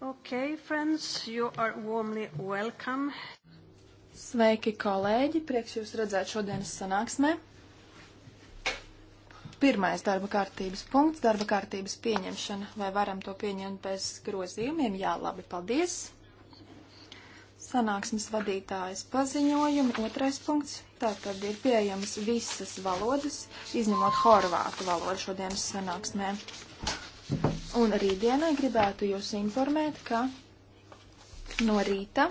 Okay, friends, you are warmly welcome. Sveiki, kolēģi! Prieks jūs redzēt šodienas sanāksmē. Pirmais darba kārtības punkts - darba kārtības pieņemšana. Vai varam to pieņemt bez grozījumiem? Jā, labi, paldies! Sanāksmes vadītājas paziņojumi. Otrais punkts - tātad ir pieejamas visas valodas, izņemot horvātu valodu šodienas sanāksmē. Un rītdienai gribētu jūs informēt, ka no rīta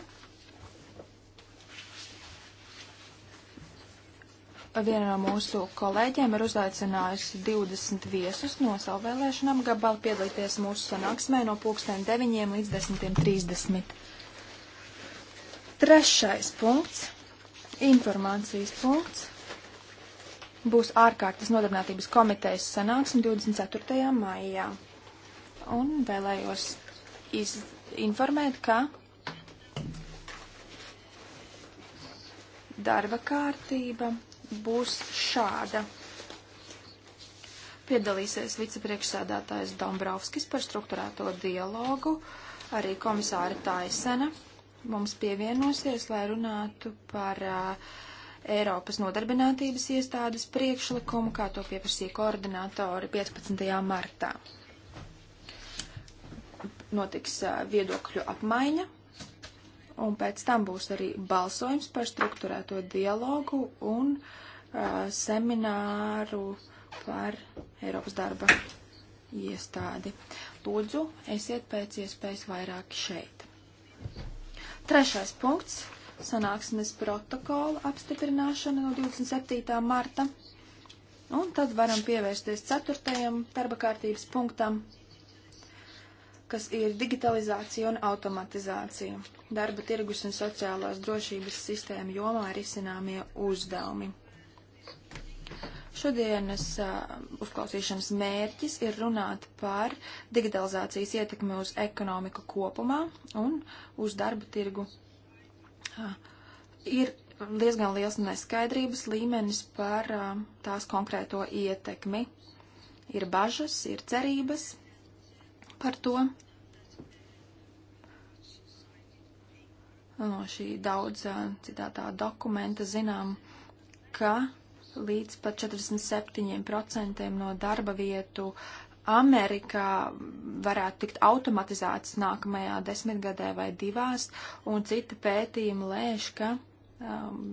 viena no mūsu kolēģiem ir uzaicinājusi 20 viesus no savu vēlēšanu apgabalu piedalīties mūsu sanāksmē no pulkstēm 9 līdz 10.30. Trešais punkts, informācijas punkts, būs ārkārtas nodarbinātības komitejas sanāksme 24. maijā un vēlējos iz, informēt, ka darba kārtība būs šāda. Piedalīsies vicepriekšsēdētājs Dombrovskis par struktūrēto dialogu, arī komisāra Taisena mums pievienosies, lai runātu par uh, Eiropas nodarbinātības iestādes priekšlikumu, kā to pieprasīja koordinātori 15. martā notiks viedokļu apmaiņa, un pēc tam būs arī balsojums par struktūrēto dialogu un uh, semināru par Eiropas darba iestādi. Lūdzu, esiet pēc iespējas vairāk šeit. Trešais punkts - sanāksmes protokola apstiprināšana no 27. marta. Un tad varam pievērsties ceturtajam darba kārtības punktam kas ir digitalizācija un automatizācija. Darba tirgus un sociālās drošības sistēma jomā ir izcināmie uzdevumi. Šodienas uh, uzklausīšanas mērķis ir runāt par digitalizācijas ietekmi uz ekonomiku kopumā un uz darba tirgu. Uh, ir diezgan liels neskaidrības līmenis par uh, tās konkrēto ietekmi. Ir bažas, ir cerības, par to. No šī daudz citātā dokumenta zinām, ka līdz pat 47% no darba vietu Amerikā varētu tikt automatizētas nākamajā desmitgadē vai divās, un cita pētījuma lēš, ka um,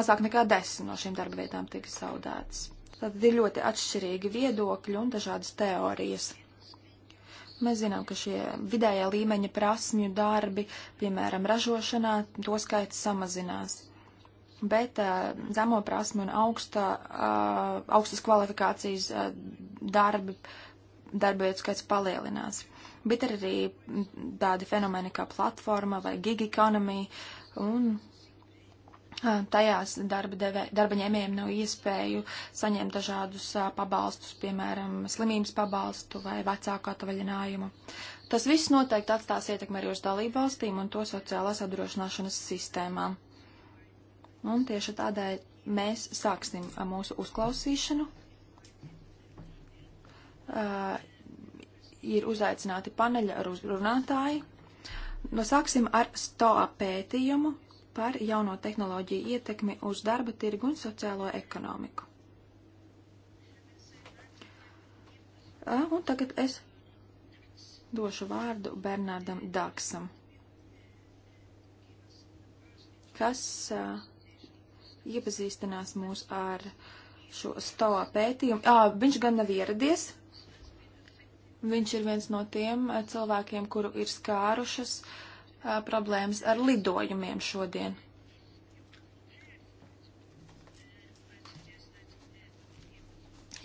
mazāk nekā desmit no šīm darba vietām tiks zaudētas. Tad ir ļoti atšķirīgi viedokļi un dažādas teorijas. Mēs zinām, ka šie vidējā līmeņa prasmju darbi, piemēram, ražošanā, to skaits samazinās. Bet uh, zemo prasmu un augsta, uh, augstas kvalifikācijas uh, darbi, darbietu skaits palielinās. Bet ir arī tādi fenomeni kā platforma vai gig economy un uh, Tajās darba, devē, darba ņēmējiem nav iespēju saņemt dažādus pabalstus, piemēram, slimības pabalstu vai vecāku atvaļinājumu. Tas viss noteikti atstās ietekmi arī uz dalību valstīm un to sociālās apdrošināšanas sistēmām. Un tieši tādēļ mēs sāksim mūsu uzklausīšanu. Uh, ir uzaicināti paneļa runātāji. No nu, sāksim ar STOA pētījumu, par jauno tehnoloģiju ietekmi uz darba tirgu un sociālo ekonomiku. Un tagad es došu vārdu Bernardam Daksam, kas iepazīstinās mūs ar šo stāvā pētījumu. À, viņš gan nav ieradies. Viņš ir viens no tiem cilvēkiem, kuru ir skārušas uh, problēmas ar lidojumiem šodien.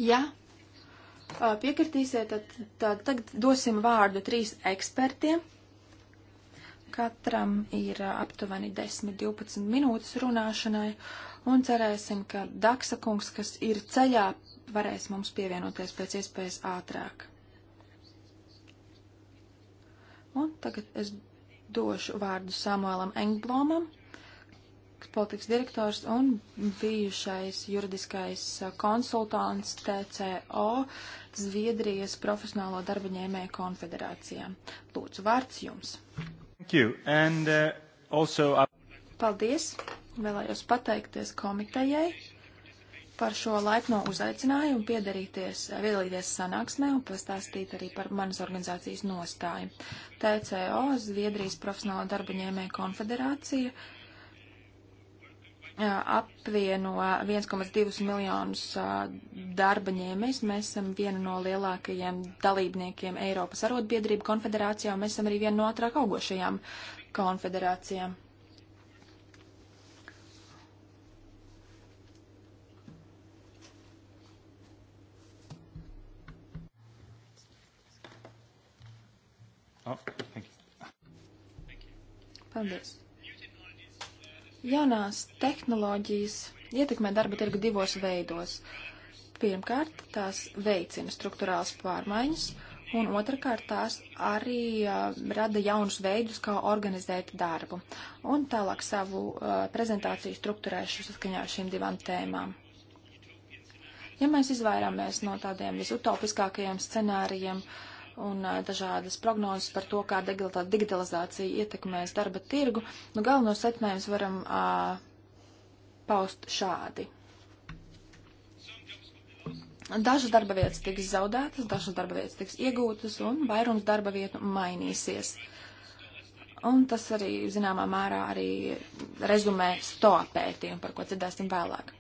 Ja piekritīsiet, tad, tad tagad dosim vārdu trīs ekspertiem. Katram ir aptuveni 10-12 minūtes runāšanai, un cerēsim, ka Daksa kungs, kas ir ceļā, varēs mums pievienoties pēc iespējas ātrāk. Un tagad es došu vārdu Samuēlam Engblomam, politikas direktors un bijušais juridiskais konsultants TCO Zviedrijas profesionālo darba ņēmēju konfederācijā. Lūdzu, vārds jums. And, uh, also... Paldies! Vēlējos pateikties komitejai par šo laipno uzaicinājumu piedalīties, piedalīties sanāksmē un pastāstīt arī par manas organizācijas nostāju. TCO, Zviedrijas profesionāla darba ņēmēja konfederācija, apvieno 1,2 miljonus darba ņēmējs. Mēs esam viena no lielākajiem dalībniekiem Eiropas arotbiedrību konfederācijā, un mēs esam arī viena no ātrāk augošajām konfederācijām. Oh, thank you. Paldies. Jaunās tehnoloģijas ietekmē darba tirgu divos veidos. Pirmkārt, tās veicina struktūrāls pārmaiņas, un otrkārt, tās arī uh, rada jaunus veidus, kā organizēt darbu. Un tālāk savu uh, prezentāciju struktūrēšu saskaņā ar šīm divām tēmām. Ja mēs izvairāmies no tādiem visutopiskākajiem scenārijiem, uh, un dažādas prognozes par to, kā digitalizācija ietekmēs darba tirgu. Nu, galveno secinājumus varam uh, paust šādi. Dažas darba vietas tiks zaudētas, dažas darba vietas tiks iegūtas un vairums darba vietu mainīsies. Un tas arī, zināmā mērā, arī rezumē stoa pētījumu, par ko dzirdēsim vēlāk.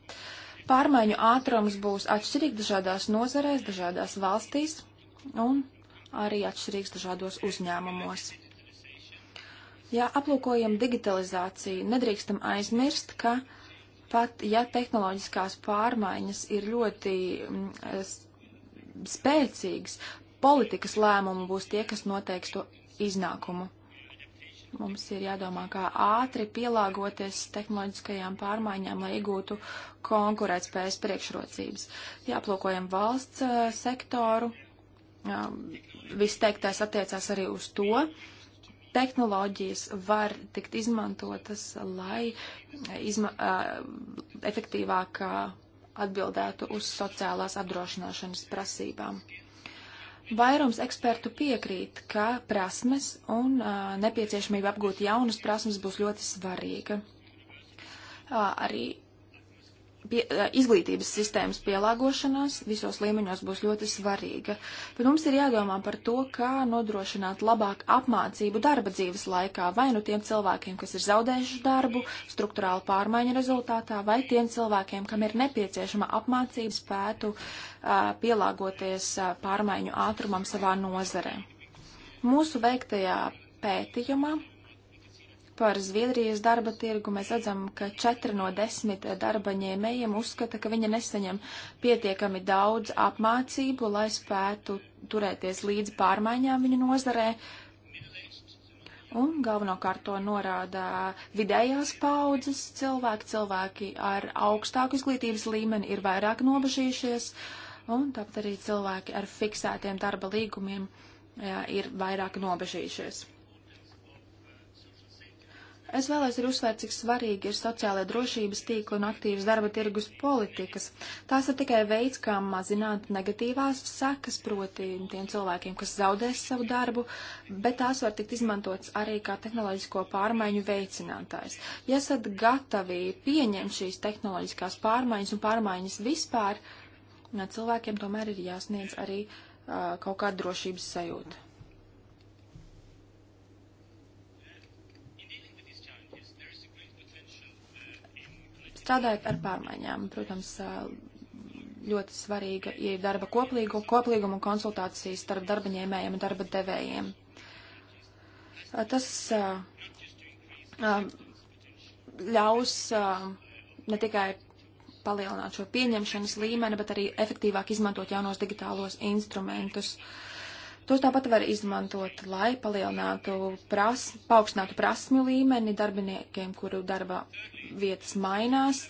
Pārmaiņu ātrums būs atšķirīgi dažādās nozarēs, dažādās valstīs, un arī atšķirīgs dažādos uzņēmumos. Ja aplūkojam digitalizāciju, nedrīkstam aizmirst, ka pat ja tehnoloģiskās pārmaiņas ir ļoti mm, spēcīgas, politikas lēmumi būs tie, kas noteiks to iznākumu. Mums ir jādomā, kā ātri pielāgoties tehnoloģiskajām pārmaiņām, lai iegūtu konkurētspējas priekšrocības. Jāplūkojam valsts eh, sektoru, um, visteiktais attiecās arī uz to. Tehnoloģijas var tikt izmantotas, lai eh, izma uh, efektīvāk eh, atbildētu uz sociālās apdrošināšanas prasībām. Vairums ekspertu piekrīt, ka prasmes un uh, nepieciešamība apgūt jaunas prasmes būs ļoti svarīga. Uh, arī pie, eh, izglītības sistēmas pielāgošanās visos līmeņos būs ļoti svarīga. Bet mums ir jādomā par to, kā nodrošināt labāku apmācību darba dzīves laikā, vai nu tiem cilvēkiem, kas ir zaudējuši darbu struktūrālu pārmaiņu rezultātā, vai tiem cilvēkiem, kam ir nepieciešama apmācība, spētu a, eh, pielāgoties a, eh, pārmaiņu ātrumam savā nozarē. Mūsu veiktajā pētījumā par Zviedrijas darba tirgu mēs redzam, ka 4 no 10 darba ņēmējiem uzskata, ka viņi nesaņem pietiekami daudz apmācību, lai spētu turēties līdz pārmaiņām viņu nozarē. Un galvenokārt to norāda vidējās paudzes cilvēki. Cilvēki ar augstāku izglītības līmeni ir vairāk nobežījušies, un tāpat arī cilvēki ar fiksētiem darba līgumiem jā, ir vairāk nobežījušies. Es vēlos ir uzsvērt, cik svarīgi ir sociālai drošības tīkli un aktīvas darba tirgus politikas. Tās ir tikai veids, kā mazināt negatīvās sekas proti tiem cilvēkiem, kas zaudēs savu darbu, bet tās var tikt izmantots arī kā tehnoloģisko pārmaiņu veicinātājs. Ja esat gatavi pieņemt šīs tehnoloģiskās pārmaiņas un pārmaiņas vispār, cilvēkiem tomēr ir jāsniedz arī uh, kaut kāda drošības sajūta. Strādājot ar pārmaiņām, protams, ļoti svarīga ir darba koplīgu, koplīguma un konsultācijas starp darba ņēmējiem un darba devējiem. Tas ļaus ne tikai palielināt šo pieņemšanas līmeni, bet arī efektīvāk izmantot jaunos digitālos instrumentus. Uh, Tos tāpat var izmantot, lai palielinātu pras, paaugstinātu prasmju līmeni darbiniekiem, kuru darba vietas mainās.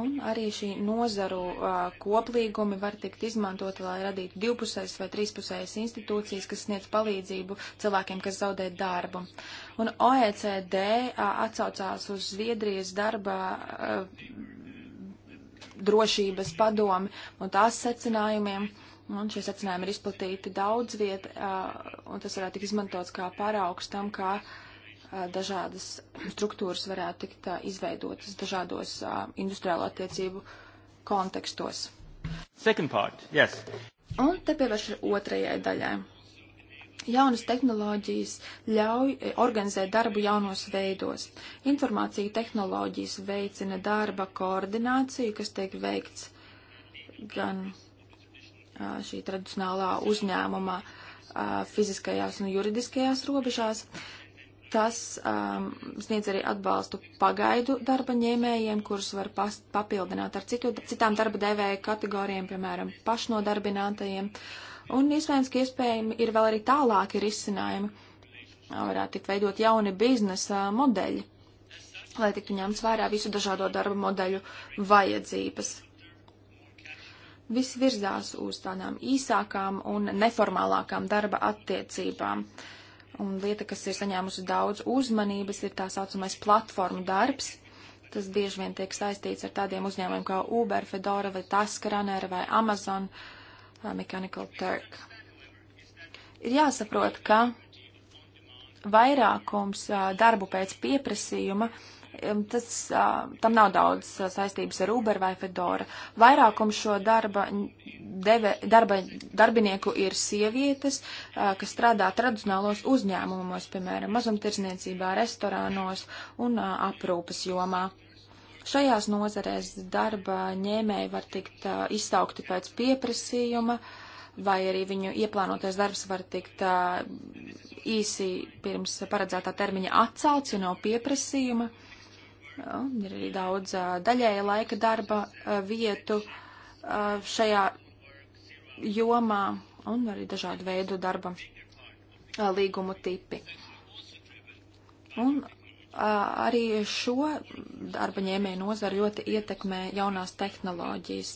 Un arī šī nozaru uh, koplīgumi var tikt izmantot, lai radītu divpusējas vai trīspusējas institūcijas, kas sniedz palīdzību cilvēkiem, kas zaudē darbu. Un OECD uh, atsaucās uz Zviedrijas darba uh, drošības padomi un tās secinājumiem. Un šie secinājumi ir izplatīti daudz viet, un tas varētu tikt izmantots kā paraugs tam, kā dažādas struktūras varētu tikt izveidotas dažādos industriālo attiecību kontekstos. Second part, yes. Un te pievērš otrajai daļai. Jaunas tehnoloģijas ļauj organizēt darbu jaunos veidos. Informācija tehnoloģijas veicina darba koordināciju, kas tiek veikts gan šī tradicionālā uzņēmuma fiziskajās un juridiskajās robežās. Tas um, sniedz arī atbalstu pagaidu darba ņēmējiem, kurus var pas, papildināt ar citu, citām darba devēja kategorijām, piemēram, pašnodarbinātajiem. Un iespējams, ka iespējami ir vēl arī tālāki risinājumi. Varētu tikt veidot jauni biznesa modeļi, lai tiktu ņemts vērā visu dažādo darba modeļu vajadzības viss virzās uz tādām īsākām un neformālākām darba attiecībām. Un lieta, kas ir saņēmusi daudz uzmanības, ir tā saucamais platformu darbs. Tas bieži vien tiek saistīts ar tādiem uzņēmumiem kā Uber, Fedora vai Taskarunner vai Amazon vai uh, Mechanical Turk. Ir jāsaprot, ka vairākums uh, darbu pēc pieprasījuma uh, tas, tam nav daudz saistības ar Uber vai Fedora. Vairākums šo darba, deve, darba darbinieku ir sievietes, kas strādā tradicionālos uzņēmumos, piemēram, mazumtirdzniecībā, restorānos un aprūpas jomā. Šajās nozarēs darba ņēmēji var tikt izsaukti pēc pieprasījuma, vai arī viņu ieplānotais darbs var tikt īsi pirms paredzētā termiņa atcelts, ja nav pieprasījuma. Ir arī daudz daļēja laika darba vietu šajā jomā un arī dažādu veidu darba līgumu tipi. Un arī šo darba ņēmēju nozaru ļoti ietekmē jaunās tehnoloģijas.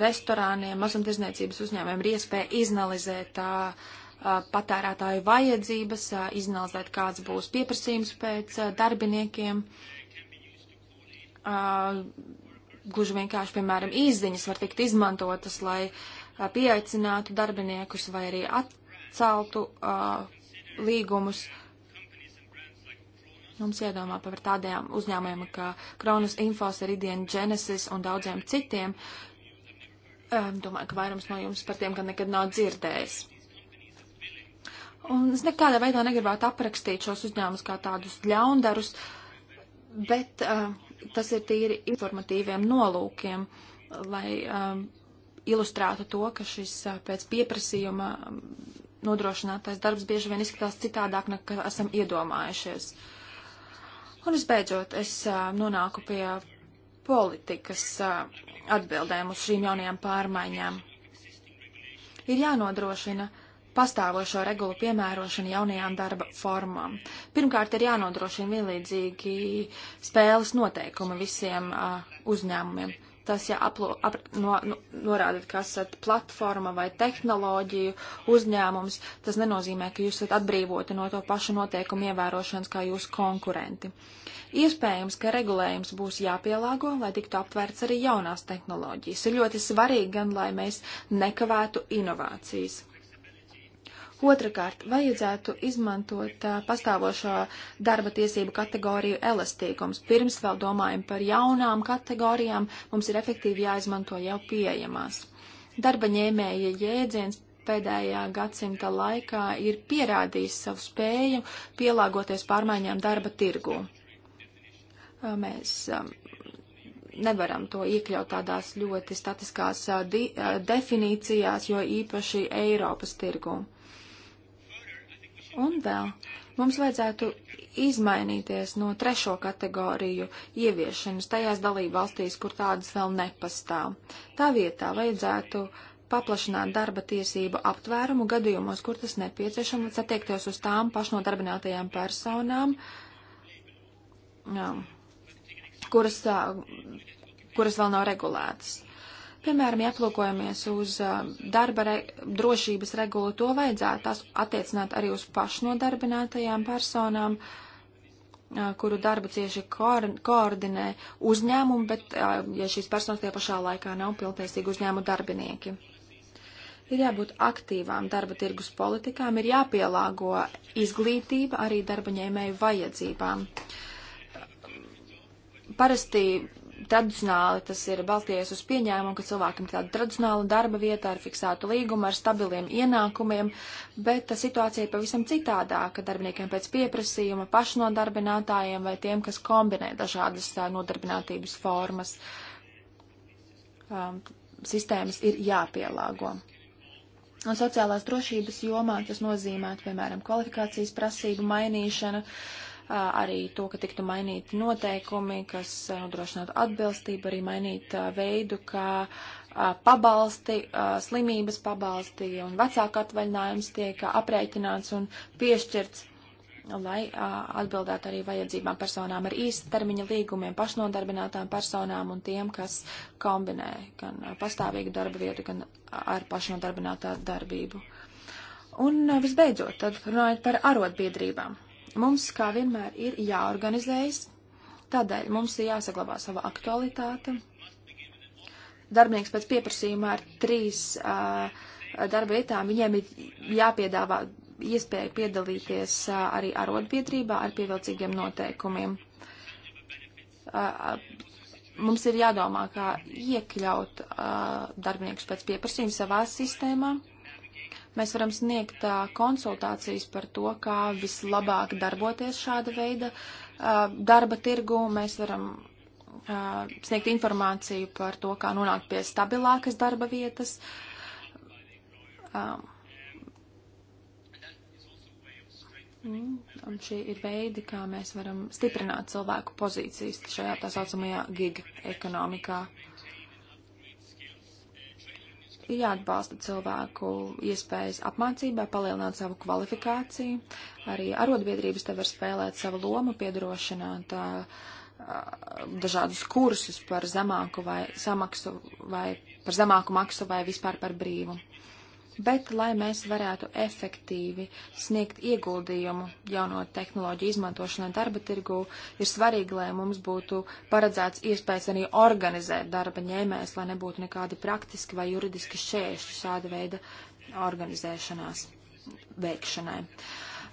Restorāniem, mazumtirdzniecības uzņēmumiem ir iespēja izanalizēt tā uh, patērētāju vajadzības, iznalizēt, kāds būs pieprasījums pēc darbiniekiem. Gluži vienkārši, piemēram, īziņas var tikt izmantotas, lai pieaicinātu darbiniekus vai arī atceltu līgumus. Mums iedomā par tādiem uzņēmumiem, kā Kronas Info, Iridian Genesis un daudziem citiem. Domāju, ka vairums no jums par tiem gan nekad nav dzirdējis. Un es nekādā veidā negribētu aprakstīt šos uzņēmumus kā tādus ļaundarus, bet uh, tas ir tīri informatīviem nolūkiem, lai uh, ilustrētu to, ka šis uh, pēc pieprasījuma mm, nodrošinātais darbs bieži vien izskatās citādāk, nekā esam iedomājušies. Un visbeidzot, es uh, nonāku pie politikas uh, atbildēm uz šīm jaunajām pārmaiņām. Ir jānodrošina uh, pastāvošo regulu piemērošanu jaunajām darba formām. Pirmkārt, ir jānodrošina vienlīdzīgi spēles noteikumi visiem uh, uzņēmumiem. Tas, ja aplo, ap, no, no, nu, norādat, ka esat platforma vai tehnoloģiju uzņēmums, tas nenozīmē, ka jūs esat atbrīvoti no to pašu noteikumu ievērošanas kā jūsu konkurenti. Iespējams, ka regulējums būs jāpielāgo, lai tiktu aptvērts arī jaunās tehnoloģijas. Ir ļoti svarīgi gan, lai mēs nekavētu inovācijas. Otrakārt, vajadzētu izmantot uh, pastāvošo darba tiesību kategoriju elastīgums. Pirms vēl domājam par jaunām kategorijām, mums ir efektīvi jāizmanto jau pieejamās. Darba ņēmēja jēdziens pēdējā gadsimta laikā ir pierādījis savu spēju pielāgoties pārmaiņām darba tirgū. Mēs nevaram to iekļaut tādās ļoti statiskās definīcijās, jo īpaši Eiropas tirgū. Un vēl mums vajadzētu izmainīties no trešo kategoriju ieviešanas tajās dalībvalstīs, kur tādas vēl nepastāv. Tā vietā vajadzētu paplašināt darba tiesību aptvērumu gadījumos, kur tas nepieciešams, attiekties uz tām pašnodarbinātajām personām, jā, um, kuras, uh, kuras vēl nav regulētas. Piemēram, ja aplūkojamies uz darba re, drošības regulu, to vajadzētu tās attiecināt arī uz pašnodarbinātajām personām, kuru darbu cieši koordinē uzņēmumi, bet ja šīs personas tie pašā laikā nav pilntiesīgi uzņēmu darbinieki. Ir jābūt aktīvām darba tirgus politikām, ir jāpielāgo izglītība arī darba ņēmēju vajadzībām. Parasti tradicionāli tas ir balstījies uz pieņēmumu, ka cilvēkam tāda tradicionāla darba vietā ar fiksētu līgumu, ar stabiliem ienākumiem, bet tā situācija ir pavisam citādāka darbiniekiem pēc pieprasījuma, pašnodarbinātājiem vai tiem, kas kombinē dažādas nodarbinātības formas. Um, sistēmas ir jāpielāgo. Un sociālās drošības jomā tas nozīmē, piemēram, kvalifikācijas prasību mainīšana, uh, arī to, ka tiktu mainīti noteikumi, kas nodrošinātu atbilstību, arī mainīt veidu, kā pabalsti, slimības pabalsti un vecāku atvaļinājums tiek aprēķināts un piešķirts, lai atbildētu arī vajadzībām personām ar īsta termiņa līgumiem, pašnodarbinātām personām un tiem, kas kombinē gan pastāvīgu darba vietu, gan ar pašnodarbinātā darbību. Un visbeidzot, tad runājot par arotbiedrībām Mums, kā vienmēr, ir jāorganizējas, tādēļ mums ir jāsaglabā sava aktualitāte. Darbinieks pēc pieprasījumā ar trīs uh, darba vietām, viņiem ir jāpiedāvā iespēja piedalīties uh, arī arotbiedrībā ar pievilcīgiem noteikumiem. Uh, mums ir jādomā, kā iekļaut uh, darbiniekus pēc pieprasījuma savā sistēmā. Uh, Mēs varam sniegt uh, konsultācijas par to, kā vislabāk darboties šāda veida uh, darba tirgu. Mēs varam uh, sniegt informāciju par to, kā nonākt pie stabilākas darba vietas. Un šī ir veidi, kā mēs varam stiprināt cilvēku pozīcijas šajā tā saucamajā giga ekonomikā ir jāatbalsta cilvēku iespējas apmācībā, palielināt savu kvalifikāciju. Arī arotbiedrības te var spēlēt savu lomu, piedrošināt tā, dažādus kursus par zemāku vai samaksu vai par zemāku maksu vai vispār par brīvu bet lai mēs varētu efektīvi sniegt ieguldījumu jauno tehnoloģiju izmantošanai darba tirgū, ir svarīgi, lai mums būtu paredzēts iespējas arī organizēt darba ņēmējs, lai nebūtu nekādi praktiski vai juridiski šķēršļi šāda veida organizēšanās veikšanai.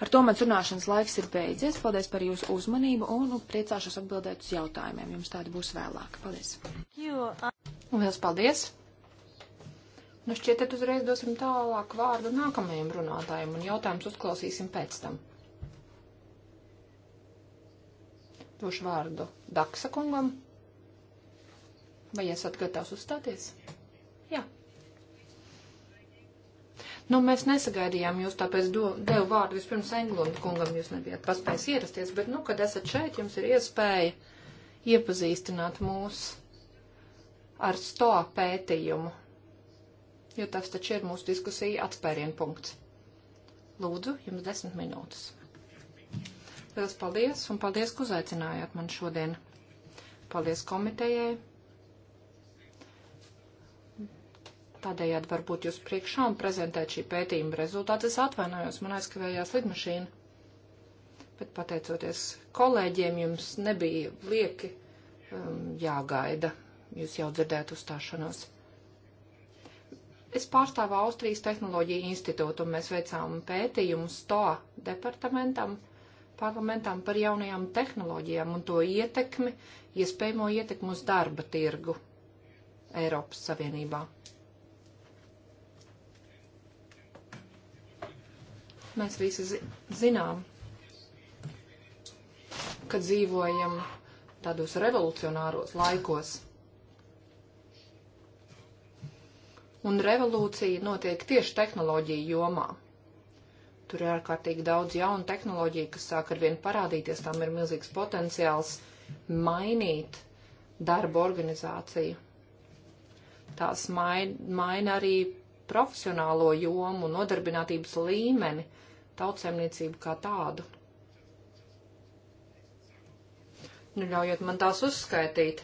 Ar to mans runāšanas laiks ir beidzies. Paldies par jūsu uzmanību un nu, priecāšos atbildēt uz jautājumiem. Jums tādi būs vēlāk. Paldies. Un liels paldies! Nu, šķiet, tad uzreiz dosim tālāk vārdu nākamajam runātājam un jautājumus uzklausīsim pēc tam. Došu vārdu Daksa kungam. Vai esat gatavs uzstāties? Jā. Nu, mēs nesagaidījām jūs, tāpēc do, devu vārdu vispirms Englundu kungam, jūs nebijāt paspējis ierasties, bet, nu, kad esat šeit, jums ir iespēja iepazīstināt mūs ar sto pētījumu jo tas taču ir mūsu diskusija atspērienu punkts. Lūdzu, jums desmit minūtes. Liels paldies un paldies, ka uzaicinājāt man šodien. Paldies komitejai. Tādējādi varbūt jūs priekšā un prezentēt šī pētījuma rezultātus. Es atvainojos, man aizkavējās lidmašīna. Bet pateicoties kolēģiem, jums nebija lieki um, jāgaida. Jūs jau dzirdētu uzstāšanos. Es pārstāvu Austrijas Tehnoloģiju institūtu, un mēs veicām pētījumu STO departamentam, parlamentam par jaunajām tehnoloģijām un to ietekmi, iespējamo ietekmu uz darba tirgu Eiropas Savienībā. Mēs visi zi zinām, ka dzīvojam tādos revolucionāros laikos. un revolūcija notiek tieši tehnoloģiju jomā. Tur ir ārkārtīgi daudz jaunu tehnoloģiju, kas sāk ar vienu parādīties, tam ir milzīgs potenciāls mainīt darba organizāciju. Tās maina, maina arī profesionālo jomu, nodarbinātības līmeni, tautsēmniecību kā tādu. Nu, ļaujiet man tās uzskaitīt.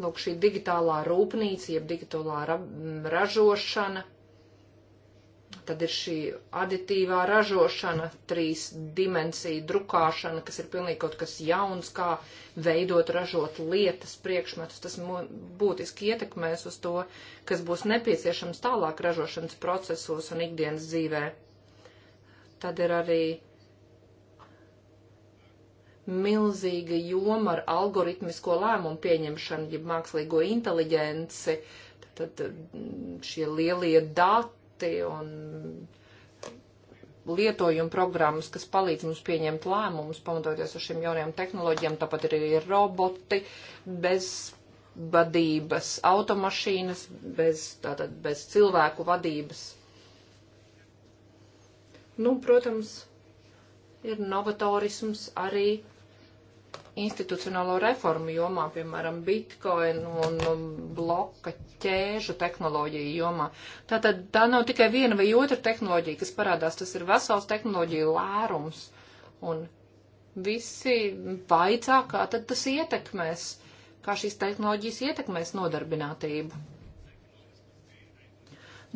Lūk, šī digitālā rūpnīca, jeb digitālā ra ražošana, tad ir šī aditīvā ražošana, trīs dimensiju drukāšana, kas ir pilnīgi kaut kas jauns, kā veidot, ražot lietas, priekšmetus. Tas būtiski ietekmēs uz to, kas būs nepieciešams tālāk ražošanas procesos un ikdienas dzīvē. Tad ir arī milzīga joma ar algoritmisko lēmumu pieņemšanu, ja mākslīgo inteliģenci, tad, tad mm, šie lielie dati un lietojuma programmas, kas palīdz mums pieņemt lēmumus, pamatoties uz šiem jaunajām tehnoloģijām, tāpat arī roboti bez vadības, automašīnas bez, tātad, bez cilvēku vadības. Nu, protams, ir novatorisms arī institucionālo reformu jomā, piemēram, bitcoin un um, bloka ķēžu tehnoloģiju jomā. Tātad tā nav tikai viena vai otra tehnoloģija, kas parādās, tas ir vesels tehnoloģiju lērums. Un visi vaicā, kā tad tas ietekmēs, kā šīs tehnoloģijas ietekmēs nodarbinātību.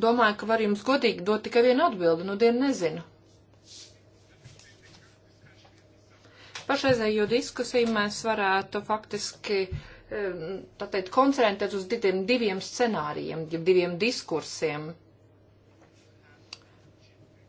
Domāju, ka var jums godīgi dot tikai vienu atbildi, nu dien nezinu. pašreizējo diskusiju mēs varētu faktiski tātad, koncentrēties uz diviem, diviem scenārijiem, diviem diskursiem.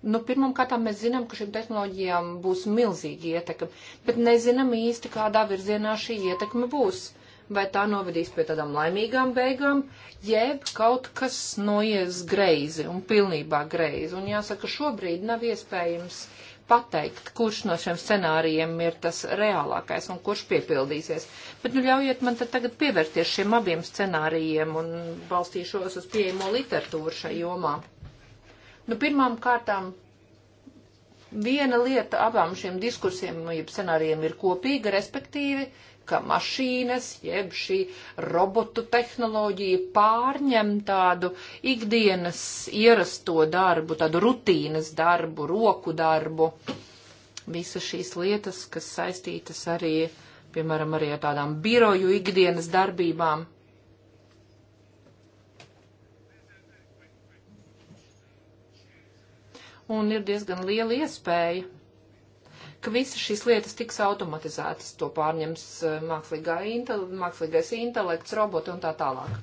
Nu, Pirmkārt, mēs zinām, ka šīm tehnoloģijām būs milzīga ietekme, bet nezinām īsti, kādā virzienā šī ietekme būs. Vai tā novedīs pie tādām laimīgām beigām, jeb kaut kas noies greizi un pilnībā greizi. Un jāsaka, šobrīd nav iespējams uh, pateikt, kurš no šiem scenārijiem ir tas reālākais un kurš piepildīsies. Bet nu ļaujiet man tad tagad pievērties šiem abiem scenārijiem un balstīšos uz pieejamo literatūru šai jomā. Nu, pirmām kārtām viena lieta abām šiem diskursiem, jeb scenārijiem ir kopīga, respektīvi, uh, ka mašīnas, jeb šī robotu tehnoloģija pārņem tādu ikdienas ierasto darbu, tādu rutīnas darbu, roku darbu. Visas šīs lietas, kas saistītas arī, piemēram, arī ar tādām biroju ikdienas darbībām. Un ir diezgan liela iespēja ka visas šīs lietas tiks automatizētas, to pārņems eh, mākslīgā intele, mākslīgais intelekts, roboti un tā tālāk.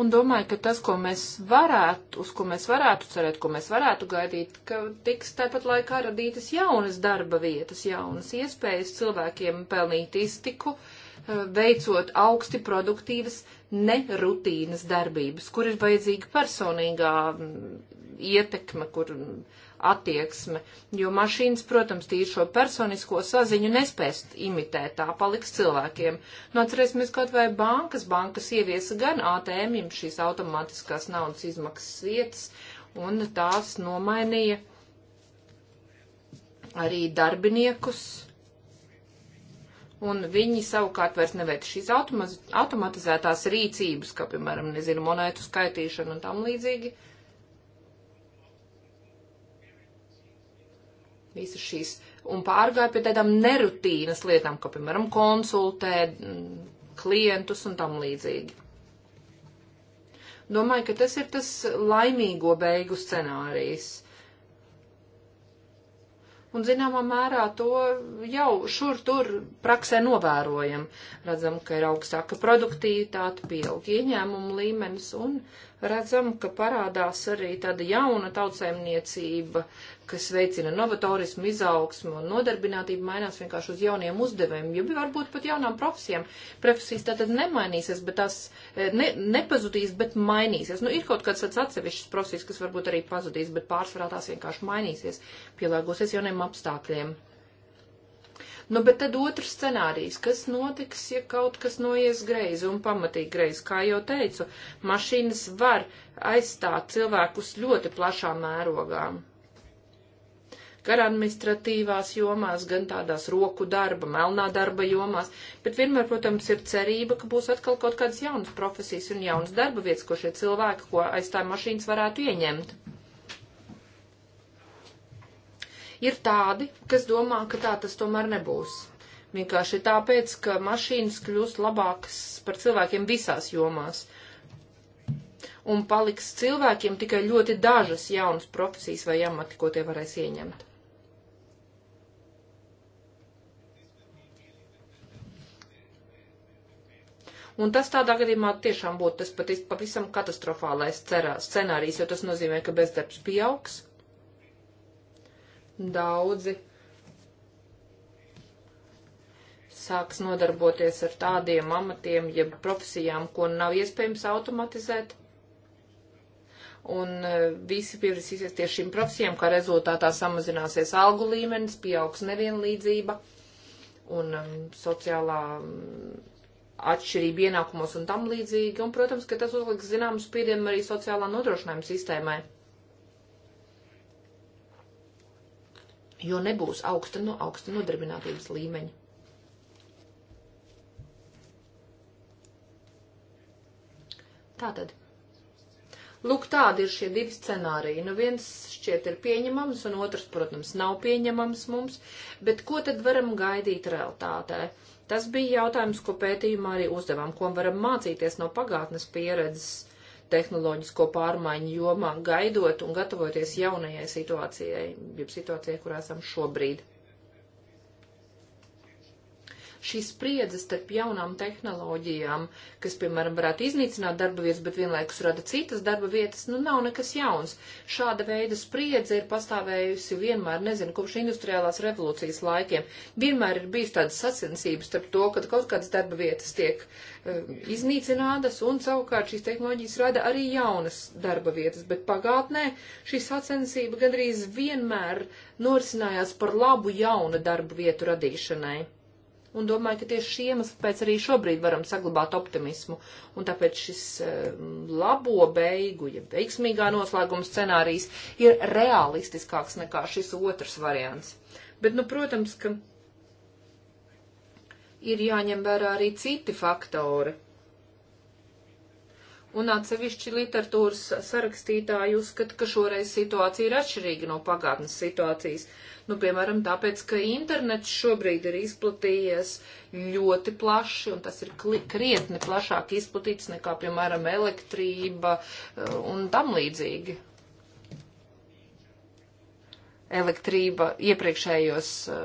Un domāju, ka tas, ko mēs varētu, uz ko mēs varētu cerēt, ko mēs varētu gaidīt, ka tiks tāpat laikā radītas jaunas darba vietas, jaunas iespējas cilvēkiem pelnīt iztiku, eh, veicot augsti produktīvas nerutīnas darbības, kur ir vajadzīga personīgā mm, ietekme, kur attieksme, jo mašīnas, protams, tīri šo personisko saziņu nespēst imitēt, tā paliks cilvēkiem. Nu, atcerēsimies kaut vai bankas, bankas ieviesa gan ATM-im šīs automātiskās naudas izmaksas vietas, un tās nomainīja arī darbiniekus un viņi savukārt vairs neveic šīs automaz, automatizētās rīcības, kā, piemēram, nezinu, monētu skaitīšanu un tam līdzīgi. visas šīs, un pārgāja pie tādām nerutīnas lietām, kā, piemēram, konsultēt klientus un tam līdzīgi. Domāju, ka tas ir tas laimīgo beigu scenārijs. Un zināmā mērā to jau šur tur praksē novērojam. Redzam, ka ir augstāka produktivitāte, pieaug ieņēmumu līmenis un uh, redzam, ka parādās arī tāda jauna tautsēmniecība, kas veicina novatorismu, izaugsmu un nodarbinātību, mainās vienkārši uz jauniem uzdevumiem, jo varbūt pat jaunām profesijām. Profesijas tātad nemainīsies, bet tās eh, ne, nepazudīs, bet mainīsies. Nu, ir kaut kāds tāds atsevišķs profesijas, kas varbūt arī pazudīs, bet pārsvarā tās vienkārši mainīsies, pielāgosies jauniem apstākļiem. Nu, bet tad otrs scenārijs, kas notiks, ja kaut kas noies greizi un pamatīgi greizi, kā jau teicu, mašīnas var aizstāt cilvēkus ļoti plašām mērogām. Gan administratīvās jomās, gan tādās roku darba, melnā darba jomās, bet vienmēr, protams, ir cerība, ka būs atkal kaut kādas jaunas profesijas un jaunas darba vietas, ko šie cilvēki, ko aizstāja mašīnas, varētu ieņemt. Ir tādi, kas domā, ka tā tas tomēr nebūs. Vienkārši tāpēc, ka mašīnas kļūst labākas par cilvēkiem visās jomās. Un paliks cilvēkiem tikai ļoti dažas jaunas profesijas vai amati, ko tie varēs ieņemt. Un tas tādā gadījumā tiešām būtu tas patis, pavisam katastrofālais scenārijs, jo tas nozīmē, ka bezdarbs pieaugs daudzi sāks nodarboties ar tādiem amatiem, jeb profesijām, ko nav iespējams automatizēt. Un e, visi pievērsīsies tieši šīm profesijām, kā rezultātā samazināsies algu līmenis, pieaugs nevienlīdzība un e, sociālā mm, atšķirība ienākumos un tam līdzīgi. Un, protams, ka tas uzliks zināmu spiedienu arī sociālā nodrošinājuma sistēmai. jo nebūs augsta, no, augsta nodarbinātības līmeņa. Tātad. Lūk, tādi ir šie divi scenāriji. Nu, viens šķiet ir pieņemams, un otrs, protams, nav pieņemams mums, bet ko tad varam gaidīt realtātē? Tas bija jautājums, ko pētījumā arī uzdevām, ko varam mācīties no pagātnes pieredzes tehnoloģisko pārmaiņu jomā, gaidot un gatavoties jaunajai situācijai, jeb situācijai, kurā esam šobrīd šī spriedze starp jaunām tehnoloģijām, kas, piemēram, varētu iznīcināt darba vietas, bet vienlaikus rada citas darba vietas, nu nav nekas jauns. Šāda veida spriedze ir pastāvējusi vienmēr, nezinu, kopš industriālās revolūcijas laikiem. Vienmēr ir bijis tāda sacensības starp to, ka kaut kādas darba vietas tiek um, iznīcinātas un savukārt šīs tehnoloģijas rada arī jaunas darba vietas, bet pagātnē šī sacensība gandrīz vienmēr norisinājās par labu jauna darba vietu radīšanai. Un domāju, ka tieši šī iemesla pēc arī šobrīd varam saglabāt optimismu. Un tāpēc šis ehm, labo beigu, ja veiksmīgā noslēguma scenārijs ir realistiskāks nekā šis otrs variants. Bet, nu, protams, ka ir jāņem vērā arī citi faktori un atsevišķi literatūras sarakstītāji uzskata, ka šoreiz situācija ir atšķirīga no pagātnes situācijas. Nu, piemēram, tāpēc, ka internets šobrīd ir izplatījies ļoti plaši, un tas ir krietni plašāk izplatīts nekā, piemēram, elektrība e, un tam līdzīgi. Elektrība iepriekšējos, e,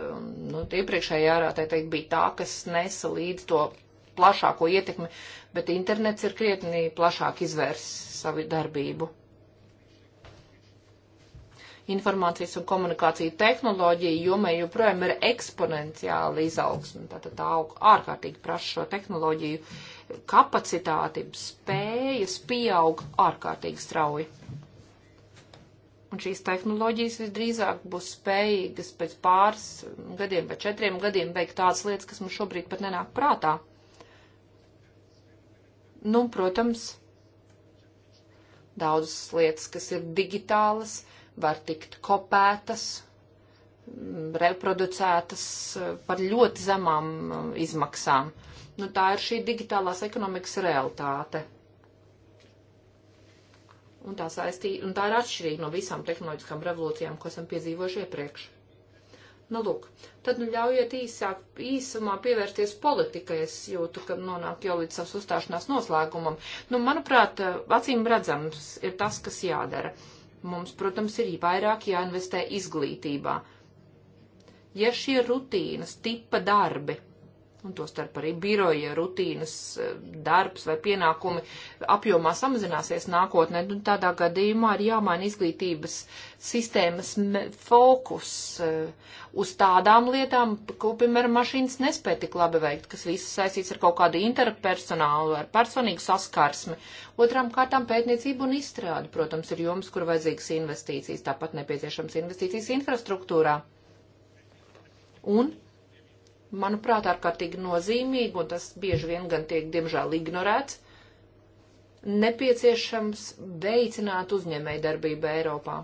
nu, iepriekšējā ārā, tā teikt, bija tā, kas nesa līdz to plašāko ietekmi, bet internets ir krietni plašāk izvērs savu darbību. Informācijas un komunikācija tehnoloģija jomai joprojām ir eksponenciāla izaugsme, tātad tā ārkārtīgi prasa šo tehnoloģiju kapacitāti, spējas pieaug ārkārtīgi strauji. Un šīs tehnoloģijas visdrīzāk būs spējīgas pēc pāris gadiem vai četriem gadiem veikt tādas lietas, kas mums šobrīd pat nenāk prātā. Nu, protams, daudzas lietas, kas ir digitālas, var tikt kopētas, mm, reproducētas eh, par ļoti zemām eh, izmaksām. Nu, tā ir šī digitālās ekonomikas realitāte. Un tā, saistī, un tā ir atšķirīga no visām tehnoloģiskām revolūcijām, ko esam piedzīvojuši iepriekš. Nu, lūk, tad nu ļaujiet īsāk, īsumā pievērsties politikai. Es jūtu, ka nonāk jau līdz savas uzstāšanās noslēgumam. Nu, manuprāt, acīm redzams ir tas, kas jādara. Mums, protams, ir vairāk jāinvestē izglītībā. Ja šie rutīnas tipa darbi un to starp arī biroja rutīnas eh, darbs vai pienākumi apjomā samazināsies nākotnē, un nu, tādā gadījumā ir jāmaina izglītības sistēmas fokus eh, uz tādām lietām, ko, piemēram, mašīnas nespēja tik labi veikt, kas viss saistīts ar kaut kādu interpersonālu, ar personīgu saskarsmi. Otrām kārtām pētniecību un izstrādi, protams, ir joms, kur vajadzīgas investīcijas, tāpat nepieciešams investīcijas infrastruktūrā. Un manuprāt, ārkārtīgi nozīmīgi, un tas bieži vien gan tiek, diemžēl, ignorēts, nepieciešams veicināt uzņēmēju darbību Eiropā.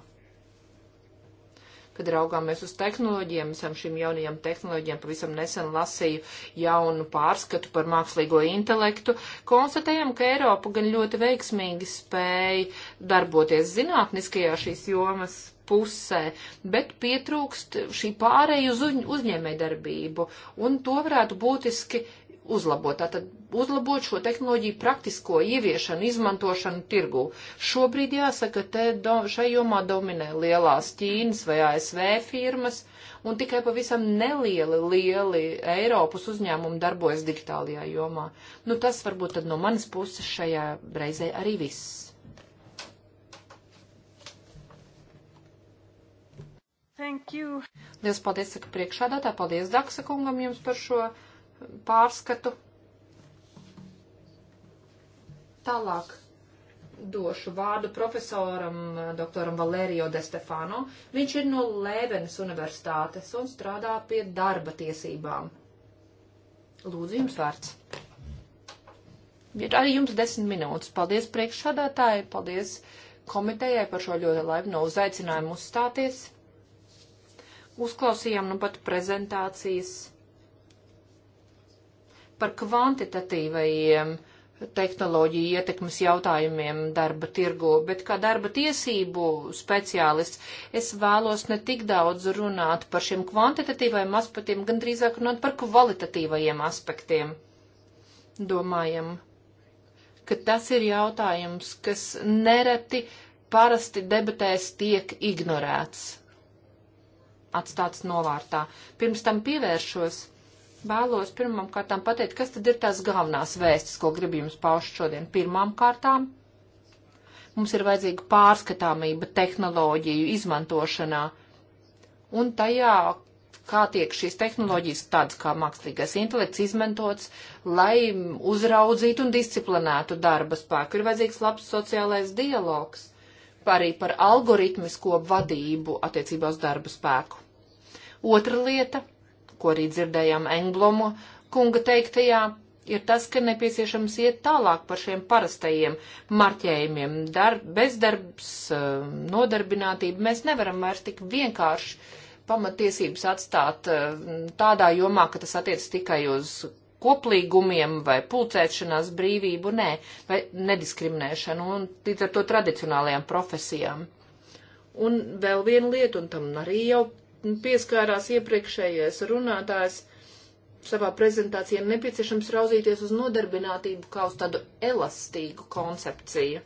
Kad raugāmies uz tehnoloģiem, esam šīm jaunajām tehnoloģijām pavisam nesen lasīju jaunu pārskatu par mākslīgo intelektu, konstatējam, ka Eiropa gan ļoti veiksmīgi spēja darboties zinātniskajā šīs jomas pusē, bet pietrūkst šī pārēja uz uzņēmē darbību, un to varētu būtiski uzlabot. Tātad uzlabot šo tehnoloģiju praktisko ieviešanu, izmantošanu tirgu. Šobrīd jāsaka, te do, šai jomā dominē lielās Ķīnas vai ASV firmas, un tikai pavisam nelieli, lieli Eiropas uzņēmumi darbojas digitālajā jomā. Nu, tas varbūt tad no manas puses šajā reizē arī viss. Thank you. Liels paldies, saka priekšādātā. Paldies Daksa kungam jums par šo pārskatu. Tālāk došu vārdu profesoram, eh, doktoram Valērijo De Stefano. Viņš ir no Lēbenes universitātes un strādā pie darba tiesībām. Lūdzu, jums vārds. Ir arī jums desmit minūtes. Paldies priekšsādātāji, paldies komitejai par šo ļoti laipno uzaicinājumu uzstāties uzklausījām nu pat prezentācijas par kvantitatīvajiem tehnoloģiju ietekmes jautājumiem darba tirgu, bet kā darba tiesību speciālists es vēlos ne tik daudz runāt par šiem kvantitatīvajiem aspektiem, gan drīzāk runāt par kvalitatīvajiem aspektiem. Domājam, ka tas ir jautājums, kas nereti parasti debatēs tiek ignorēts atstāts novārtā. Pirms tam pievēršos, vēlos pirmam kārtām pateikt, kas tad ir tās galvenās vēstis, ko gribu jums paušt šodien. Pirmām kārtām mums ir vajadzīga pārskatāmība tehnoloģiju izmantošanā un tajā, kā tiek šīs tehnoloģijas, tādas kā mākslīgais intelekts, izmantots, lai uzraudzītu un disciplinētu darba spēku. Ir vajadzīgs labs sociālais dialogs arī par algoritmisko vadību attiecībā uz darba spēku. Otra lieta, ko arī dzirdējām Englomo kunga teiktajā, ir tas, ka nepieciešams iet tālāk par šiem parastajiem marķējumiem. Darb, bezdarbs, eh, nodarbinātība. Mēs nevaram vairs tik vienkārši pamatiesības atstāt eh, tādā jomā, ka tas attiec tikai uz koplīgumiem vai pulcēšanās brīvību, nē, vai nediskriminēšanu un līdz ar to tradicionālajām profesijām. Un vēl viena lieta, un tam arī jau pieskārās iepriekšējais runātājs savā prezentācijā, nepieciešams raudzīties uz nodarbinātību kā uz tādu elastīgu koncepciju,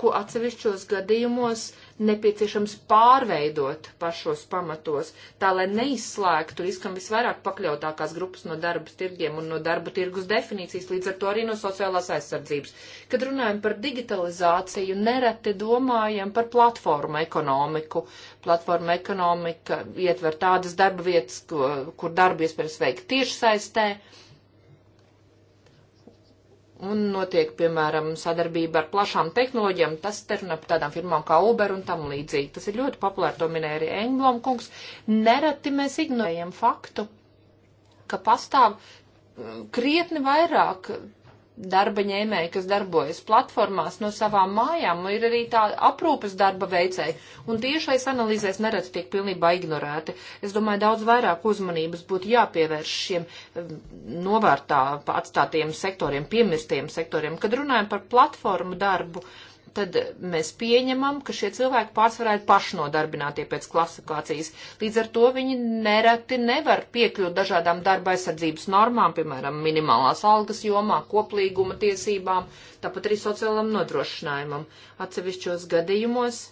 ko atsevišķos gadījumos uh, nepieciešams pārveidot pašos pamatos, tā lai neizslēgtu riskam visvairāk pakļautākās grupas no darba tirgiem un no darba tirgus definīcijas, līdz ar to arī no sociālās aizsardzības. Kad runājam par digitalizāciju, nereti domājam par platformu ekonomiku. Platforma ekonomika ietver tādas darba vietas, kur darba iespējams veikt tiešsaistē. saistē un notiek, piemēram, sadarbība ar plašām tehnoloģijām, tas te runā par tādām firmām kā Uber un tam līdzīgi. Tas ir ļoti populāri, to minēja arī Engblom kungs. Nereti mēs ignorējam faktu, ka pastāv mm, krietni vairāk darba ņēmēji, kas darbojas platformās no savām mājām, ir arī tā aprūpas darba veicēji, un tiešais analīzēs nereti tiek pilnībā ignorēti. Es domāju, daudz vairāk uzmanības būtu jāpievērš šiem novērtā atstātiem sektoriem, piemirstiem sektoriem. Kad runājam par platformu darbu, uh, tad mēs pieņemam, ka šie cilvēki pārsvarā ir pašnodarbinātie pēc klasifikācijas. Līdz ar to viņi nereti nevar piekļūt dažādām darba aizsardzības normām, piemēram, minimālās algas jomā, koplīguma tiesībām, tāpat arī sociālam nodrošinājumam. Atsevišķos gadījumos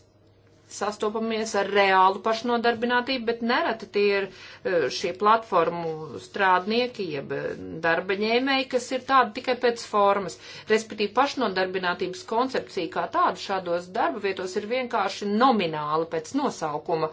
sastopamies ar reālu pašnodarbinātību, bet nereti tie ir e, šie platformu strādnieki, jeb e, darba ņēmēji, kas ir tādi tikai pēc formas. Respektīvi pašnodarbinātības koncepcija kā tāda šādos darba vietos ir vienkārši nomināla pēc nosaukuma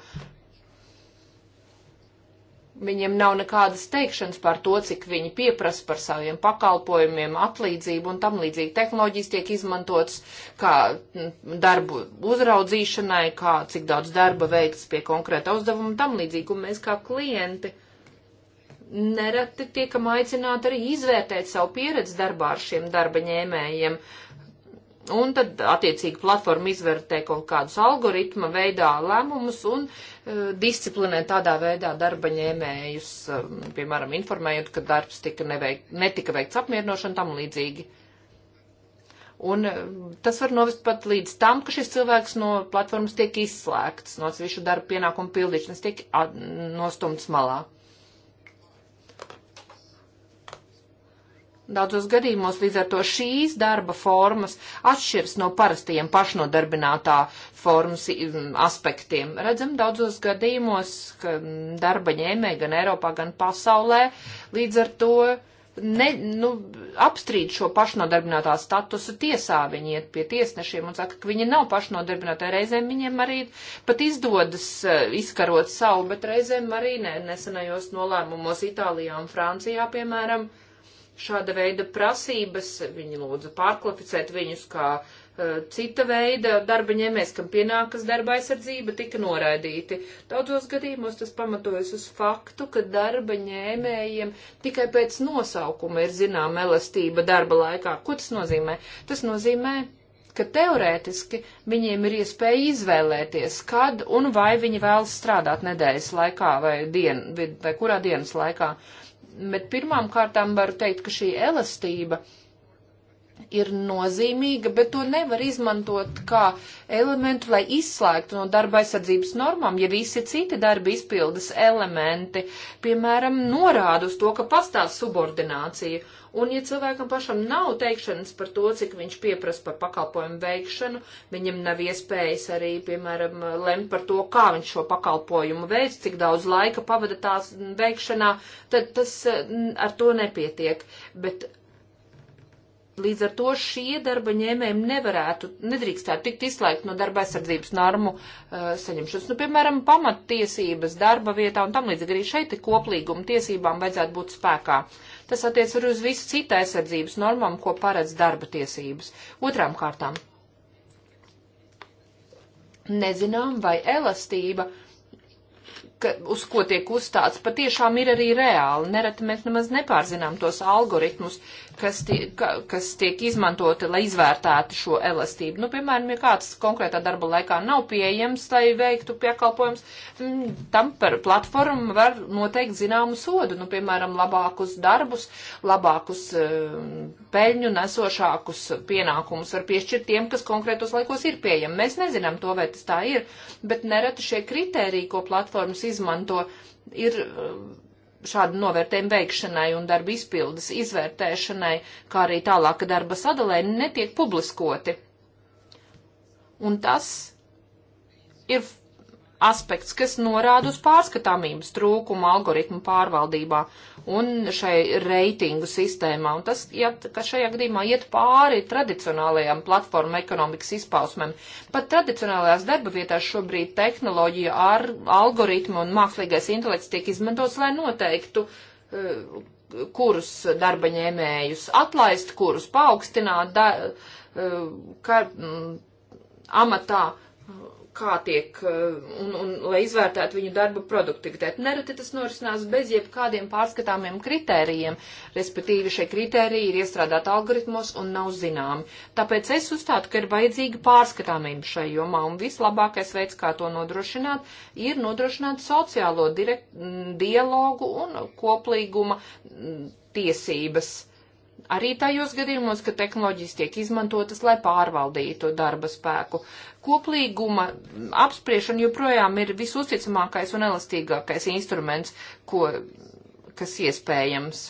Viņiem nav nekādas teikšanas par to, cik viņi pieprasa par saviem pakalpojumiem, atlīdzību un tam līdzīgi. Tehnoloģijas tiek izmantotas kā mm, darbu uzraudzīšanai, kā cik daudz darba veikts pie konkrēta uzdevuma un tam līdzīgi. Un mēs kā klienti nereti tiekam aicināti arī izvērtēt savu pieredzi darbā ar šiem darba ņēmējiem. Uh, Un tad, attiecīgi, platforma izvērtē kaut kādus algoritma veidā lēmumus un uh, disciplinē tādā veidā darba ņēmējus, uh, piemēram, informējot, ka darbs tika neveik, netika veikts apmierinošana tam līdzīgi. Un uh, tas var novest pat līdz tam, ka šis cilvēks no platformas tiek izslēgts, no sevišu darba pienākumu pildīšanas tiek at, nostumts malā. Daudzos gadījumos līdz ar to šīs darba formas atšķiras no parastajiem pašnodarbinātā formas aspektiem. Redzam daudzos gadījumos, ka darba ņēmē gan Eiropā, gan pasaulē līdz ar to ne, nu, apstrīd šo pašnodarbinātā statusu tiesā. Viņi iet pie tiesnešiem un saka, ka viņi nav pašnodarbinātā. Reizēm viņiem arī pat izdodas e, izkarot savu, bet reizēm arī ne, nesenajos nolēmumos Itālijā un Francijā, piemēram, uh, šāda veida prasības, viņi lūdza pārkvalificēt viņus kā e, cita veida darba ņēmējs, kam pienākas darba aizsardzība, tika noraidīti. Daudzos gadījumos tas pamatojas uz faktu, ka darba ņēmējiem tikai pēc nosaukuma ir zināma elastība darba laikā. Ko tas nozīmē? Tas nozīmē, ka teorētiski viņiem ir iespēja izvēlēties, kad un vai viņi vēlas strādāt nedēļas laikā vai, dien, vai kurā dienas laikā. Uh, bet pirmām kārtām varu teikt, ka šī elastība ir nozīmīga, bet to nevar izmantot kā elementu, lai izslēgtu no darba aizsardzības normām, ja visi citi darba izpildes elementi, piemēram, norāda uz to, ka pastāv subordinācija. Un, ja cilvēkam pašam nav teikšanas par to, cik viņš pieprasa par pakalpojumu veikšanu, viņam nav iespējas arī, piemēram, lemt par to, kā viņš šo pakalpojumu veic, cik daudz laika pavada tās veikšanā, tad tas mm, ar to nepietiek. Bet Līdz ar to šie darba ņēmējiem nevarētu, nedrīkstētu tikt izslēgt no darba aizsardzības normu uh, saņemšanas. Nu, piemēram, pamattiesības darba vietā un tam līdzīgi arī šeit koplīguma tiesībām vajadzētu būt spēkā. Tas attiec arī uz visu citu aizsardzības normām, ko paredz darba tiesības. Otrām kārtām. Nezinām, vai elastība ka, uz ko tiek uzstāts, patiešām ir arī reāli. Nereti mēs nemaz nepārzinām tos algoritmus, kas, tie, ka, kas tiek izmantoti, lai izvērtētu šo elastību. Nu, piemēram, ja kāds konkrētā darba laikā nav pieejams, lai veiktu piekalpojums, mm, tam par platformu var noteikt zināmu sodu, nu, piemēram, labākus darbus, labākus eh, peļņu nesošākus pienākumus var piešķirt tiem, kas konkrētos laikos ir pieejami. Mēs nezinām to, vai tas tā ir, bet nereti šie kritēriji, ko platformas izmanto, ir eh, šādu novērtējumu veikšanai un darba izpildes izvērtēšanai, kā arī tālāka darba sadalē, netiek publiskoti. Un tas ir aspekts, kas norāda uz pārskatāmības trūkumu algoritmu pārvaldībā un šai reitingu sistēmā. Un tas, ja, ka šajā gadījumā iet pāri tradicionālajām platformu ekonomikas izpausmēm. Pat tradicionālajās darba vietās šobrīd tehnoloģija ar algoritmu un mākslīgais intelekts tiek izmantots, lai noteiktu, eh, kurus darba ņēmējus atlaist, kurus paaugstināt, da, eh, ka, mm, amatā kā tiek, eh, un, un lai izvērtētu viņu darba produktivitāti. Nereti tas norisinās bez jebkādiem pārskatāmiem kritērijiem, respektīvi šie kritēriji ir iestrādāti algoritmos un nav zināmi. Tāpēc es uzstātu, ka ir vajadzīga pārskatāmība šai jomā, un vislabākais veids, kā to nodrošināt, ir nodrošināt sociālo direkt, dialogu un koplīguma tiesības Arī tajos gadījumos, ka tehnoloģijas tiek izmantotas, lai pārvaldītu darba spēku. Koplīguma apspriešana joprojām ir visusticamākais un elastīgākais instruments, ko, kas iespējams.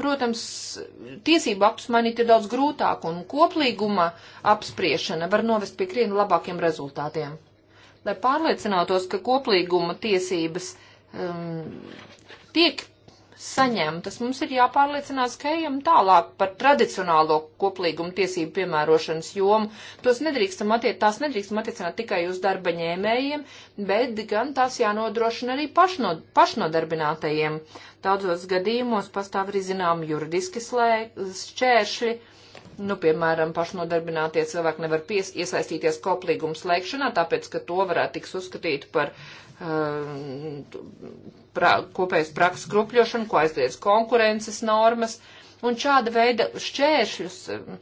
Protams, tiesību apsmanīt ir daudz grūtāk, un koplīguma apspriešana var novest pie krietni labākiem rezultātiem. Lai pārliecinātos, ka koplīguma tiesības um, tiek saņemtas. Mums ir jāpārliecinās, ka ejam tālāk par tradicionālo koplīgumu tiesību piemērošanas jomu. Tos nedrīkstam attiec, tās nedrīkstam attiecināt tikai uz darba ņēmējiem, bet gan tās jānodrošina arī pašno, pašnodarbinātajiem. Daudzos gadījumos pastāv arī zinām juridiski slē, šķēršļi. Nu, piemēram, pašnodarbinātie cilvēki nevar pies, iesaistīties koplīgumu slēgšanā, tāpēc, ka to varētu tiks uzskatīt par uh, pra, kopējas prakses grupļošanu, ko aizliedz konkurences normas, un šāda veida šķēršļus um,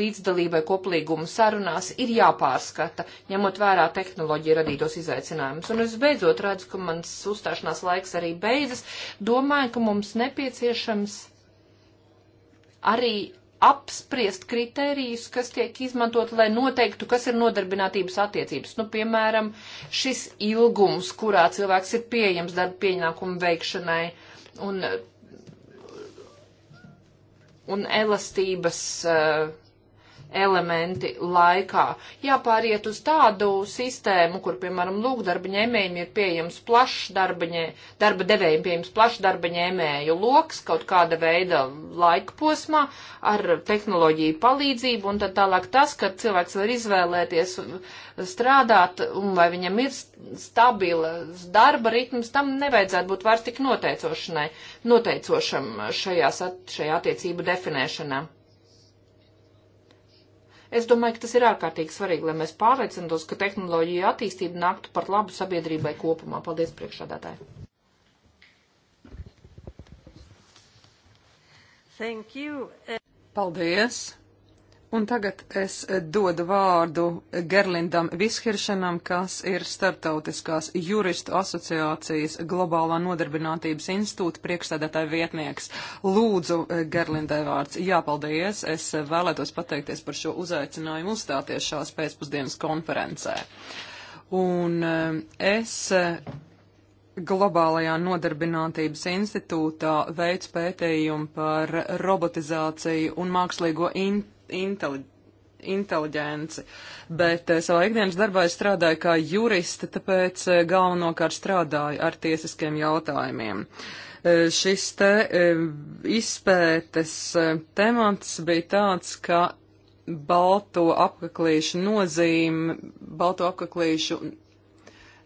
līdzdalībai koplīguma sarunās ir jāpārskata, ņemot vērā tehnoloģiju radītos izaicinājumus. Un es beidzot redzu, ka mans uzstāšanās laiks arī beidzas. Domāju, ka mums nepieciešams arī apspriest kritērijus, kas tiek izmantot, lai noteiktu, kas ir nodarbinātības attiecības. Nu, piemēram, šis ilgums, kurā cilvēks ir pieejams darba pieņākumu veikšanai un, un elastības uh, elementi laikā. Jāpāriet uz tādu sistēmu, kur, piemēram, lūgdarba ņēmējiem ir pieejams plašs darbaņē, darba devējiem pieejams plašs darba ņēmēju loks kaut kāda veida laika posmā ar tehnoloģiju palīdzību un tad tālāk tas, ka cilvēks var izvēlēties strādāt un vai viņam ir stabils darba ritms, tam nevajadzētu būt vairs tik noteicošanai, noteicošam šajā, šajā attiecību definēšanā. Es domāju, ka tas ir ārkārtīgi svarīgi, lai mēs pārliecinātos, ka tehnoloģija attīstība nāktu par labu sabiedrībai kopumā. Paldies, priekšādātāji! Thank you. Paldies! Un tagad es dodu vārdu Gerlindam Vishiršanam, kas ir Startautiskās juristu asociācijas globālā nodarbinātības institūta priekšstādātāja vietnieks. Lūdzu, Gerlindai vārds. Jā, paldies. Es vēlētos pateikties par šo uzaicinājumu uzstāties šās pēcpusdienas konferencē. Un um, es uh, Globālajā nodarbinātības institūtā veids pētījumu par robotizāciju un mākslīgo intelektu inteli inteliģenci, bet eh, savā ikdienas darbā es strādāju kā jurista, tāpēc eh, galvenokārt strādāju ar tiesiskiem jautājumiem. Eh, šis te izpētes temats bija tāds, ka balto apaklīšu nozīme, balto apaklīšu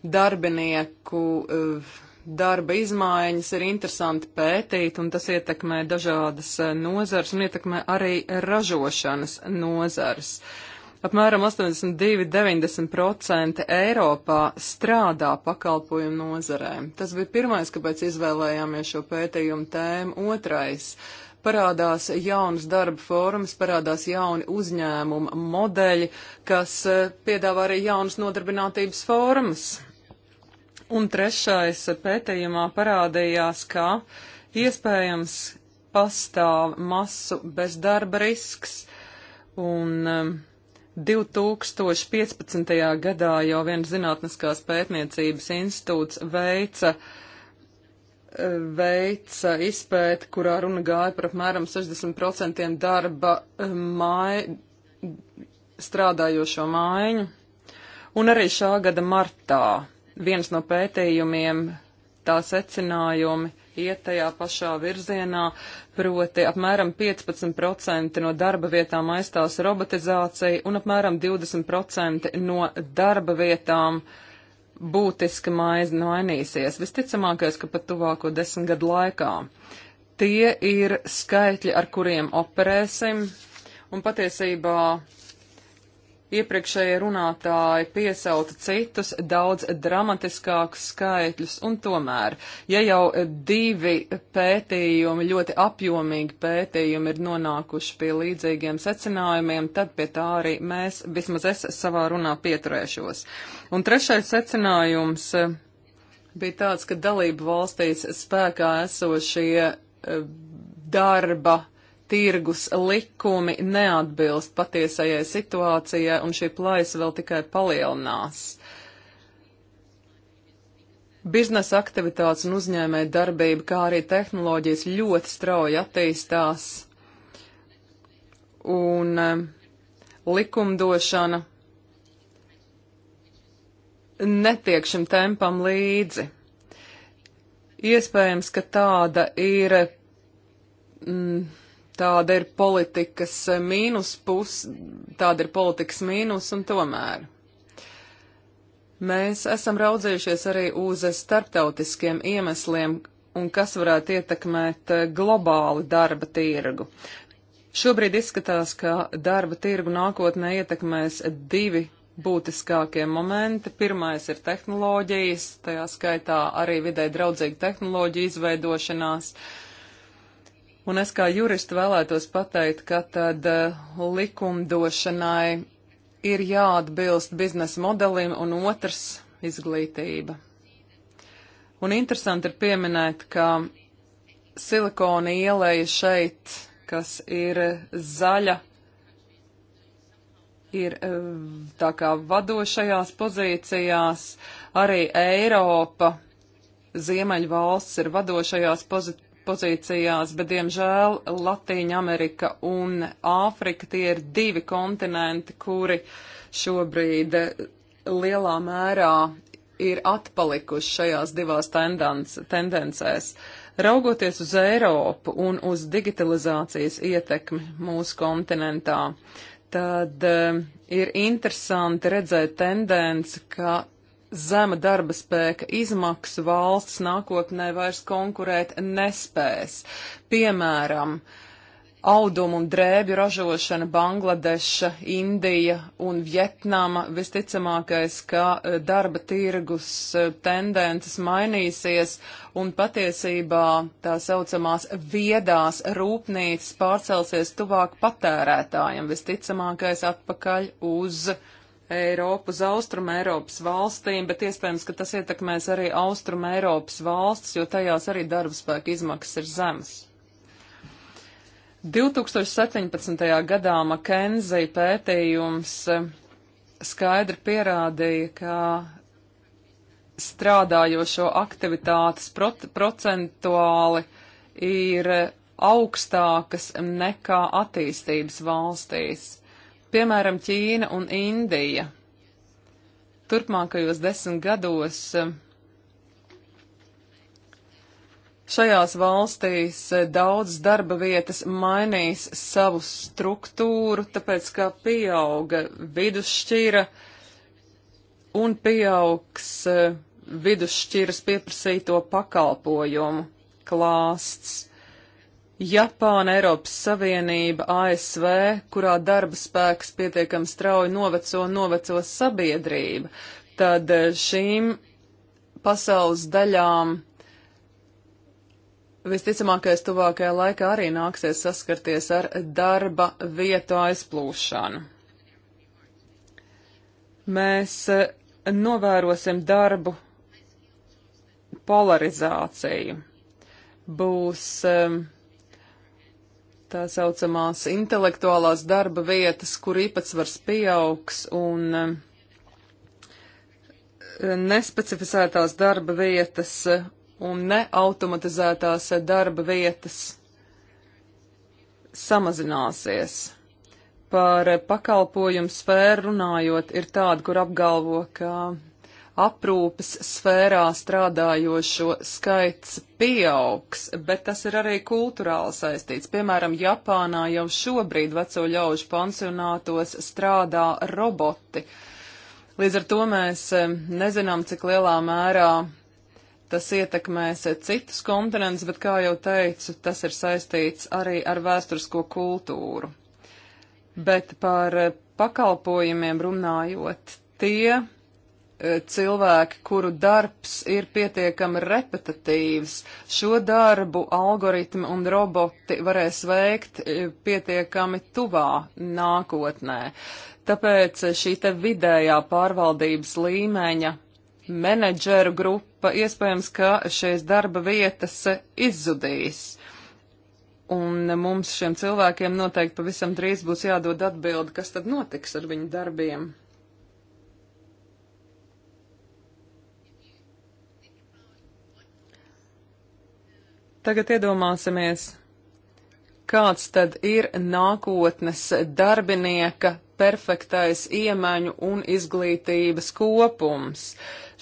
darbinieku uh, darba izmaiņas ir interesanti pētīt, un tas ietekmē dažādas eh, nozars un ietekmē arī ražošanas nozars. Apmēram 82-90% Eiropā strādā pakalpojumu nozarēm. Tas bija pirmais, kāpēc izvēlējāmies šo pētījumu tēmu. Otrais parādās jaunas darba formas, parādās jauni uzņēmuma modeļi, kas eh, piedāvā arī jaunas nodarbinātības formas. Un trešais pētījumā parādījās, ka iespējams pastāv masu bezdarba risks un um, 2015. gadā jau viens zinātniskās pētniecības institūts veica, uh, veica izpēti, kurā runa gāja par apmēram 60% darba uh, māj, strādājošo mājiņu. Un arī šā gada martā viens no pētījumiem tā secinājumi iet tajā pašā virzienā, proti apmēram 15% no darba vietām aizstās robotizācija un apmēram 20% no darba vietām būtiski maiz mainīsies, visticamākais, ka pat tuvāko desmit gadu laikā. Tie ir skaitļi, ar kuriem operēsim, un patiesībā Iepriekšējie runātāji piesauta citus daudz dramatiskākus skaitļus, un tomēr, ja jau divi pētījumi, ļoti apjomīgi pētījumi ir nonākuši pie līdzīgiem secinājumiem, tad pie tā arī mēs, vismaz es savā runā pieturēšos. Un trešais secinājums eh, bija tāds, ka dalību valstīs spēkā esošie eh, darba tirgus likumi neatbilst patiesajai situācijai, un šī plaisa vēl tikai palielinās. Biznesa aktivitātes un uzņēmēja darbība, kā arī tehnoloģijas ļoti strauji attīstās, un um, likumdošana netiek šim tempam līdzi. Iespējams, ka tāda ir. Mm, Tāda ir politikas mīnus pus, tāda ir politikas mīnus un tomēr. Mēs esam raudzījušies arī uz starptautiskiem iemesliem un kas varētu ietekmēt eh, globāli darba tirgu. Šobrīd izskatās, ka darba tirgu nākotnē ietekmēs divi būtiskākie momenti. Pirmais ir tehnoloģijas, tajā skaitā arī vidē draudzīga tehnoloģija izveidošanās. Uh, Un es kā juristi vēlētos pateikt, ka tad eh, likumdošanai ir jāatbilst biznesa modelim un otrs izglītība. Un interesanti ir pieminēt, ka silikona ielēja šeit, kas ir zaļa, ir eh, tā kā vadošajās pozīcijās, arī Eiropa Ziemeļvalsts ir vadošajās pozi pozīcijās, bet diemžēl Latīņa Amerika un Āfrika tie ir divi kontinenti, kuri šobrīd lielā mērā ir atpalikuši šajās divās tendencēs. Raugoties uz Eiropu un uz digitalizācijas ietekmi mūsu kontinentā, tad e, ir interesanti redzēt tendenci, ka zema darba spēka izmaksu valsts nākotnē vairs konkurēt nespēs. Piemēram, audumu un drēbju ražošana Bangladeša, Indija un Vietnama visticamākais, ka eh, darba tirgus eh, tendences mainīsies un patiesībā tā saucamās viedās rūpnīcas pārcelsies tuvāk patērētājiem, visticamākais atpakaļ uz uh, Eiropas, Austrum Eiropas valstīm, bet iespējams, ka tas ietekmēs arī Austrum Eiropas valstis, jo tajās arī darba spēka izmaksas ir zemas. 2017. gadā McKenzie pētījums eh, skaidri pierādīja, ka strādājošo aktivitātes procentuāli ir augstākas nekā attīstības valstīs. Piemēram, Ķīna un Indija. Turpmākajos desmit gados eh, šajās valstīs eh, daudz darba vietas mainīs savu struktūru, tāpēc kā pieauga vidusšķira un pieaugs eh, vidusšķiras pieprasīto pakalpojumu klāsts. Japāna, Eiropas Savienība, ASV, kurā darba spēks pietiekami strauji noveco un noveco sabiedrība, tad eh, šīm pasaules daļām visticamākais tuvākajā laikā arī nāksies saskarties ar darba vietu aizplūšanu. Mēs eh, novērosim darbu polarizāciju. Būs um, tā saucamās intelektuālās darba vietas, kur īpatsvars pieaugs un e, nespecificētās darba vietas un neautomatizētās darba vietas samazināsies. Par pakalpojumu sfēru runājot, ir tāda, kur apgalvo, ka aprūpes sfērā strādājošo skaits pieaugs, bet tas ir arī kulturāli saistīts. Piemēram, Japānā jau šobrīd veco ļaužu pansionātos strādā roboti. Līdz ar to mēs nezinām, cik lielā mērā tas ietekmēs citus kontinentus, bet, kā jau teicu, tas ir saistīts arī ar vēsturisko kultūru. Bet par pakalpojumiem runājot, tie E, cilvēki, kuru darbs ir pietiekami repetitīvs. Šo darbu algoritmi un roboti varēs veikt e, pietiekami tuvā nākotnē. Tāpēc šī te vidējā pārvaldības līmeņa menedžeru grupa iespējams, ka šīs darba vietas izzudīs. Un mums šiem cilvēkiem noteikti pavisam drīz būs jādod atbildi, kas tad notiks ar viņu darbiem. Tagad iedomāsimies, kāds tad ir nākotnes darbinieka perfektais iemaņu un izglītības kopums.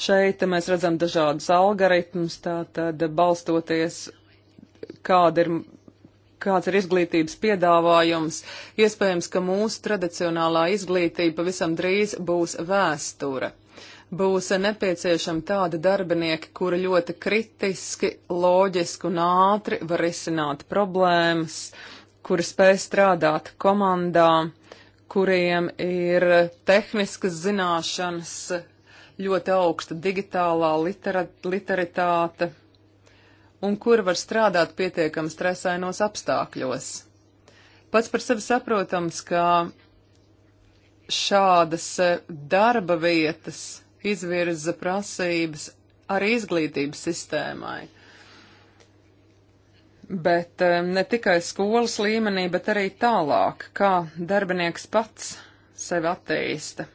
Šeit mēs redzam dažādus algoritmus, tātad balstoties, kāda ir kāds ir izglītības piedāvājums. Iespējams, ka mūsu tradicionālā izglītība pavisam drīz būs vēsture būs nepieciešami tādi darbinieki, kuri ļoti kritiski, loģiski un ātri var risināt problēmas, kuri spēj strādāt komandā, kuriem ir tehniskas zināšanas, ļoti augsta digitālā litera, literatāte un kuri var strādāt pietiekami stresainos apstākļos. Pats par sevi saprotams, ka šādas darba vietas izvirza prasības arī izglītības sistēmai. Bet eh, ne tikai skolas līmenī, bet arī tālāk, kā darbinieks pats sevi attīsta.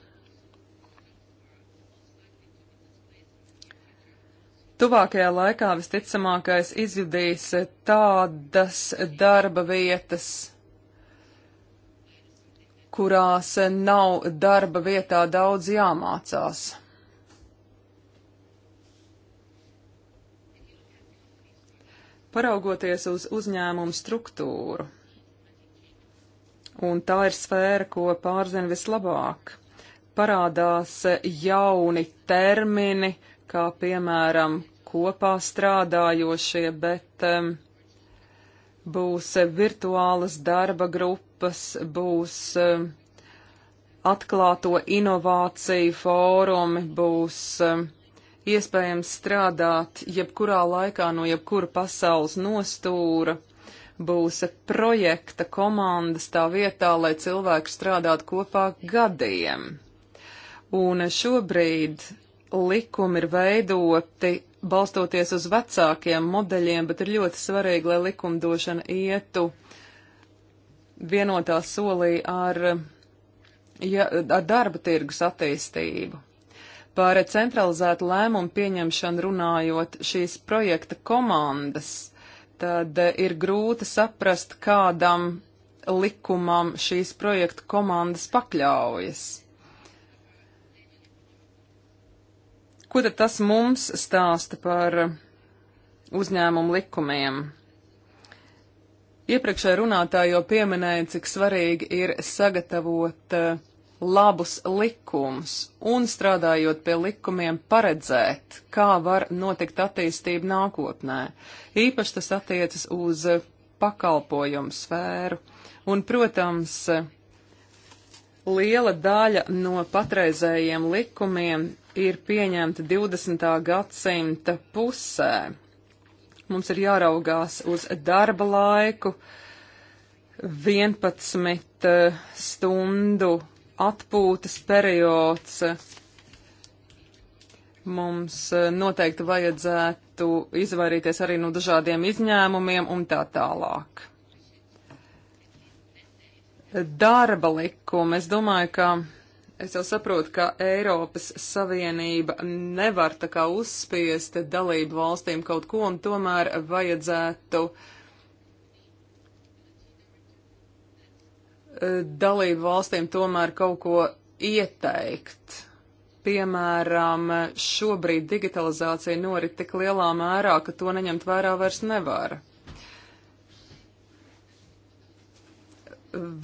Tuvākajā laikā visticamākais izjudīs tādas darba vietas, kurās nav darba vietā daudz jāmācās. paraugoties uz uzņēmumu struktūru. Un tā ir sfēra, ko pārzina vislabāk. Parādās jauni termini, kā piemēram kopā strādājošie, bet um, būs virtuālas darba grupas, būs um, atklāto inovāciju fórumi, būs um, iespējams strādāt jebkurā laikā no jebkura pasaules nostūra. Būs projekta komandas tā vietā, lai cilvēki strādātu kopā gadiem. Un šobrīd likumi ir veidoti balstoties uz vecākiem modeļiem, bet ir ļoti svarīgi, lai likumdošana ietu vienotā solī ar, ja, ar darba tirgus attīstību. Par centralizētu lēmumu pieņemšanu runājot šīs projekta komandas, tad ir grūti saprast, kādam likumam šīs projekta komandas pakļaujas. Ko tad tas mums stāsta par uzņēmumu likumiem? Iepriekšējā runātā jau pieminēja, cik svarīgi ir sagatavot uh, labus likumus un strādājot pie likumiem paredzēt, kā var notikt attīstība nākotnē. Īpaši tas attiecas uz pakalpojumu sfēru. Un, protams, liela daļa no patreizējiem likumiem ir pieņemta 20. gadsimta pusē. Mums ir jāraugās uz darba laiku, 11 eh, stundu atpūtas periods. Mums eh, noteikti vajadzētu izvairīties arī no dažādiem izņēmumiem un tā tālāk. Darba likuma. Es domāju, ka Es jau saprotu, ka Eiropas Savienība nevar tā kā uzspiest dalību valstīm kaut ko, un tomēr vajadzētu uh, dalību valstīm tomēr kaut ko ieteikt. Piemēram, šobrīd digitalizācija norit tik lielā mērā, ka to neņemt vērā vairs nevar.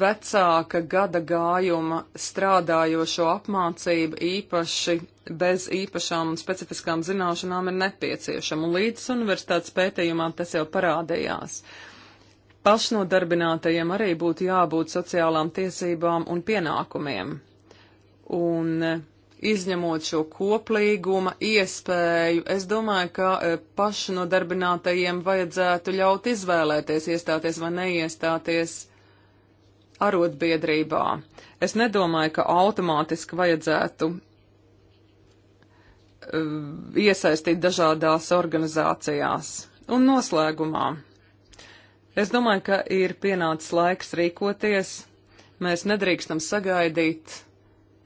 Vecāka gada gājuma strādājošo apmācība īpaši bez īpašām un specifiskām zināšanām ir nepieciešama, un līdz universitātes pētījumām tas jau parādījās. Uh, pašnodarbinātajiem arī būtu jābūt sociālām tiesībām un pienākumiem. Un e, izņemot šo koplīguma iespēju, es domāju, ka e, pašnodarbinātajiem vajadzētu ļaut izvēlēties iestāties vai neiestāties arotbiedrībā. Es nedomāju, ka automātiski vajadzētu e, iesaistīt dažādās organizācijās. Un noslēgumā Es domāju, ka ir pienācis laiks rīkoties. Mēs nedrīkstam sagaidīt,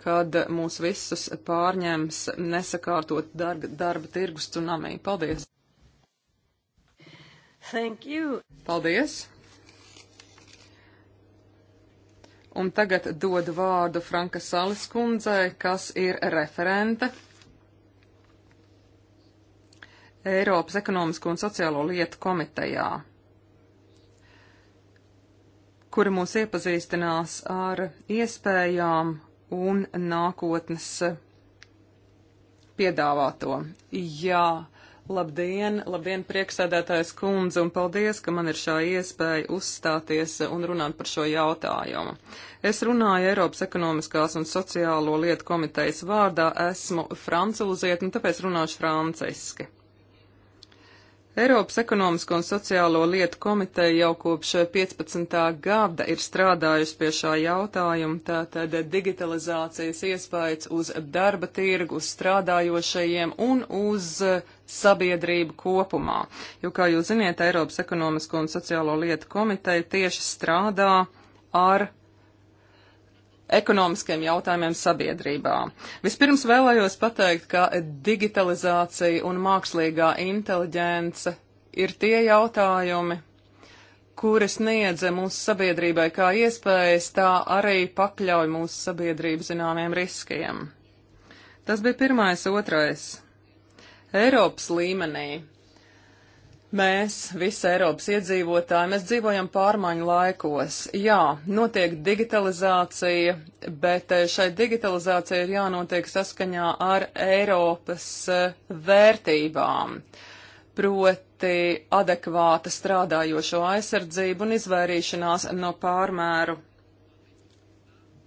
kad mūs visus pārņems nesakārtot darba, darba tirgus tsunami. Paldies! Thank you! Paldies! Un tagad dodu vārdu Franka Salis kundzei, kas ir referente Eiropas ekonomisko un sociālo lietu komitejā kura mūs iepazīstinās ar iespējām un nākotnes piedāvāto. Jā, labdien, labdien, prieksēdētājs kundze, un paldies, ka man ir šā iespēja uzstāties un runāt par šo jautājumu. Es runāju Eiropas ekonomiskās un sociālo lietu komitejas vārdā, esmu francūziet, un tāpēc runāšu franciski. Eiropas ekonomisko un sociālo lietu komiteja jau kopš 15. gada ir strādājusi pie šā jautājuma, tātad digitalizācijas iespējas uz darba tirgu, uz strādājošajiem un uz sabiedrību kopumā. Jo, kā jūs ziniet, Eiropas ekonomisko un sociālo lietu komiteja tieši strādā ar ekonomiskiem jautājumiem sabiedrībā. Vispirms vēlējos pateikt, ka digitalizācija un mākslīgā inteliģence ir tie jautājumi, kuri sniedz mūsu sabiedrībai kā iespējas, tā arī pakļauj mūsu sabiedrību zināmiem riskiem. Tas bija pirmais, otrais. Eiropas līmenī mēs, visi Eiropas iedzīvotāji, mēs dzīvojam pārmaiņu laikos. Jā, notiek digitalizācija, bet eh, šai digitalizācija ir jānotiek saskaņā ar Eiropas eh, vērtībām. Proti adekvāta strādājošo aizsardzību un izvairīšanās no pārmēru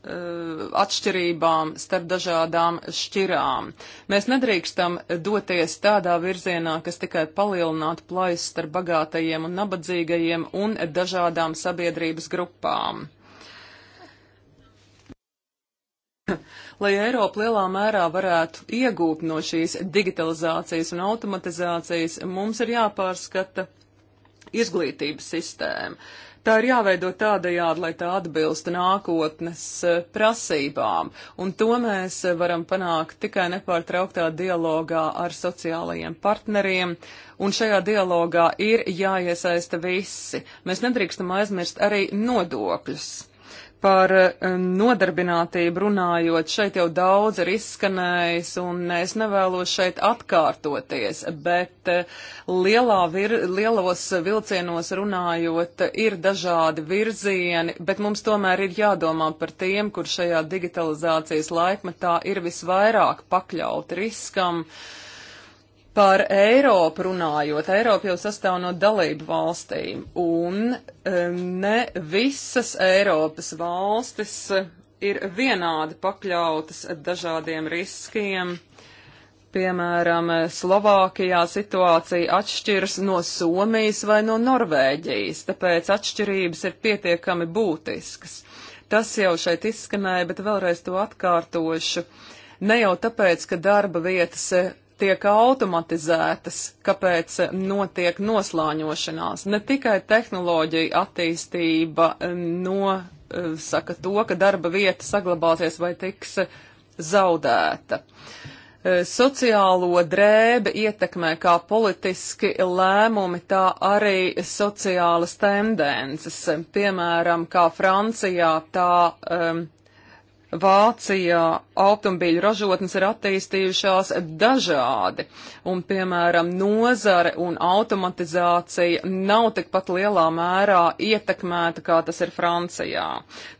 Eh, atšķirībām starp dažādām šķirām. Mēs nedrīkstam doties tādā virzienā, kas tikai palielinātu plaisu starp bagātajiem un nabadzīgajiem un dažādām sabiedrības grupām. Lai Eiropa lielā mērā varētu iegūt no šīs digitalizācijas un automatizācijas, mums ir jāpārskata izglītības sistēma. Uh, Tā ir jāveido tādajādi, lai tā atbilst nākotnes eh, prasībām, un to mēs eh, varam panākt tikai nepārtrauktā dialogā ar sociālajiem partneriem, un šajā dialogā ir jāiesaista visi. Mēs nedrīkstam aizmirst arī nodokļus. Par eh, nodarbinātību runājot, šeit jau daudz ir izskanējis, un es nevēlos šeit atkārtoties, bet eh, lielā vir, lielos vilcienos runājot ir dažādi virzieni, bet mums tomēr ir jādomā par tiem, kur šajā digitalizācijas laikmetā ir visvairāk pakļauti riskam. Uh, Par Eiropu runājot, Eiropa jau sastāv no dalību valstīm, un ne visas Eiropas valstis ir vienādi pakļautas dažādiem riskiem. Piemēram, Slovākijā situācija atšķiras no Somijas vai no Norvēģijas, tāpēc atšķirības ir pietiekami būtiskas. Tas jau šeit izskanēja, bet vēlreiz to atkārtošu. Ne jau tāpēc, ka darba vietas tiek automatizētas, kāpēc notiek noslāņošanās. Ne tikai tehnoloģija attīstība nosaka eh, to, ka darba vieta saglabāsies vai tiks zaudēta. Eh, sociālo drēbi ietekmē kā politiski lēmumi, tā arī sociālas tendences. Piemēram, kā Francijā, tā um, Vācijā automobīļu ražotnes ir attīstījušās dažādi, un, piemēram, nozare un automatizācija nav tikpat lielā mērā ietekmēta, kā tas ir Francijā.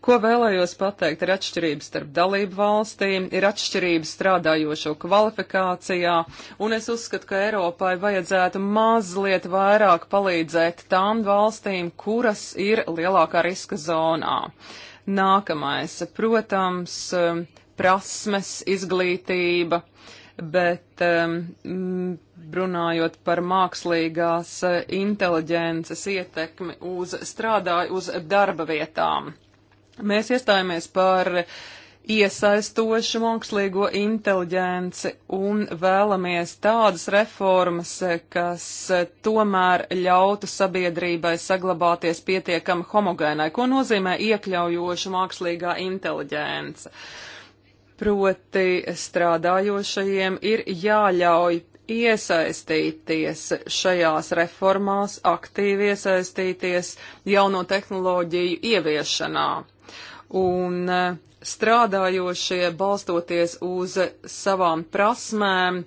Ko vēlējos pateikt, ir atšķirības starp dalību valstīm, ir atšķirības strādājošo kvalifikācijā, un es uzskatu, ka Eiropai vajadzētu mazliet vairāk palīdzēt tām valstīm, kuras ir lielākā riska zonā. Nākamais, protams, um, prasmes, izglītība, bet um, runājot par mākslīgās uh, inteliģences ietekmi uz strādāju uz darba vietām. Mēs iestājāmies par uh, iesaistošu mākslīgo inteliģenci un vēlamies tādas reformas, kas tomēr ļautu sabiedrībai saglabāties pietiekami homogēnai. Ko nozīmē iekļaujoša mākslīgā inteliģence? Proti strādājošajiem ir jāļauj iesaistīties šajās reformās, aktīvi iesaistīties jauno tehnoloģiju ieviešanā. Un uh, strādājošie balstoties uz savām prasmēm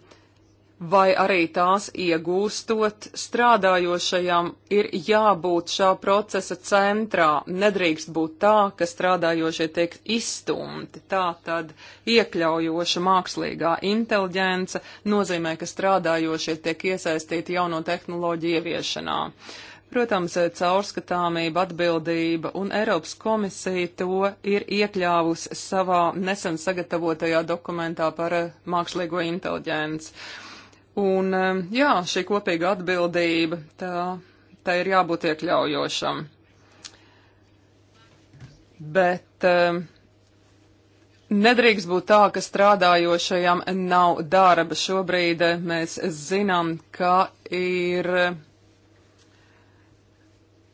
vai arī tās iegūstot, strādājošajam ir jābūt šā procesa centrā. Nedrīkst būt tā, ka strādājošie tiek izstumti. Tā tad iekļaujoša mākslīgā inteliģence nozīmē, ka strādājošie tiek iesaistīti jauno tehnoloģiju ieviešanā. Uh, Protams, eh, caurskatāmība, atbildība un Eiropas komisija to ir iekļāvusi savā nesen sagatavotajā dokumentā par eh, mākslīgo inteliģenci. Un, eh, jā, šī kopīga atbildība, tā, tā ir jābūt iekļaujošam. Bet nedrīkst būt tā, ka strādājošajam nav darba. Šobrīd mēs zinām, ka ir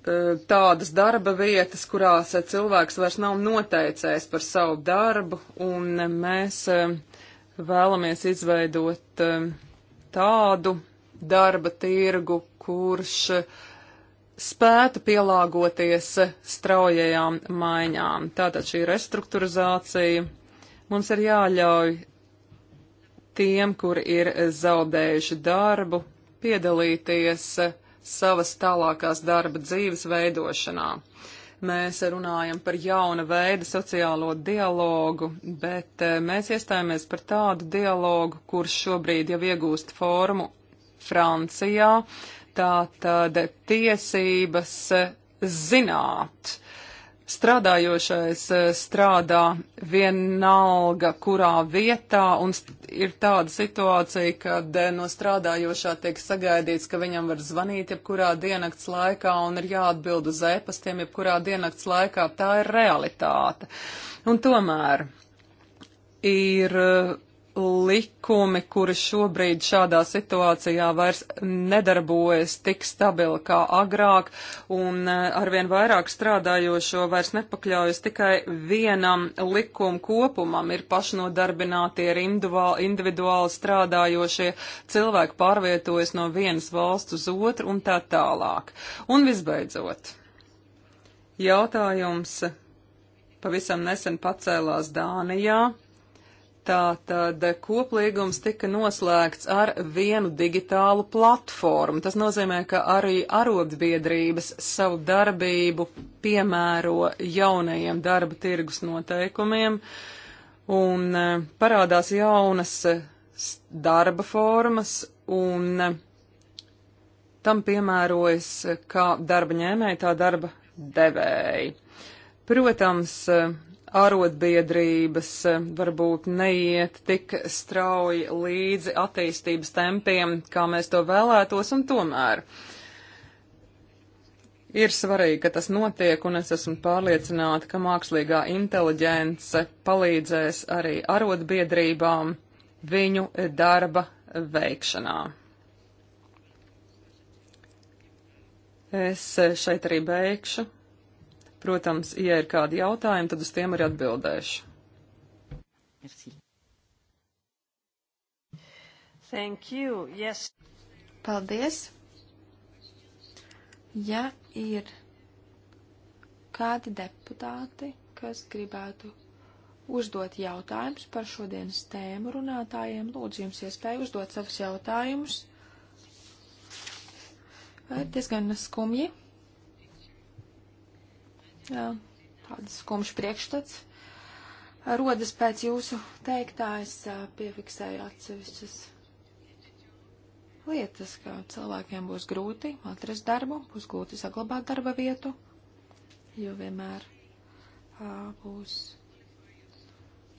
E, tādas darba vietas, kurās e, cilvēks vairs nav noteicējis par savu darbu, un mēs e, vēlamies izveidot tādu darba tirgu, kurš spētu pielāgoties straujajām maiņām. Tātad šī restruktūrizācija mums ir jāļauj tiem, kur ir zaudējuši darbu, piedalīties uh, savas tālākās darba dzīves veidošanā. Mēs runājam par jauna veida sociālo dialogu, bet eh, mēs iestājāmies par tādu dialogu, kurš šobrīd jau iegūst formu Francijā, tātad tiesības zināt. Uh, strādājošais eh, strādā vienalga, kurā vietā, un ir tāda situācija, kad no strādājošā tiek sagaidīts, ka viņam var zvanīt jebkurā diennakts laikā un ir jāatbild uz ēpastiem jebkurā diennakts laikā. Tā ir realitāte. Un tomēr ir eh, likumi, kuri šobrīd šādā situācijā vairs nedarbojas tik stabili kā agrāk, un e, arvien vairāk strādājošo vairs nepakļaujas tikai vienam likumu kopumam. Ir pašnodarbinātie, ir individuāli strādājošie, cilvēki pārvietojas no vienas valsts uz otru un tā tālāk. Un visbeidzot, jautājums pavisam nesen pacēlās Dānijā Tātad koplīgums tika noslēgts ar vienu digitālu platformu. Tas nozīmē, ka arī arotbiedrības savu darbību piemēro jaunajiem darba tirgus noteikumiem un e, parādās jaunas e, darba formas un e, tam piemērojas kā darba ņēmēji, tā darba devēji. Protams, arotbiedrības eh, varbūt neiet tik strauji līdzi attīstības tempiem, kā mēs to vēlētos, un tomēr ir svarīgi, ka tas notiek, un es esmu pārliecināta, ka mākslīgā inteliģence palīdzēs arī arotbiedrībām viņu darba veikšanā. Es šeit arī beigšu Protams, ja ir kādi jautājumi, tad uz tiem arī atbildēšu. Merci. Thank you. Yes. Paldies. Ja ir kādi deputāti, kas gribētu uzdot jautājumus par šodienas tēmu runātājiem, lūdzu jums iespēju uzdot savus jautājumus. Diezgan skumji tāds skumjš priekšstats rodas pēc jūsu teiktā. Es piefiksēju atsevišķas lietas, ka cilvēkiem būs grūti atrast darbu, būs grūti saglabāt darba vietu, jo vienmēr a, būs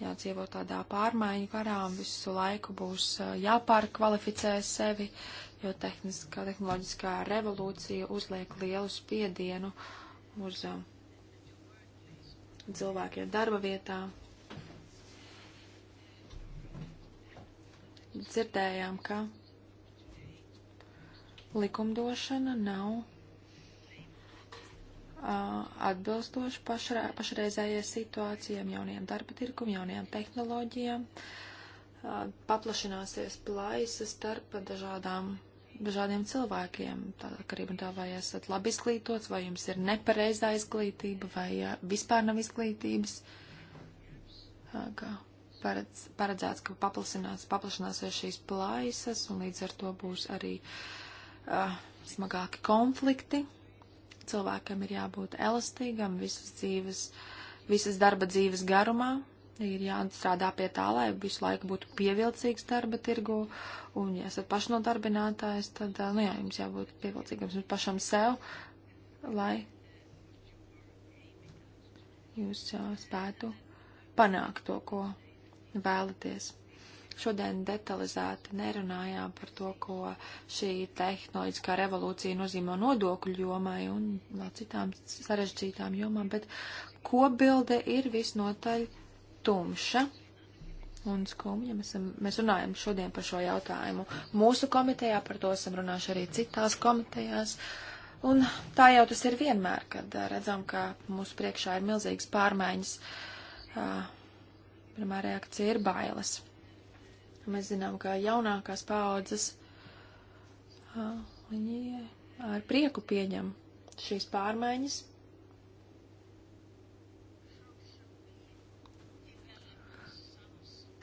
jādzīvo tādā pārmaiņu karā un visu laiku būs a, jāpārkvalificē sevi, jo tehniskā, tehnoloģiskā revolūcija uzliek lielu spiedienu uz a, cilvēki ir darba vietā. Dzirdējām, ka likumdošana nav uh, atbilstoša pašra, pašreizējai situācijām, jaunajiem darba tirkum, jaunajām tehnoloģijām. Uh, paplašināsies plaisa starp dažādām dažādiem cilvēkiem. Tātad, karība tā, vai esat labi izglītots, vai jums ir nepareizā izglītība, vai ja, vispār nav izglītības. Kā paredz, paredzēts, ka paplašinās, paplašināsies šīs plaisas, un līdz ar to būs arī uh, smagāki konflikti. Cilvēkam ir jābūt elastīgam visas dzīves, visas darba dzīves garumā, ir jāstrādā pie tā, lai visu laiku būtu pievilcīgs darba tirgu, un, ja esat pašnodarbinātājs, tad, nu jā, jums jābūt pievilcīgam pašam sev, lai jūs jā, spētu panākt to, ko vēlaties. Šodien detalizēti nerunājām par to, ko šī tehnoloģiskā revolūcija nozīmē nodokļu jomai un vēl citām sarežģītām jomām, bet kobilde ir visnotaļ tumša un skumja. Mēs, mēs runājam šodien par šo jautājumu mūsu komitejā, par to esam runājuši arī citās komitejās. Un tā jau tas ir vienmēr, kad redzam, ka mūsu priekšā ir milzīgas pārmaiņas. Pirmā reakcija ir bailes. Mēs zinām, ka jaunākās paaudzes viņi ar prieku pieņem šīs pārmaiņas,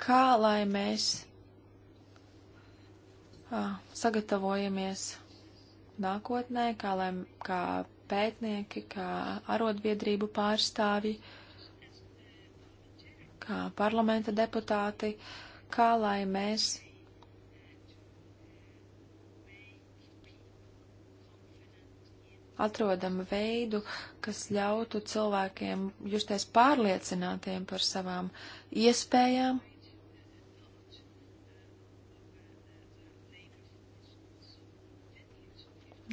kā lai mēs uh, sagatavojamies nākotnē, kā, lai, kā pētnieki, kā arotbiedrību pārstāvi, kā parlamenta deputāti, kā lai mēs atrodam veidu, kas ļautu cilvēkiem justies pārliecinātiem par savām iespējām,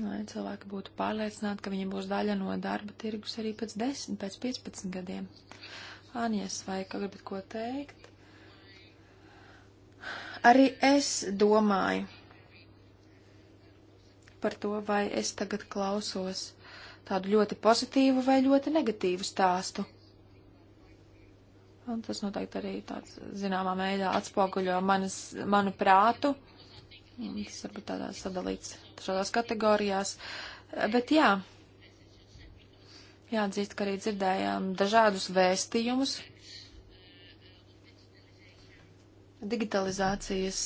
lai cilvēki būtu pārliecināti, ka viņi būs daļa no darba tirgus arī pēc 10, pēc 15 gadiem. Anies, vai kā gribat ko teikt? Arī es domāju par to, vai es tagad klausos tādu ļoti pozitīvu vai ļoti negatīvu stāstu. Un tas noteikti arī tāds, zināmā mērā, atspoguļo manas, manu prātu Tas varbūt tādās sadalīts dažādās kategorijās. Bet jā, jāatzīst, ka arī dzirdējām dažādus vēstījumus. Digitalizācijas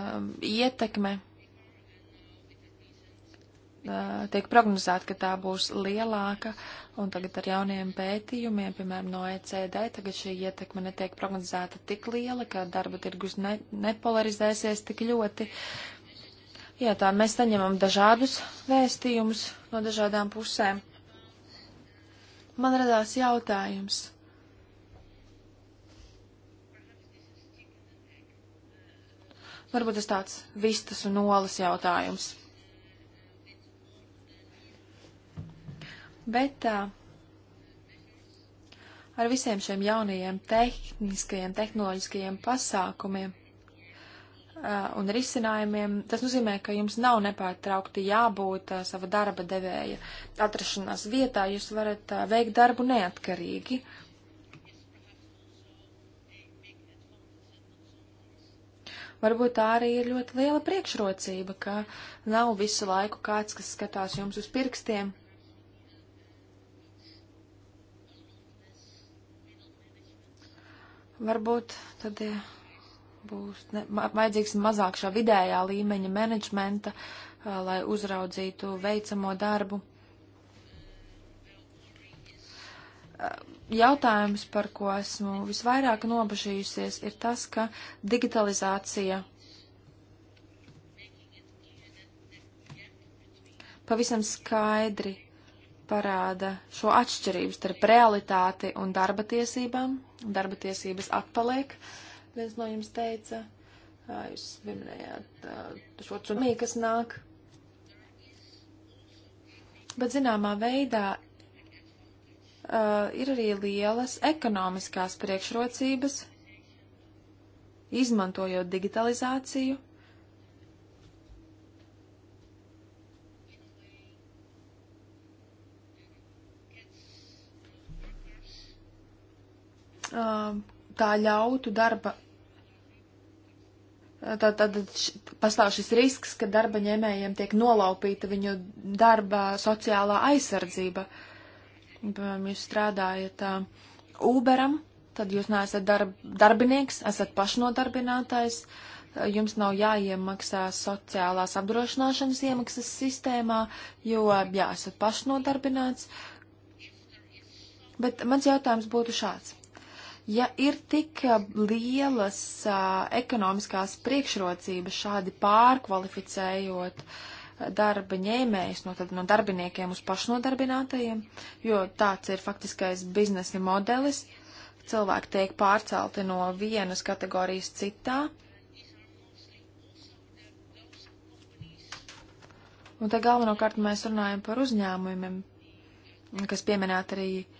um, ietekme tiek prognozēta, ka tā būs lielāka, un tagad ar jauniem pētījumiem, piemēram, no ECD, tagad šī ietekme netiek prognozēta tik liela, ka darba tirgus ne, nepolarizēsies tik ļoti. Jā, tā mēs saņemam dažādus vēstījumus no dažādām pusēm. Man radās jautājums. Varbūt tas tāds vistas un olas jautājums Bet uh, ar visiem šiem jaunajiem tehniskajiem, tehnoloģiskajiem pasākumiem uh, un risinājumiem, tas nozīmē, ka jums nav nepārtraukti jābūt uh, sava darba devēja atrašanās vietā, jūs varat uh, veikt darbu neatkarīgi. Varbūt tā arī ir ļoti liela priekšrocība, ka nav visu laiku kāds, kas skatās jums uz pirkstiem Varbūt tad būs ne, vajadzīgs mazāk šā vidējā līmeņa menedžmenta, lai uzraudzītu veicamo darbu. Jautājums, par ko esmu visvairāk nobažījusies, ir tas, ka digitalizācija pavisam skaidri parāda šo atšķirību starp realitāti un darba tiesībām. Darba tiesības atpaliek, viens no jums teica. Jūs minējāt šo cunamī, kas nāk. Bet zināmā veidā uh, ir arī lielas ekonomiskās priekšrocības, izmantojot digitalizāciju Um, tā ļautu darba. Tad, tad pastāv šis risks, ka darba ņēmējiem tiek nolaupīta viņu darba sociālā aizsardzība. Piemēram, jūs strādājat um, Uberam, tad jūs neesat darb, darbinieks, esat pašnodarbinātais, jums nav jāiemaksā sociālās apdrošināšanas iemaksas sistēmā, jo, jā, esat pašnodarbināts. Bet mans jautājums būtu šāds Ja ir tik lielas uh, ekonomiskās priekšrocības šādi pārkvalificējot darba ņēmējus no, tad, no darbiniekiem uz pašnodarbinātajiem, jo tāds ir faktiskais biznesa modelis, cilvēki tiek pārcelti no vienas kategorijas citā. Un te galvenokārt mēs runājam par uzņēmumiem, kas pieminēt arī uh,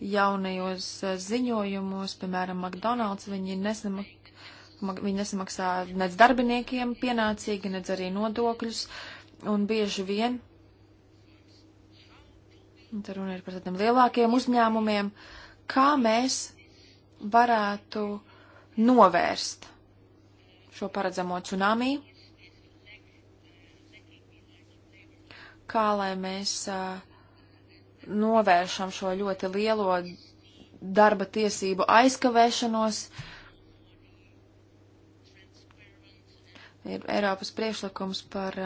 jaunajos eh, ziņojumos, piemēram, McDonald's, viņi, nesamak, viņi nesamaksā nec darbiniekiem pienācīgi, nec arī nodokļus, un bieži vien, un te runa ir par tādiem lielākiem uzņēmumiem, kā mēs varētu novērst šo paredzamo tsunami, kā lai mēs uh, novēršam šo ļoti lielo darba tiesību aizkavēšanos. Ir Eiropas priekšlikums par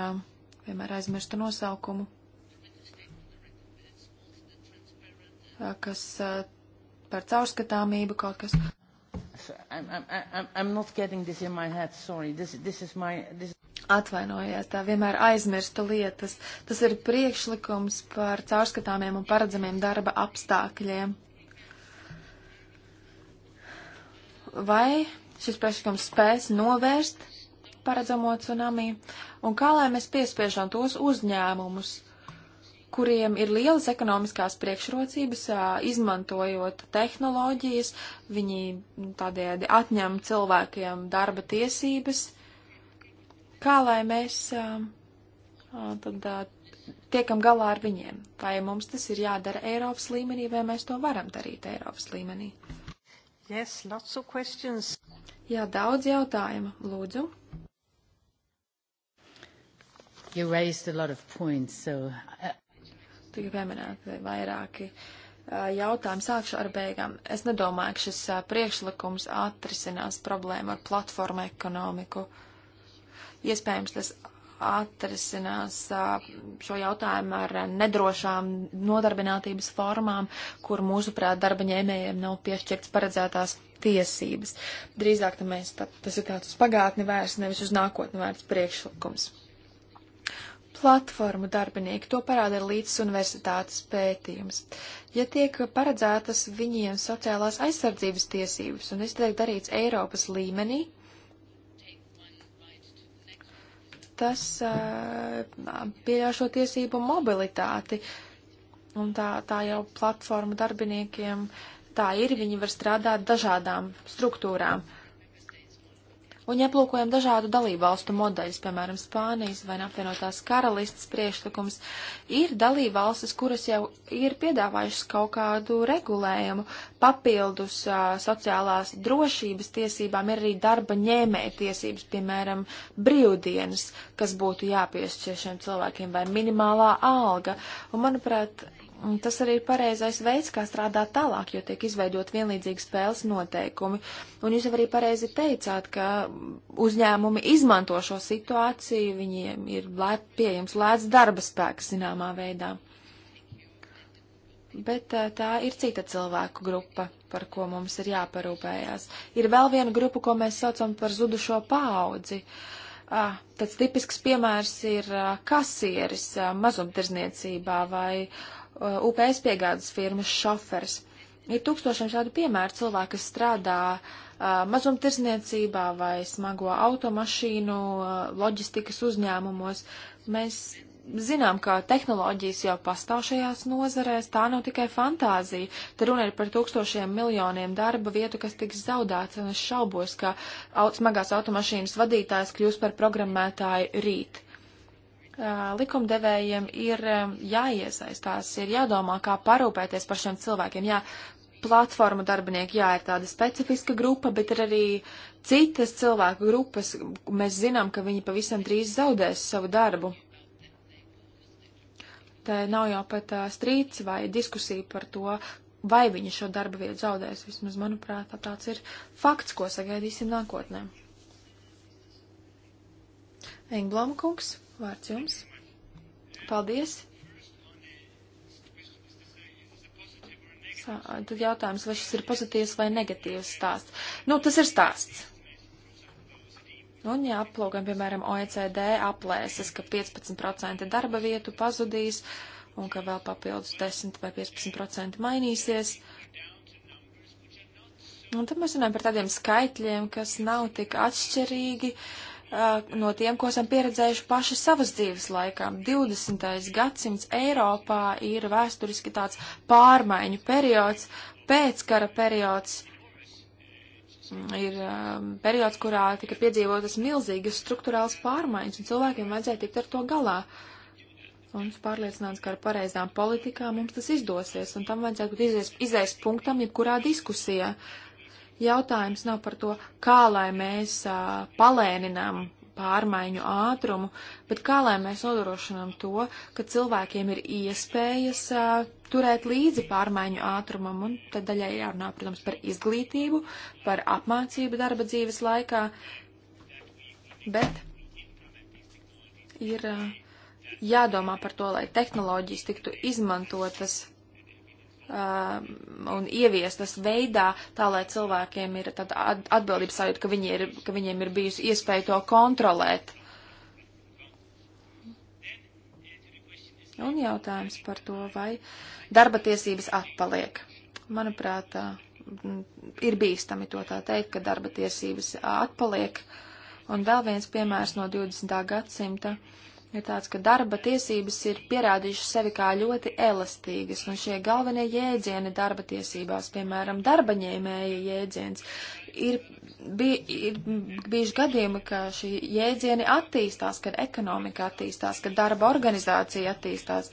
vienmēr um, aizmirstu nosaukumu, uh, kas uh, par caurskatāmību kaut kas. I'm, I'm, I'm not getting this in my head, sorry. This, this is my, this... Atvainojiet, tā vienmēr aizmirstu lietas. Tas ir priekšlikums par caurskatāmiem un paredzamiem darba apstākļiem. Vai šis priekšlikums spēs novērst paredzamo tsunami? Un kā lai mēs piespiežam tos uzņēmumus, kuriem ir lielas ekonomiskās priekšrocības, izmantojot tehnoloģijas, viņi tādējādi atņem cilvēkiem darba tiesības Kā lai mēs um, uh, tad uh, tiekam galā ar viņiem? Vai mums tas ir jādara Eiropas līmenī, vai mēs to varam darīt Eiropas līmenī? Yes, lots of questions. Jā, daudz jautājumu, lūdzu. You raised a lot of points, so... Uh, Tikai pieminēt vairāki jautājumi. Sākšu ar beigām. Es nedomāju, ka šis priekšlikums atrisinās problēmu ar platformu ekonomiku. Uh, Iespējams, tas atrisinās šo jautājumu ar nedrošām nodarbinātības formām, kur mūsuprāt darba ņēmējiem nav piešķirts paredzētās tiesības. Drīzāk tā mēs, tā, tas ir tāds uz pagātni vērsts, nevis uz nākotni vērsts priekšlikums. Platformu darbinieki to parāda ir līdz universitātes pētījums. Ja tiek paredzētas viņiem sociālās aizsardzības tiesības un iztiek darīts Eiropas līmenī, tas pieļauj šo tiesību mobilitāti. Un tā, tā jau platforma darbiniekiem tā ir, viņi var strādāt dažādām struktūrām. Uh, un ja aplūkojam dažādu dalībvalstu modeļus, piemēram, Spānijas vai apvienotās karalistas priekšlikums, ir dalībvalstis, kuras jau ir piedāvājušas kaut kādu regulējumu papildus uh, sociālās drošības tiesībām, ir arī darba ņēmēja tiesības, piemēram, brīvdienas, kas būtu jāpiešķir šiem cilvēkiem vai minimālā alga. Un, manuprāt, Un tas arī ir pareizais veids, kā strādāt tālāk, jo tiek izveidot vienlīdzīgi spēles noteikumi. Un jūs arī pareizi teicāt, ka uzņēmumi izmanto šo situāciju, viņiem ir lēt, pieejams lēts darba spēks zināmā veidā. Bet tā ir cita cilvēku grupa, par ko mums ir jāparūpējās. Ir vēl viena grupa, ko mēs saucam par zudušo paudzi. Uh, Ah, tāds tipisks piemērs ir kasieris mazumtirzniecībā vai uh, UPS piegādes firmas šofers. Ir tūkstošiem šādu piemēru cilvēku, kas strādā uh, mazumtirzniecībā vai smago automašīnu uh, loģistikas uzņēmumos. Mēs zinām, ka tehnoloģijas jau pastāv šajās nozarēs, tā nav tikai fantāzija. Te runa ir par tūkstošiem miljoniem darba vietu, kas tiks zaudēts, un es šaubos, ka smagās automašīnas vadītājs kļūs par programmētāju rīt likumdevējiem ir jāiesaistās, ir jādomā, kā parūpēties par šiem cilvēkiem. Jā, platformu darbinieki, jā, ir tāda specifiska grupa, bet ir arī citas cilvēku grupas. Mēs zinām, ka viņi pavisam drīz zaudēs savu darbu. Te nav jau pat uh, strīds vai diskusija par to, vai viņi šo darba vietu zaudēs. Vismaz, manuprāt, tāds ir fakts, ko sagaidīsim nākotnē. Engblom kungs. Vārds jums. Paldies. Tad jautājums, vai šis ir pozitīvs vai negatīvs stāsts. Nu, tas ir stāsts. Un, ja aplūkam, piemēram, OECD aplēses, ka 15% darba vietu pazudīs un ka vēl papildus 10 vai 15% mainīsies, un tad mēs runājam par tādiem skaitļiem, kas nav tik atšķirīgi. Uh, no tiem, ko esam pieredzējuši paši savas dzīves laikā. 20. gadsimts Eiropā ir vēsturiski tāds pārmaiņu periods, pēckara periods. Mm, ir um, periods, kurā tika piedzīvotas milzīgas struktūrāls pārmaiņas, un cilvēkiem vajadzēja tikt ar to galā. Un es pārliecināts, ka ar pareizām politikām mums tas izdosies, un tam vajadzētu būt izies, izies punktam jebkurā diskusijā. Uh, Jautājums nav par to, kā lai mēs uh, palēninām pārmaiņu ātrumu, bet kā lai mēs nodrošinām to, ka cilvēkiem ir iespējas uh, turēt līdzi pārmaiņu ātrumam, un tad daļai jārunā, protams, par izglītību, par apmācību darba dzīves laikā, bet ir uh, jādomā par to, lai tehnoloģijas tiktu izmantotas Um, un ieviestas veidā, tā lai cilvēkiem ir tāda atbildības sajūta, ka, viņi ir, ka viņiem ir bijusi iespēja to kontrolēt. Un jautājums par to, vai darba tiesības atpaliek. Manuprāt, ir bīstami to tā teikt, ka darba tiesības atpaliek. Un vēl viens piemērs no 20. gadsimta. Uh, ir tāds, ka darba tiesības ir pierādījušas sevi kā ļoti elastīgas, un šie galvenie jēdzieni darba tiesībās, piemēram, darbaņēmēja jēdziens, ir, bi, ir bijuši gadījumi, ka šī jēdzieni attīstās, kad ekonomika attīstās, kad darba organizācija attīstās.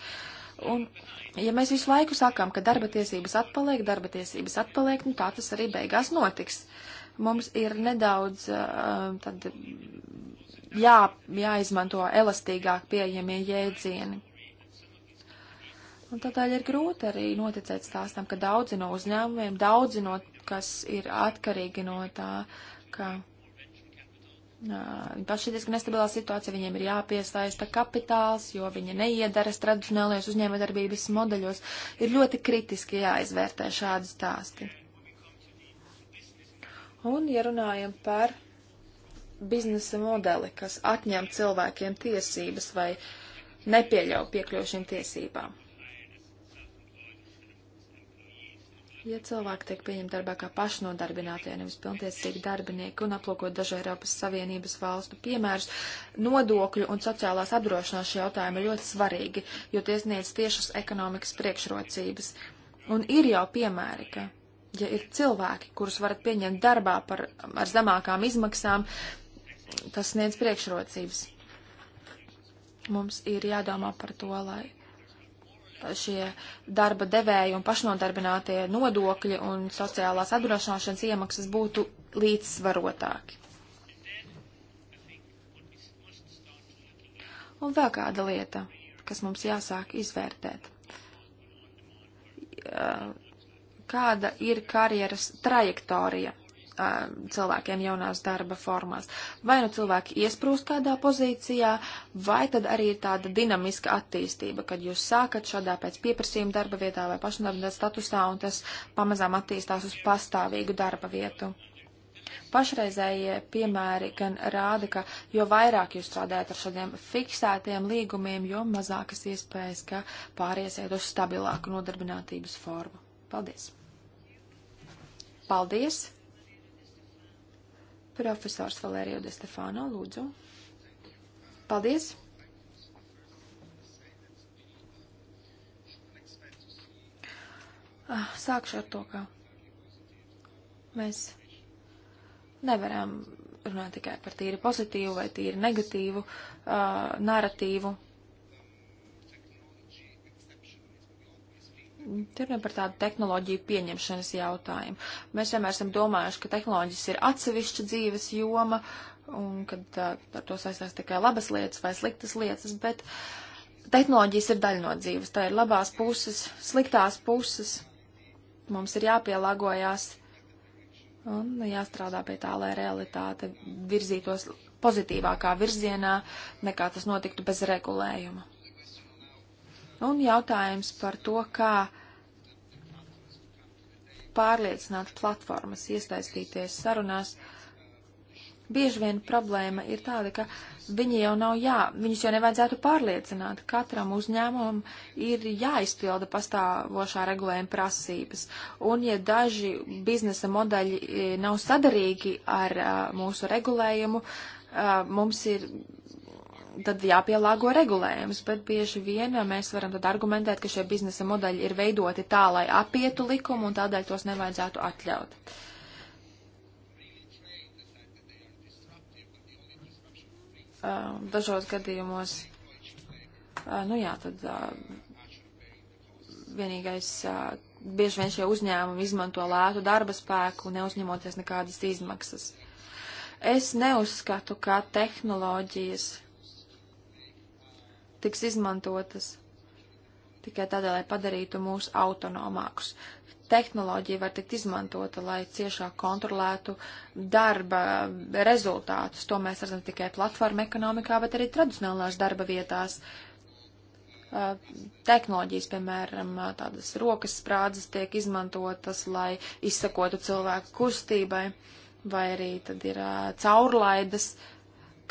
Un, ja mēs visu laiku sakām, ka darba tiesības atpaliek, darba tiesības atpaliek, nu tā tas arī beigās notiks. Mums ir nedaudz uh, tad jā, jāizmanto elastīgāk pieejamie jēdzieni. Un tādēļ ir grūti arī noticēt stāstam, ka daudzi no uzņēmumiem, daudzi no, kas ir atkarīgi no tā, ka Viņi paši ir diezgan nestabilā situācija, viņiem ir jāpiesaista kapitāls, jo viņi neiedaras tradicionālajos uzņēmējdarbības modeļos. Ir ļoti kritiski jāizvērtē šādi stāsti. Un, ja runājam par biznesa modeli, kas atņem cilvēkiem tiesības vai nepieļauj piekļuvu šīm tiesībām. Ja cilvēki tiek pieņemti darbā kā pašnodarbinātie, nevis pilntiesīgi darbinieki, un aplūkot dažu Eiropas Savienības valstu piemērus, nodokļu un sociālās apdrošināšanas jautājumi ir ļoti svarīgi, jo tie sniedz tiešas ekonomikas priekšrocības. Un ir jau piemēri, ka, ja ir cilvēki, kurus varat pieņemt darbā par, ar zemākām izmaksām, tas sniedz priekšrocības. Mums ir jādomā par to, lai šie darba devēji un pašnodarbinātie nodokļi un sociālās apdrošināšanas iemaksas būtu līdzsvarotāki. Un vēl kāda lieta, kas mums jāsāk izvērtēt. Kāda ir karjeras trajektorija? cilvēkiem jaunās darba formās. Vai nu cilvēki iesprūst kādā pozīcijā, vai tad arī ir tāda dinamiska attīstība, kad jūs sākat šādā pēc pieprasījuma darba vietā vai pašnodarbinātā statusā, un tas pamazām attīstās uz pastāvīgu darba vietu. Pašreizējie piemēri gan rāda, ka jo vairāk jūs strādājat ar šādiem fiksētiem līgumiem, jo mazākas iespējas, ka pāriesiet uz stabilāku nodarbinātības formu. Paldies! Paldies! Profesors Valērija De Stefano, lūdzu. Paldies! Ah, sākšu ar to, ka mēs nevaram runāt tikai par tīri pozitīvu vai tīri negatīvu uh, ah, naratīvu Tur ir par tādu tehnoloģiju pieņemšanas jautājumu. Mēs vienmēr esam domājuši, ka tehnoloģijas ir atsevišķa dzīves joma un ka ar to saistās tikai labas lietas vai sliktas lietas, bet tehnoloģijas ir daļa no dzīves. Tā ir labās puses, sliktās puses. Mums ir jāpielāgojās un jāstrādā pie tā, lai realitāte virzītos pozitīvākā virzienā, nekā tas notiktu bez regulējuma. Un jautājums par to, kā pārliecināt platformas iesaistīties sarunās. Bieži vien problēma ir tāda, ka viņi jau nav jā, viņus jau nevajadzētu pārliecināt. Katram uzņēmumam ir jāizpilda pastāvošā regulējuma prasības. Un ja daži biznesa modeļi eh, nav sadarīgi ar a, eh, mūsu regulējumu, a, eh, mums ir tad jāpielāgo regulējums, bet bieži vien mēs varam tad argumentēt, ka šie biznesa modeļi ir veidoti tā, lai apietu likumu un tādēļ tos nevajadzētu atļaut. Uh, dažos gadījumos, uh, nu jā, tad uh, vienīgais, bieži vien šie uzņēmumi izmanto lētu darba spēku, neuzņemoties nekādas izmaksas. Es neuzskatu, ka tehnoloģijas tiks izmantotas tikai tādēļ, lai padarītu mūs autonomākus. Tehnoloģija var tikt izmantota, lai ciešāk kontrolētu darba rezultātus. To mēs redzam tikai platforma ekonomikā, bet arī tradicionālās darba vietās. Uh, tehnoloģijas, piemēram, uh, tādas rokas sprādzes tiek izmantotas, lai izsakotu cilvēku kustībai, vai arī tad ir caurlaidas, uh,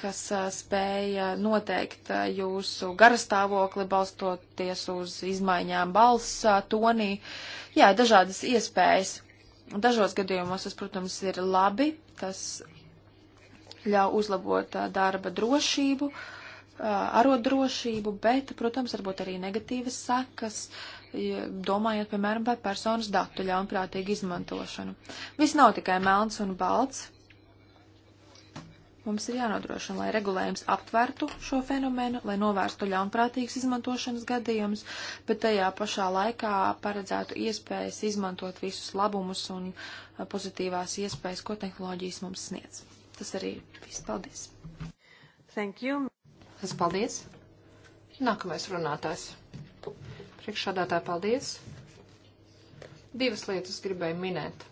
kas spēja noteikt jūsu garastāvokli balstoties uz izmaiņām balss tonī. Jā, dažādas iespējas. Dažos gadījumos tas, protams, ir labi, tas ļauj uzlabot darba drošību, arotdrošību, bet, protams, varbūt arī negatīvas sekas, domājot, piemēram, par personas datu ļaunprātīgu izmantošanu. Viss nav tikai melns un balts Mums ir jānodrošina, lai regulējums aptvertu šo fenomenu, lai novērstu ļaunprātīgas izmantošanas gadījumus, bet tajā pašā laikā paredzētu iespējas izmantot visus labumus un uh, pozitīvās iespējas, ko tehnoloģijas mums sniedz. Tas arī viss. Paldies! Thank you! Es paldies! Nākamais runātājs. Priekšādātāji, paldies! Divas lietas gribēju minēt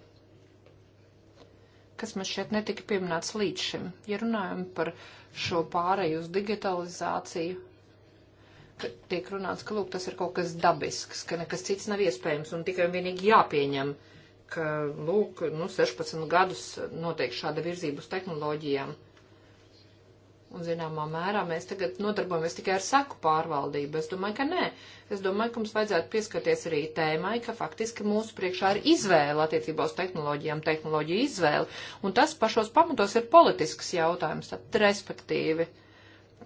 kas man šeit netika pieminēts līdz šim. Ja runājam par šo pāreju uz digitalizāciju, tiek runāts, ka lūk, tas ir kaut kas dabisks, ka nekas cits nav iespējams un tikai un vienīgi jāpieņem, ka lūk, nu, 16 gadus notiek šāda virzība uz tehnoloģijām. Un, zināmā mērā, mēs tagad nodarbojamies tikai ar saku pārvaldību. Es domāju, ka nē. Es domāju, ka mums vajadzētu pieskarties arī tēmai, ka faktiski mūsu priekšā ir izvēle attiecībā uz tehnoloģijām, tehnoloģija izvēle. Un tas pašos pamatos ir politisks jautājums, tad respektīvi. Uh,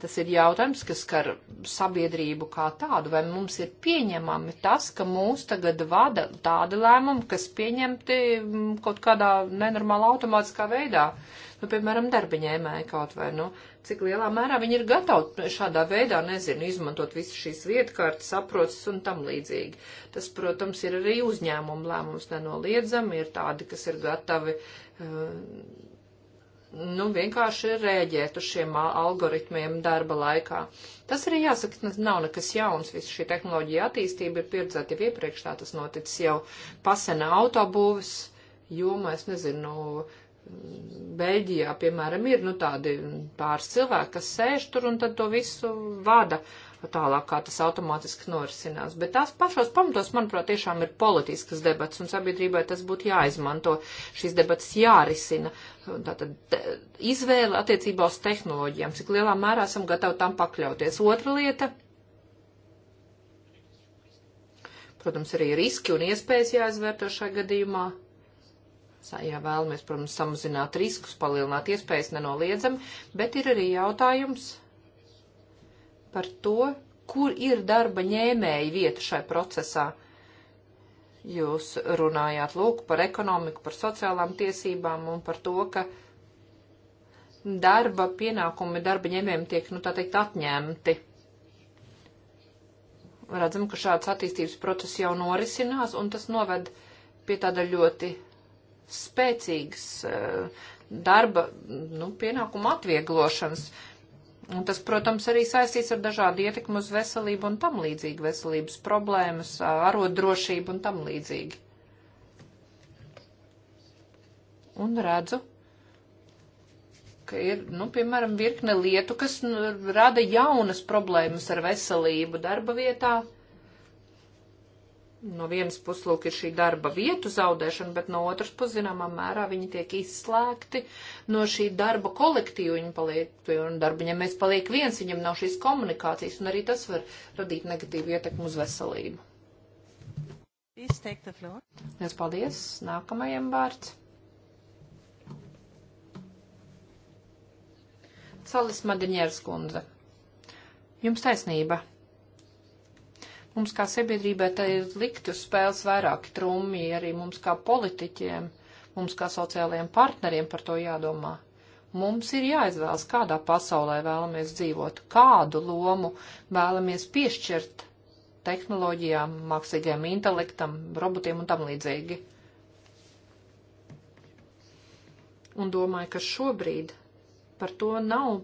Tas ir jautājums, kas skar sabiedrību kā tādu, vai mums ir pieņemami tas, ka mūs tagad vada tādi lēmumi, kas pieņemti mm, kaut kādā nenormālā automātiskā veidā, nu, piemēram, darbiņēmēji kaut vai, nu, cik lielā mērā viņi ir gatavi šādā veidā, nezinu, izmantot visu šīs vietkārtas, saprotas un tam līdzīgi. Tas, protams, ir arī uzņēmumu lēmums nenoliedzami, ir tādi, kas ir gatavi. Uh, nu, vienkārši rēģēt uz šiem algoritmiem darba laikā. Tas arī jāsaka, nav nekas jauns. Visa šī tehnoloģija attīstība ir pieredzēta jau iepriekš, tā tas noticis jau pasena autobūves jomā, es nezinu, Beļģijā, piemēram, ir nu, tādi pāris cilvēki, kas sēž tur un tad to visu vada tālāk, kā tas automātiski norisinās. Bet tās pašos pamatos, manuprāt, tiešām ir politiskas debats, un sabiedrībai tas būtu jāizmanto, šīs debats jārisina. Tātad izvēle attiecībā uz tehnoloģijām, cik lielā mērā esam gatavi tam pakļauties. Otra lieta. Protams, arī riski un iespējas jāizvērto šajā gadījumā. Ja vēlamies, protams, samazināt riskus, palielināt iespējas nenoliedzami, bet ir arī jautājums par to, kur ir darba ņēmēji vieta šai procesā. Jūs runājāt lūk par ekonomiku, par sociālām tiesībām un par to, ka darba pienākumi darba ņēmējiem tiek, nu tā teikt, atņemti. Redzam, ka šāds attīstības process jau norisinās un tas noved pie tāda ļoti spēcīgas eh, darba, nu, pienākuma atvieglošanas. Uh, Un tas, protams, arī saistīts ar dažādu ietekmu uz veselību un tam līdzīgi, veselības problēmas, arodrošību un tam līdzīgi. Un redzu, ka ir, nu, piemēram, virkne lietu, kas nu, rada jaunas problēmas ar veselību darba vietā. Uh, no vienas puses, lūk, ir šī darba vietu zaudēšana, bet no otras puses, zināmā mērā, viņi tiek izslēgti no šī darba kolektīva. Viņi paliek, un darba ņemējs paliek viens, viņam nav šīs komunikācijas, un arī tas var radīt negatīvu ietekmu uz veselību. Lielas paldies! Nākamajam vārds. Salis Madiņērs kundze. Jums taisnība. Mums kā sabiedrībai tā ir likt uz spēles vairāki trumji, arī mums kā politiķiem, mums kā sociālajiem partneriem par to jādomā. Mums ir jāizvēlas, kādā pasaulē vēlamies dzīvot, kādu lomu vēlamies piešķirt tehnoloģijām, mākslīgajam intelektam, robotiem un tam līdzīgi. Un domāju, ka šobrīd par to nav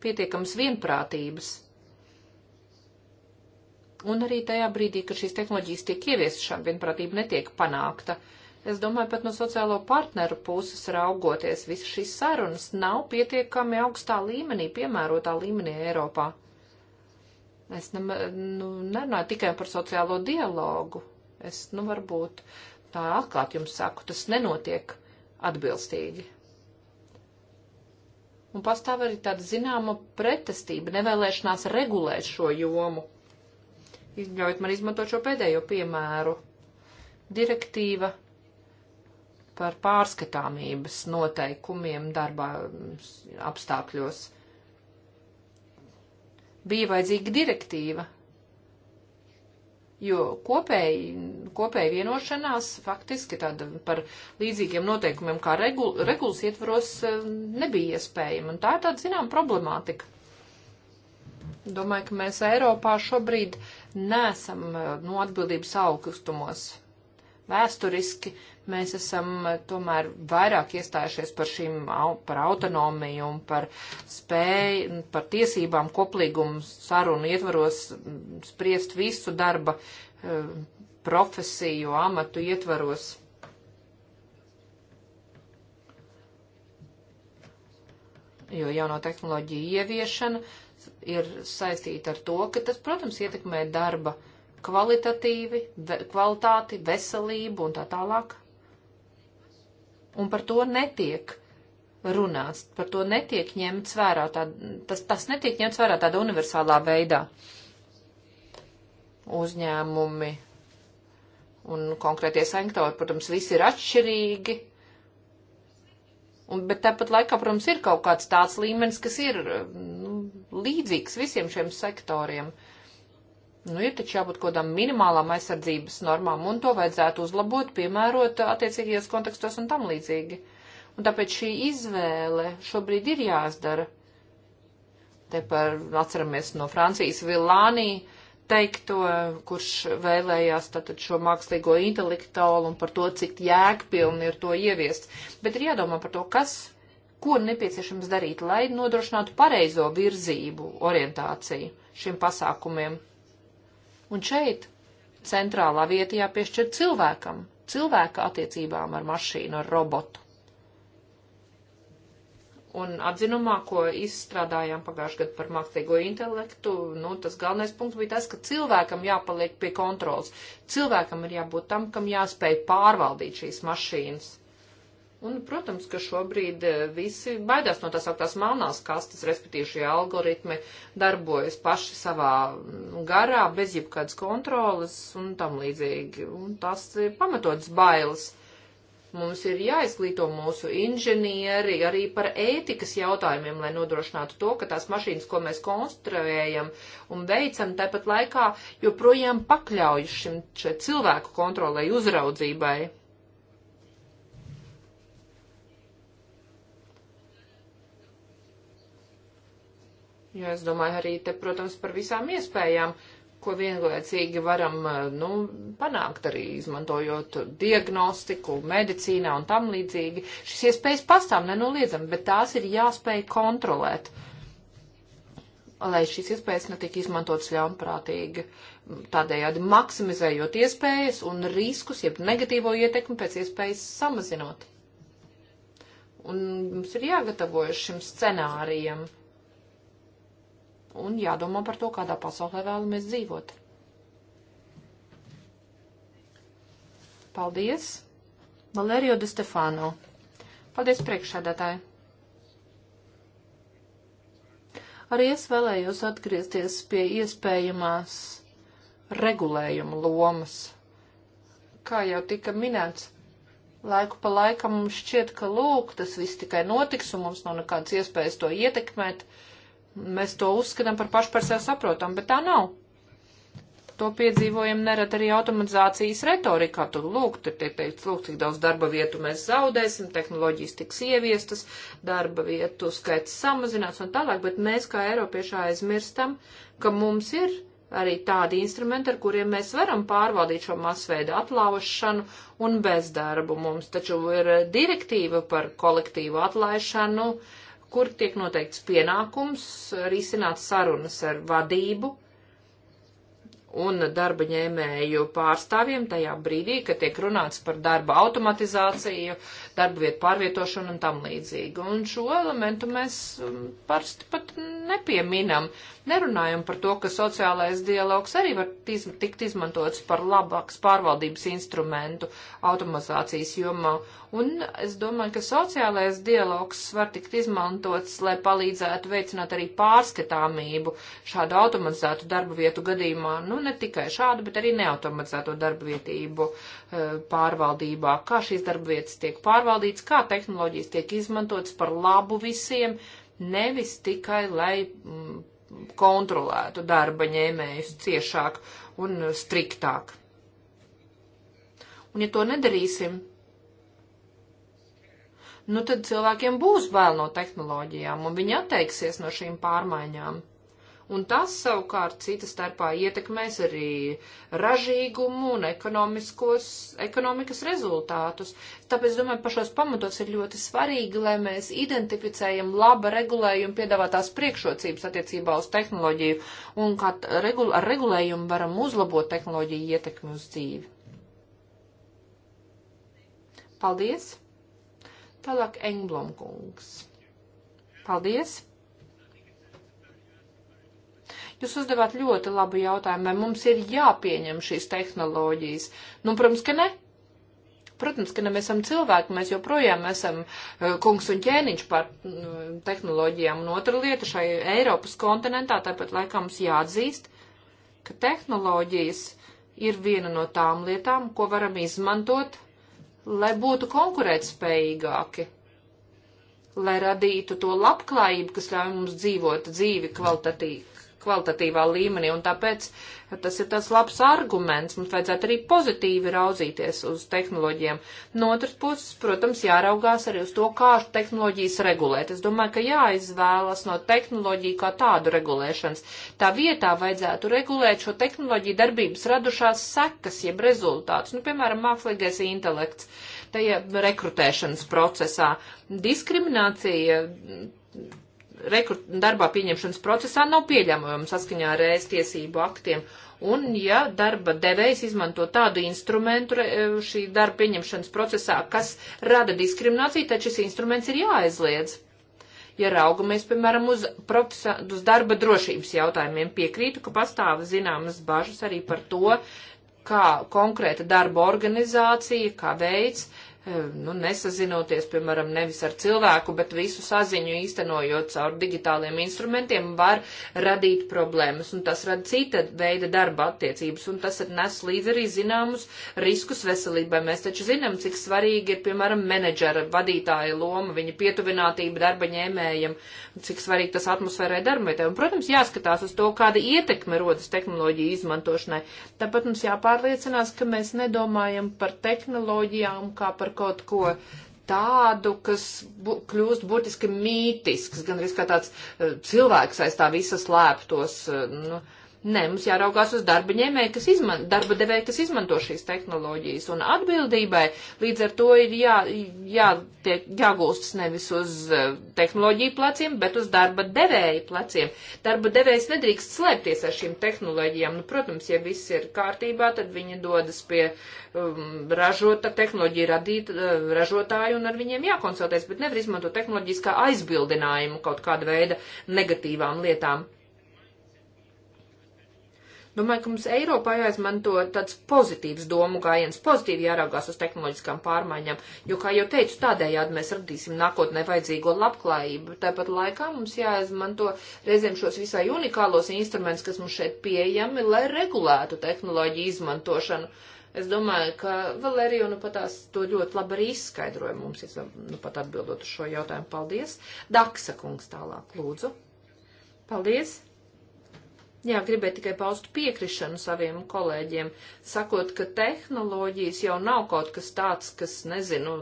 pietiekams vienprātības Un arī tajā brīdī, kad šīs tehnoloģijas tiek ieviesas, šāda vienprātība netiek panākta. Es domāju, pat no sociālo partneru puses raugoties, visas šīs sarunas nav pietiekami augstā līmenī, piemērotā līmenī Eiropā. Es ne, nu, nerunāju tikai par sociālo dialogu. Es, nu, varbūt tā atklāt jums saku, tas nenotiek atbilstīgi. Un pastāv arī tāda zināma pretestība, nevēlēšanās regulēt šo jomu. Ļaujiet man izmantot šo pēdējo piemēru. Direktīva par pārskatāmības noteikumiem darba mm, apstākļos. Bija vajadzīga direktīva, jo kopēji, kopēji vienošanās faktiski tāda par līdzīgiem noteikumiem kā regul, regulas ietvaros mm, nebija iespējama. Un tā ir tāda, zinām, problemātika. Domāju, ka mēs Eiropā šobrīd uh, nesam eh, no atbildības augstumos. Vēsturiski mēs esam eh, tomēr vairāk iestājušies par šīm, par autonomiju un par spēju, par tiesībām koplīgumu sarunu ietvaros spriest visu darba eh, profesiju, amatu ietvaros. Jo jauno tehnoloģiju ieviešana ir saistīta ar to, ka tas, protams, ietekmē darba kvalitatīvi, ve, kvalitāti, veselību un tā tālāk. Un par to netiek runāts, par to netiek ņemts vērā, tā, tas, tas netiek ņemts vērā tādā universālā veidā. Uzņēmumi un konkrētie sanktori, protams, visi ir atšķirīgi, Un, bet tāpat laikā, protams, ir kaut kāds tāds līmenis, kas ir nu, līdzīgs visiem šiem sektoriem. Nu, ir taču jābūt kaut kādām minimālām aizsardzības normām, un to vajadzētu uzlabot, piemērot attiecīgajos kontekstos un tam līdzīgi. Un tāpēc šī izvēle šobrīd ir jāizdara. Te par, atceramies no Francijas Vilānī teikto, kurš vēlējās tātad šo mākslīgo intelektuālu un par to, cik jēgpilni ir to ieviest. Bet ir jādomā par to, kas ko nepieciešams darīt, lai nodrošinātu pareizo virzību, orientāciju šiem pasākumiem. Un šeit centrālā vieta jāpiešķir cilvēkam, cilvēka attiecībām ar mašīnu, ar robotu. Un atzinumā, ko izstrādājām pagājušajā gadā par mākslīgo intelektu, nu, tas galvenais punkts bija tas, ka cilvēkam jāpaliek pie kontrols. Cilvēkam ir jābūt tam, kam jāspēj pārvaldīt šīs mašīnas. Un, protams, ka šobrīd eh, visi baidās no tās augtās melnās kastes, respektīvi šie algoritmi darbojas paši savā mm, garā, bez jebkādas kontrolas un tam līdzīgi. Un tas ir pamatots bailes. Mums ir jāizglīto mūsu inženieri arī par ētikas jautājumiem, lai nodrošinātu to, ka tās mašīnas, ko mēs konstruējam un veicam, tāpat laikā joprojām pakļaujas šim cilvēku kontrolai, uzraudzībai. Jo es domāju arī te, protams, par visām iespējām, ko vienlaicīgi varam, eh, nu, panākt arī izmantojot diagnostiku, medicīnā un tam līdzīgi. Šis iespējas pastāv nenoliedzami, bet tās ir jāspēj kontrolēt lai šīs iespējas netika izmantotas ļaunprātīgi, tādējādi maksimizējot iespējas un riskus, jeb negatīvo ietekmi pēc iespējas samazinot. Un mums ir jāgatavojas šim scenārijam, un jādomā par to, kādā pasaulē vēlamies dzīvot. Paldies! Valērio de Stefano. Paldies priekšādātāji! Arī es vēlējos atgriezties pie iespējamās regulējuma lomas. Kā jau tika minēts, laiku pa laikam mums šķiet, ka lūk, tas viss tikai notiks un mums nav nekādas iespējas to ietekmēt. Uh, Mēs to uzskatām par pašu par sevi saprotam, bet tā nav. To piedzīvojam nerad arī automatizācijas retorikā. Tur lūk, tur tiek teikts, lūk, cik daudz darba vietu mēs zaudēsim, tehnoloģijas tiks ieviestas, darba vietu skaits samazinās un tālāk, bet mēs kā Eiropieši aizmirstam, ka mums ir arī tādi instrumenti, ar kuriem mēs varam pārvaldīt šo masveida atlaušanu un bezdarbu. Mums taču ir direktīva par kolektīvu atlaišanu. Uh, kur tiek noteikts pienākums risināt sarunas ar vadību un darba ņēmēju pārstāvjiem tajā brīdī, kad tiek runāts par darba automatizāciju, darba vietu pārvietošanu un tam līdzīgi. Un šo elementu mēs um, parasti pat nepieminam. Nerunājam par to, ka sociālais dialogs arī var iz, tikt izmantots par labāks pārvaldības instrumentu automatizācijas jomā. Un es domāju, ka sociālais dialogs var tikt izmantots, lai palīdzētu veicināt arī pārskatāmību šādu automatizētu darba vietu gadījumā. Nu, ne tikai šādu, bet arī neautomatizēto darba vietību uh, pārvaldībā, kā šīs darba vietas tiek pārvaldītas pārvaldīts, kā tehnoloģijas tiek izmantotas par labu visiem, nevis tikai, lai mm, kontrolētu darba ņēmējus ciešāk un striktāk. Un ja to nedarīsim, nu tad cilvēkiem būs bail no tehnoloģijām, un viņi atteiksies no šīm pārmaiņām un tas savukārt cita starpā ietekmēs arī ražīgumu un ekonomikas rezultātus. Tāpēc, domāju, pašos pamatos ir ļoti svarīgi, lai mēs identificējam laba regulējuma piedāvātās priekšrocības attiecībā uz tehnoloģiju un kā regul ar regulējumu varam uzlabot tehnoloģiju ietekmi uz dzīvi. Paldies! Tālāk Engblomkungs. Paldies! Jūs uzdevāt ļoti labu jautājumu, vai mums ir jāpieņem šīs tehnoloģijas. Nu, protams, ka ne. Protams, ka ne mēs esam cilvēki, mēs joprojām esam eh, kungs un ķēniņš par mm, tehnoloģijām. Un otra lieta šai Eiropas kontinentā tāpat laikā mums jāatzīst, ka tehnoloģijas ir viena no tām lietām, ko varam izmantot, lai būtu konkurētspējīgāki, lai radītu to labklājību, kas ļauj mums dzīvot dzīvi kvalitatīvi kvalitatīvā līmenī, un tāpēc tas ir tas labs arguments. Mums vajadzētu arī pozitīvi raudzīties uz tehnoloģiem. No otras puses, protams, jāraugās arī uz to, kā tehnoloģijas regulēt. Es domāju, ka jāizvēlas no tehnoloģiju kā tādu regulēšanas. Tā vietā vajadzētu regulēt šo tehnoloģiju darbības radušās sekas, jeb rezultātus. Nu, piemēram, mākslīgais intelekts tajā rekrutēšanas procesā. Diskriminācija rekrut, darbā pieņemšanas procesā nav pieļaujama saskaņā ar ēst tiesību aktiem. Un, ja darba devējs izmanto tādu instrumentu šī darba pieņemšanas procesā, kas rada diskrimināciju, tad šis instruments ir jāaizliedz. Ja raugamies, piemēram, uz, profesa, uz darba drošības jautājumiem, piekrītu, ka pastāv zināmas bažas arī par to, kā konkrēta darba organizācija, kā veids, uh, nu, nesazinoties, piemēram, nevis ar cilvēku, bet visu saziņu īstenojot caur digitāliem instrumentiem, var radīt problēmas. Un tas rada cita veida darba attiecības, un tas nes līdz arī zināmus riskus veselībai. Mēs taču zinām, cik svarīgi ir, piemēram, menedžera vadītāja loma, viņa pietuvinātība darba ņēmējiem, cik svarīgi tas atmosfērai darbvietai. Un, protams, jāskatās uz to, kāda ietekme rodas tehnoloģiju izmantošanai. Tāpat mums jāpārliecinās, ka mēs nedomājam par tehnoloģijām kā par kaut ko tādu, kas bu kļūst būtiski mītisks, gan arī kā tāds eh, cilvēks aiz tā visa slēptos. Eh, nu, uh, Nē, mums jāraugās uz darba ņēmēju, kas izman, darba devēju, kas izmanto šīs tehnoloģijas. Un atbildībai līdz ar to ir jā, jā, tiek, jāgulstas nevis uz eh, tehnoloģiju pleciem, bet uz darba devēju pleciem. Darba devējs nedrīkst slēpties ar šīm tehnoloģijām. Nu, protams, ja viss ir kārtībā, tad viņi dodas pie um, ražota, tehnoloģija radīt, uh, ražotāju un ar viņiem jākonsultēs, bet nevar izmantot tehnoloģijas kā aizbildinājumu kaut kāda veida negatīvām lietām. Domāju, ka mums Eiropā jāizmanto tāds pozitīvs domu gājiens, pozitīvi jāraugās uz tehnoloģiskām pārmaiņām, jo, kā jau teicu, tādējādi mēs radīsim nākotnē vajadzīgo labklājību. Tāpat laikā mums jāizmanto reizēm šos visai unikālos instrumentus, kas mums šeit pieejami, lai regulētu tehnoloģiju izmantošanu. Es domāju, ka Valērija nu patās to ļoti labi arī izskaidroja mums, es, nu pat atbildot uz šo jautājumu. Paldies! Daksa kungs tālāk, lūdzu. Paldies! Jā, gribēju tikai paust piekrišanu saviem kolēģiem, sakot, ka tehnoloģijas jau nav kaut kas tāds, kas, nezinu,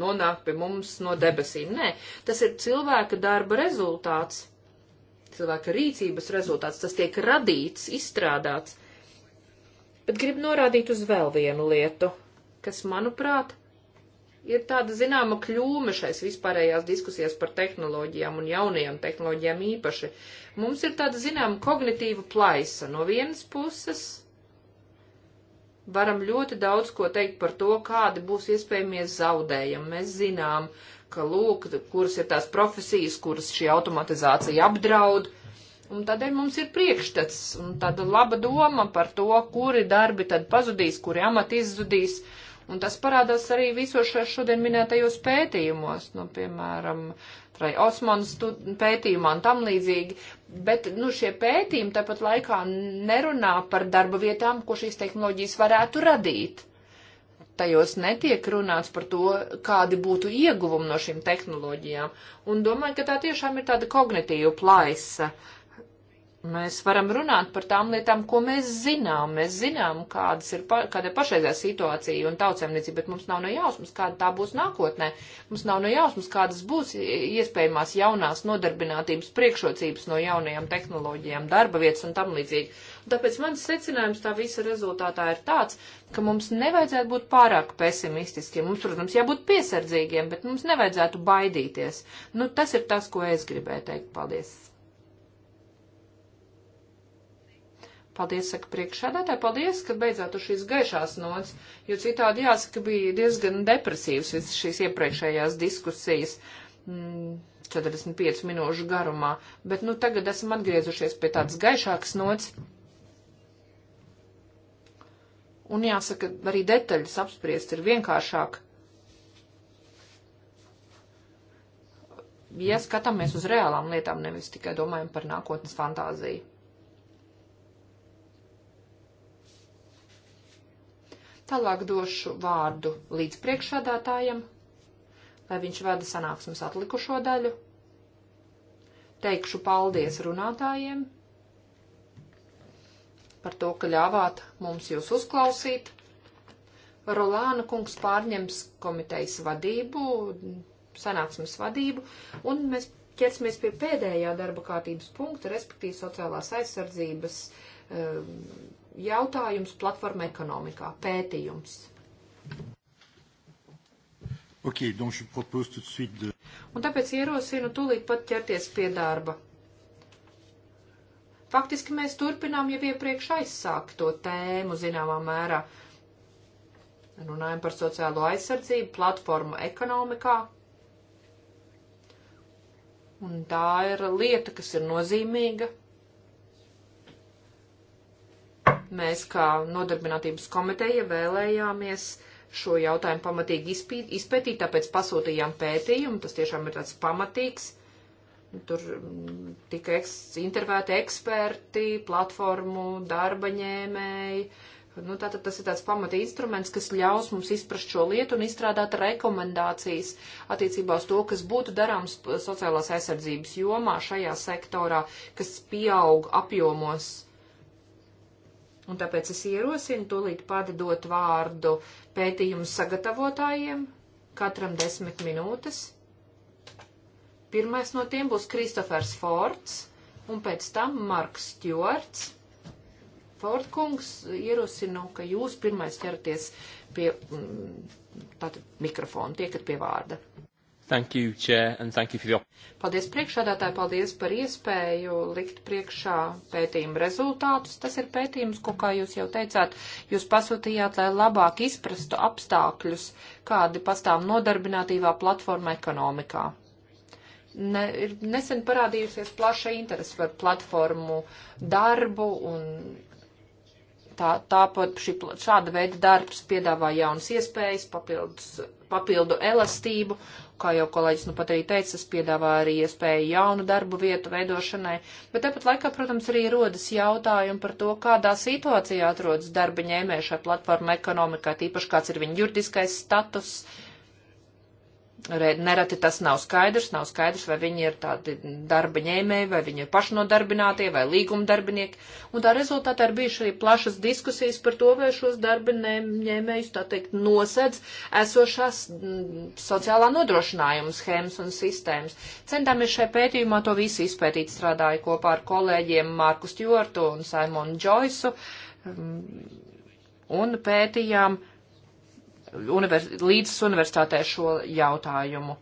nonāk pie mums no debesīm. Nē, tas ir cilvēka darba rezultāts, cilvēka rīcības rezultāts, tas tiek radīts, izstrādāts. Bet gribu norādīt uz vēl vienu lietu, kas, manuprāt, ir tāda zināma kļūme šais vispārējās diskusijās par tehnoloģijām un jaunajām tehnoloģijām īpaši. Mums ir tāda zināma kognitīva plaisa. No vienas puses varam ļoti daudz ko teikt par to, kādi būs iespējamie zaudējumi. Mēs zinām, ka lūk, kuras ir tās profesijas, kuras šī automatizācija apdraud. Un tādēļ mums ir priekšstats un tāda laba doma par to, kuri darbi tad pazudīs, kuri amati izzudīs. Uh, Un tas parādās arī visos šajos šodien minētajos pētījumos, nu, piemēram, vai Osmanas pētījumā un tam līdzīgi. Bet, nu, šie pētījumi tāpat laikā nerunā par darba vietām, ko šīs tehnoloģijas varētu radīt. Tajos netiek runāts par to, kādi būtu ieguvumi no šīm tehnoloģijām. Un domāju, ka tā tiešām ir tāda kognitīva plaisa. Uh, Mēs varam runāt par tām lietām, ko mēs zinām. Mēs zinām, kādas ir, pa, kāda ir pašreizē situācija un tautsēmniecība, bet mums nav no jausmas, kāda tā būs nākotnē. Mums nav no jausmas, kādas būs iespējamās jaunās nodarbinātības priekšrocības no jaunajām tehnoloģijām, darba vietas un tam līdzīgi. Un tāpēc mans secinājums tā visa rezultātā ir tāds, ka mums nevajadzētu būt pārāk pesimistiskiem. Mums, protams, jābūt piesardzīgiem, bet mums nevajadzētu baidīties. Nu, tas ir tas, ko es gribēju teikt. Paldies! Paldies, saka priekšādātāji, paldies, ka beidzāt uz šīs gaišās nots, jo citādi jāsaka bija diezgan depresīvs visas šīs iepriekšējās diskusijas. Mm. 45 minūšu garumā, bet nu tagad esam atgriezušies pie tādas gaišākas nots. Un jāsaka, arī detaļas apspriest ir vienkāršāk. Ja skatāmies uz reālām lietām, nevis tikai domājam par nākotnes fantāziju. Tālāk došu vārdu līdz priekšādātājam, lai viņš vada sanāksmes atlikušo daļu. Teikšu paldies runātājiem par to, ka ļāvāt mums jūs uzklausīt. Rolāna kungs pārņems komitejas vadību, sanāksmes vadību, un mēs ķersimies pie pēdējā darba kārtības punkta, respektīvi sociālās aizsardzības. Um, jautājums platforma ekonomikā, pētījums. Okay, donc je propose tout de suite de... Un tāpēc ierosinu tūlīt pat ķerties pie darba. Faktiski mēs turpinām jau iepriekš aizsākto tēmu zināmā mērā. Runājam par sociālo aizsardzību, platformu ekonomikā. Un tā ir lieta, kas ir nozīmīga mēs kā nodarbinātības komiteja vēlējāmies šo jautājumu pamatīgi izpīt, izpētīt, tāpēc pasūtījām pētījumu, tas tiešām ir tāds pamatīgs. Tur mm, tika eks, intervēti eksperti, platformu, darba ņēmēji. Nu, tātad tas ir tāds pamata instruments, kas ļaus mums izprast šo lietu un izstrādāt rekomendācijas attiecībā uz to, kas būtu darāms sociālās aizsardzības jomā šajā sektorā, kas pieaug apjomos Un tāpēc es ierosinu tūlīt pat dot vārdu pētījumu sagatavotājiem, katram desmit minūtes. Pirmais no tiem būs Kristofers Fords, un pēc tam Marks Stjorts. Fordkungs ierosinu, ka jūs pirmais ķeraties pie mm, tātad, mikrofona, tiekat pie vārda. Thank you, Chair, and thank you for the Paldies priekšādātāji, paldies par iespēju likt priekšā pētījuma rezultātus. Tas ir pētījums, ko, kā jūs jau teicāt, jūs pasūtījāt, lai labāk izprastu apstākļus, kādi pastāv nodarbinātībā platforma ekonomikā ne, ir nesen parādījusies plaša interese par platformu darbu un tā, tāpat šī, šāda veida darbs piedāvā jaunas iespējas, papildus, papildu elastību Kā jau kolēģis nu pat arī teica, tas piedāvā arī iespēju jaunu darbu vietu veidošanai, bet tāpat laikā, protams, arī rodas jautājumi par to, kādā situācijā atrodas darba ņēmēja šai platforma ekonomikā, tīpaši kāds ir viņa juridiskais status, uh, Nereti tas nav skaidrs, nav skaidrs, vai viņi ir tādi darba ņēmēji, vai viņi ir pašnodarbinātie, vai līguma darbinieki. Un tā rezultātā ir bijušas arī plašas diskusijas par to, vai šos darba ņēmējus, tā teikt, nosedz esošās mm, sociālā nodrošinājuma schēmas un sistēmas. Centāmies šajā pētījumā to visu izpētīt, strādāju kopā ar kolēģiem Marku Stjortu un Simonu Džoisu mm, un pētījām univers līdzes universitātē šo jautājumu.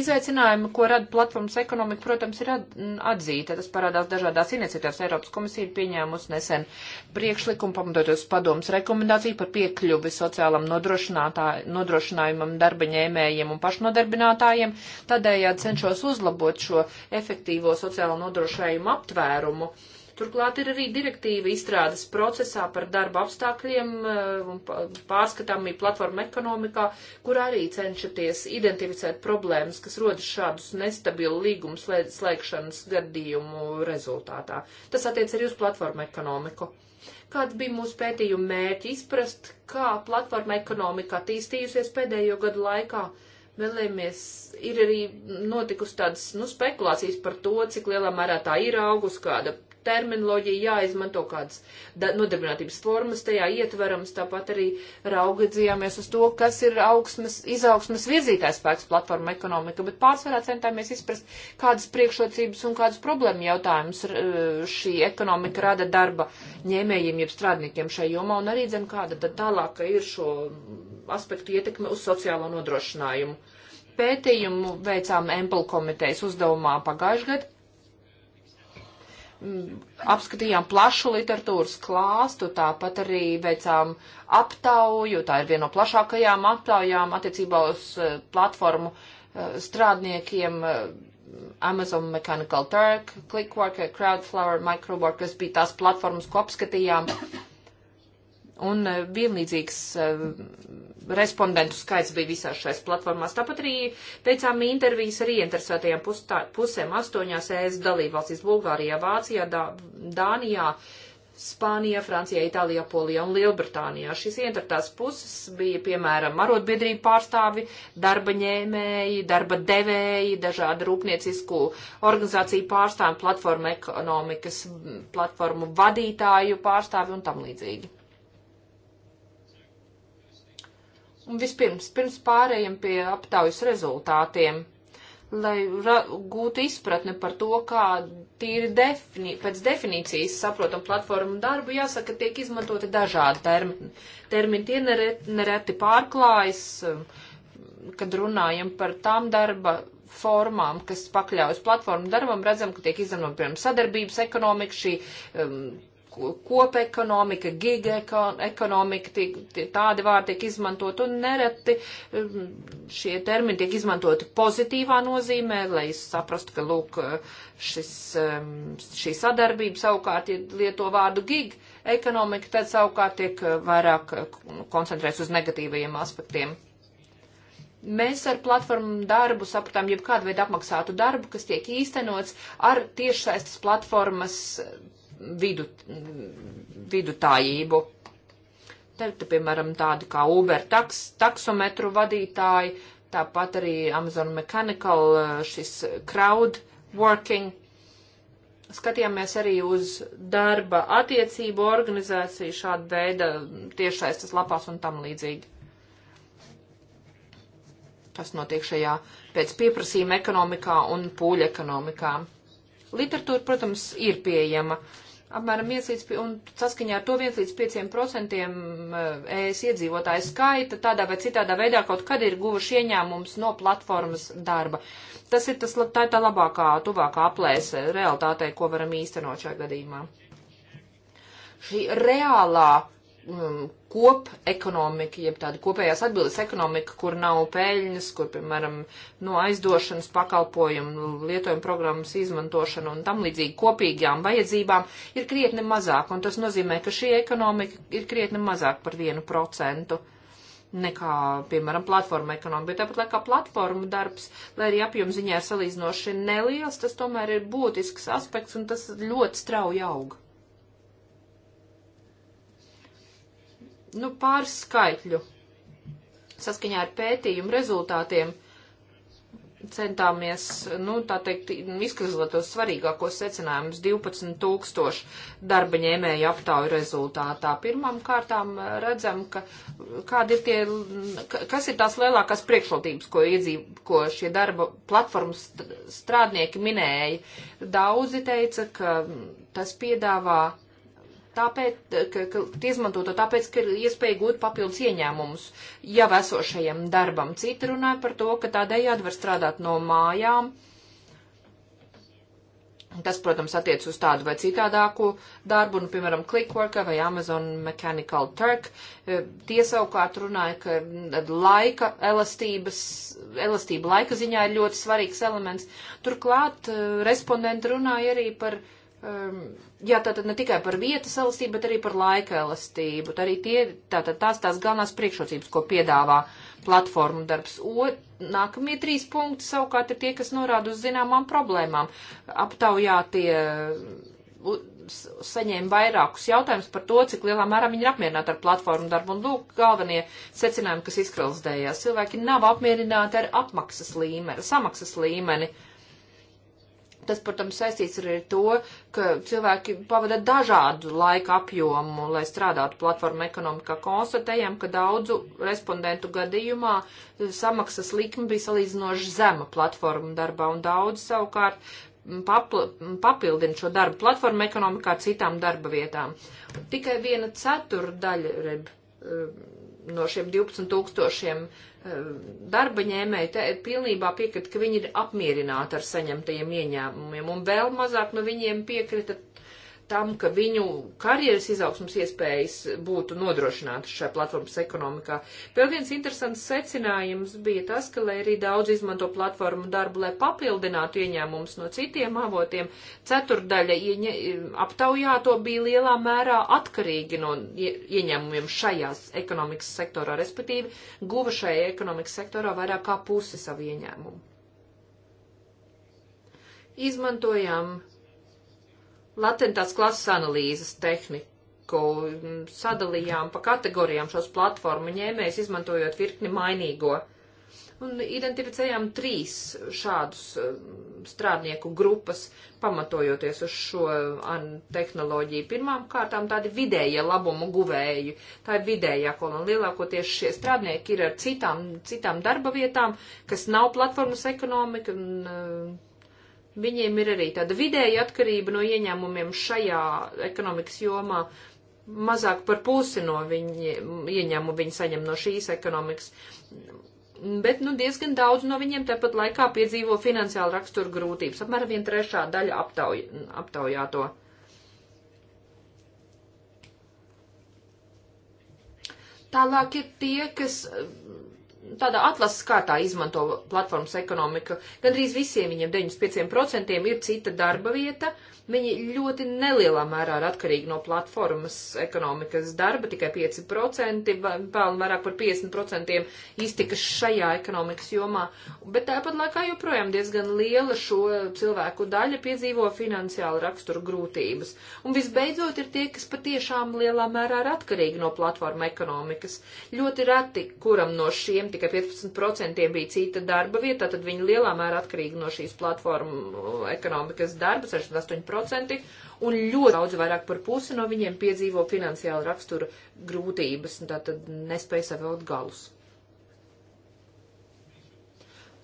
Izaicinājumi, ko rada platformas ekonomika, protams, ir atzīta. Tas parādās dažādās iniciatīvās. Eiropas komisija ir pieņēmusi nesen priekšlikumu pamatoties padomus rekomendāciju par piekļuvi sociālam nodrošinājumam darba ņēmējiem un pašnodarbinātājiem. Tādējādi cenšos uzlabot šo efektīvo sociālo nodrošinājumu aptvērumu. Uh, Turklāt ir arī direktīva izstrādes procesā par darba apstākļiem eh, un pārskatāmību platformu ekonomikā, kur arī cenšaties identificēt problēmas, kas rodas šādus nestabilu līgumu slēgšanas gadījumu rezultātā. Tas attiec arī uz platformu ekonomiku kāds bija mūsu pētījuma mērķi izprast, kā platforma ekonomika attīstījusies pēdējo gadu laikā. Vēlējamies, ir arī notikusi tādas, nu, spekulācijas par to, cik lielā mērā tā ir augus, kāda terminoloģija jāizmanto kādas nodarbinātības formas, tajā ietverams, tāpat arī raugadzījāmies uz to, kas ir augsmes, izaugsmes virzītājs spēks platforma ekonomika, bet pārsvarā centāmies izprast, kādas priekšrocības un kādas problēma jautājumus šī ekonomika rada darba ņēmējiem, jeb strādniekiem šai jomā, un arī zem kāda tad tālāka ir šo aspektu ietekme uz sociālo nodrošinājumu. Pētījumu veicām Empel komitejas uzdevumā pagājušajā gadā Mm, apskatījām plašu literatūras klāstu, tāpat arī veicām aptauju, tā ir viena no plašākajām aptaujām attiecībā uz eh, platformu eh, strādniekiem eh, Amazon Mechanical Turk, Clickworker, Crowdflower, Microworkers bija tās platformas, ko apskatījām. Un eh, vienlīdzīgs eh, respondentu skaits bija visās šais platformās. Tāpat arī teicām intervijas ar ieinteresētajām pusēm astoņās ES dalībvalstīs - Bulgārijā, Vācijā, Dā, Dānijā, Spānijā, Francijā, Itālijā, Polijā un Lielbritānijā. Šīs ieinteresētās puses bija, piemēram, arotbiedrību pārstāvi, darba ņēmēji, darba devēji, dažādu rūpniecisku organizāciju pārstāvi, platforma ekonomikas, platformu vadītāju pārstāvi un tam līdzīgi. Un vispirms, pirms pārējiem pie aptaujas rezultātiem, lai gūtu izpratni par to, kā tīri defini pēc definīcijas saprotam platformu darbu, jāsaka, tiek izmantoti dažādi termini. Termini tie nereti, nereti pārklājas, kad runājam par tām darba formām, kas pakļaujas platformu darbam, redzam, ka tiek izmantot, piemēram, sadarbības ekonomika, šī um, kopekonomika, gigaekonomika, tādi vārdi tiek izmantot un nereti um, šie termini tiek izmantoti pozitīvā nozīmē, lai saprastu, ka, lūk, šis, um, šī sadarbība savukārt lieto vārdu gig ekonomika, tad savukārt tiek uh, vairāk uh, koncentrēts uz negatīvajiem aspektiem. Mēs ar platformu darbu sapratām jebkādu veidu apmaksātu darbu, kas tiek īstenots ar tiešsaistes platformas vidu, vidutājību. Te, te, piemēram, tādi kā Uber taks, taksometru vadītāji, tāpat arī Amazon Mechanical, eh, šis crowd working. Skatījāmies arī uz darba attiecību organizāciju šāda veida tiešais tas lapās un tam līdzīgi. Tas notiek šajā pēc pieprasījuma ekonomikā un pūļa ekonomikā. Literatūra, protams, ir pieejama apmēram 1 līdz, un saskaņā ar to 1 līdz 5% ES eh, iedzīvotāju skaita tādā vai citādā veidā kaut kad ir guvuši ieņēmums no platformas darba. Tas ir tas, tā ir tā labākā, tuvākā aplēse realitātei, ko varam īstenot šajā gadījumā. Šī reālā Mm, kop ekonomika, jeb tāda kopējās atbildes ekonomika, kur nav peļņas, kur, piemēram, no aizdošanas pakalpojumu, lietojuma programmas izmantošana un tam līdzīgi kopīgām vajadzībām ir krietni mazāk, un tas nozīmē, ka šī ekonomika ir krietni mazāk par vienu procentu nekā, piemēram, platforma ekonomika. Bet tāpat laikā platforma darbs, lai arī apjoms ziņā ir salīdzinoši neliels, tas tomēr ir būtisks aspekts, un tas ļoti strauji auga. Nu, pāris skaitļu. Saskaņā ar pētījumu rezultātiem centāmies, nu, tā teikt, izkristalizēt tos svarīgākos secinājumus 12 tūkstošu darba ņēmēju aptauju rezultātā. Pirmām kārtām eh, redzam, ka kādi ir tie, kas ir tās lielākās priekšrotības, ko iedzīv, ko šie darba platformas strādnieki minēja. Daudzi teica, ka tas piedāvā tāpēc, ka, ka izmanto to tāpēc, ka ir iespēja gūt papildus ieņēmumus jau esošajam darbam. Citi runāja par to, ka tādējādi var strādāt no mājām. Tas, protams, attiec uz tādu vai citādāku darbu, nu, piemēram, Clickworker vai Amazon Mechanical Turk. E, tie savukārt runāja, ka laika elastības, elastība laika ziņā ir ļoti svarīgs elements. Turklāt e, respondenti runāja arī par uh, Um, jā, tātad ne tikai par vietas elastību, bet arī par laika elastību. Tā arī tie, tātad tās tās galvenās priekšrocības, ko piedāvā platformu darbs. O, nākamie trīs punkti savukārt ir tie, kas norāda uz zināmām problēmām. Aptaujā tie saņēma vairākus jautājumus par to, cik lielā mērā viņi ir apmierināti ar platformu darbu. Un lūk, galvenie secinājumi, kas izkralzdējās. Cilvēki nav apmierināti ar apmaksas līmeni, samaksas līmeni. Uh, Tas, protams, saistīts arī ar to, ka cilvēki pavada dažādu laika apjomu, lai strādātu platforma ekonomikā. Konstatējam, ka daudzu respondentu gadījumā samaksas likme bija salīdzinoši zema platforma darbā, un daudz savukārt papildina šo darbu platformu ekonomikā ar citām darba vietām. Tikai viena ceturdaļa no šiem 12 tūkstošiem eh, darba ņēmēji te pilnībā piekrita, ka viņi ir apmierināti ar saņemtajiem ieņēmumiem, un vēl mazāk no viņiem piekrita tam, ka viņu karjeras izaugsmas iespējas būtu nodrošinātas šajā platformas ekonomikā. Vēl viens interesants secinājums bija tas, ka, lai arī daudz izmanto platformu darbu, lai papildinātu ieņēmumus no citiem avotiem, ceturdaļa ieņa, aptaujāto bija lielā mērā atkarīgi no ieņēmumiem šajās ekonomikas sektorā, respektīvi guva šajā ekonomikas sektorā vairāk kā pusi savu ieņēmumu. Izmantojām latentās klases analīzes tehniku, sadalījām pa kategorijām šos platformu ņēmējus, izmantojot virkni mainīgo. Un identificējām trīs šādus um, strādnieku grupas, pamatojoties uz šo tehnoloģiju. Pirmām kārtām tādi vidējie labumu guvēji. Tā ir vidējā kolona. Lielākoties šie strādnieki ir ar citām, citām darba vietām, kas nav platformas ekonomika. Un, um, Viņiem ir arī tāda vidēja atkarība no ieņēmumiem šajā ekonomikas jomā. Mazāk par pusi no viņa ieņēmumu viņi saņem no šīs ekonomikas. Bet, nu, diezgan daudz no viņiem tepat laikā piedzīvo finansiālu raksturu grūtības. Apmēram viena trešā daļa aptauj, aptaujāto. Tālāk ir tie, kas tādā atlases kārtā izmanto platformas ekonomiku. Gandrīz visiem viņiem 95% ir cita darba vieta. Viņi ļoti nelielā mērā ir atkarīgi no platformas ekonomikas darba, tikai 5%, pelna vairāk par 50% iztikas šajā ekonomikas jomā. Bet tāpat laikā joprojām diezgan liela šo cilvēku daļa piedzīvo finansiālu raksturu grūtības. Un visbeidzot ir tie, kas patiešām lielā mērā ir atkarīgi no platforma ekonomikas. Ļoti reti, kuram no šiem tikai 15% bija cita darba vietā, tad viņi lielā mērā atkarīgi no šīs platformu uh, ekonomikas darba, 68%, un ļoti daudz vairāk par pusi no viņiem piedzīvo finansiālu raksturu grūtības, un tātad nespēja savelt galus.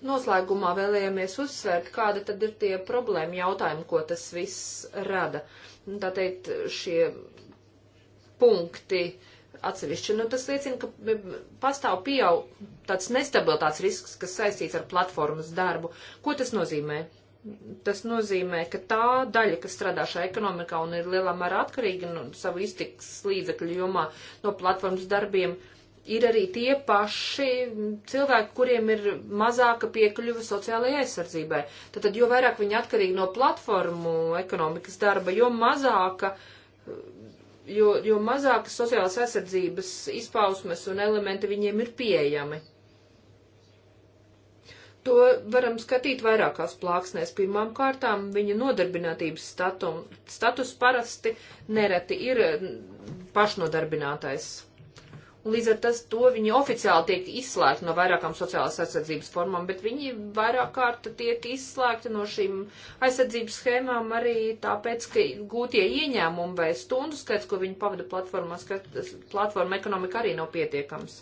Noslēgumā vēlējamies uzsvērt, kāda tad ir tie problēma jautājumi, ko tas viss rada. Tā teikt, šie punkti. Uh, atsevišķi. Nu, tas liecina, ka pastāv pieaug tāds nestabilitāts risks, kas saistīts ar platformas darbu. Ko tas nozīmē? Tas nozīmē, ka tā daļa, kas strādā šajā ekonomikā un ir lielā mērā atkarīga no nu, savu iztiks līdzekļu jomā no platformas darbiem, ir arī tie paši cilvēki, kuriem ir mazāka piekļuva sociālajai aizsardzībai. Tātad, jo vairāk viņi atkarīgi no platformu ekonomikas darba, jo mazāka jo, jo mazākas sociālās aizsardzības izpausmes un elementi viņiem ir pieejami. To varam skatīt vairākās plāksnēs. Pirmām kārtām viņa nodarbinātības statum, status parasti nereti ir pašnodarbinātais Līdz ar tas, to viņi oficiāli tiek izslēgti no vairākām sociālās aizsardzības formām, bet viņi vairāk kārta tiek izslēgti no šīm aizsardzības schēmām arī tāpēc, ka gūtie ieņēmumi vai stundu skaits, ko viņi pavada platformās, ka platforma ekonomika arī nav pietiekams.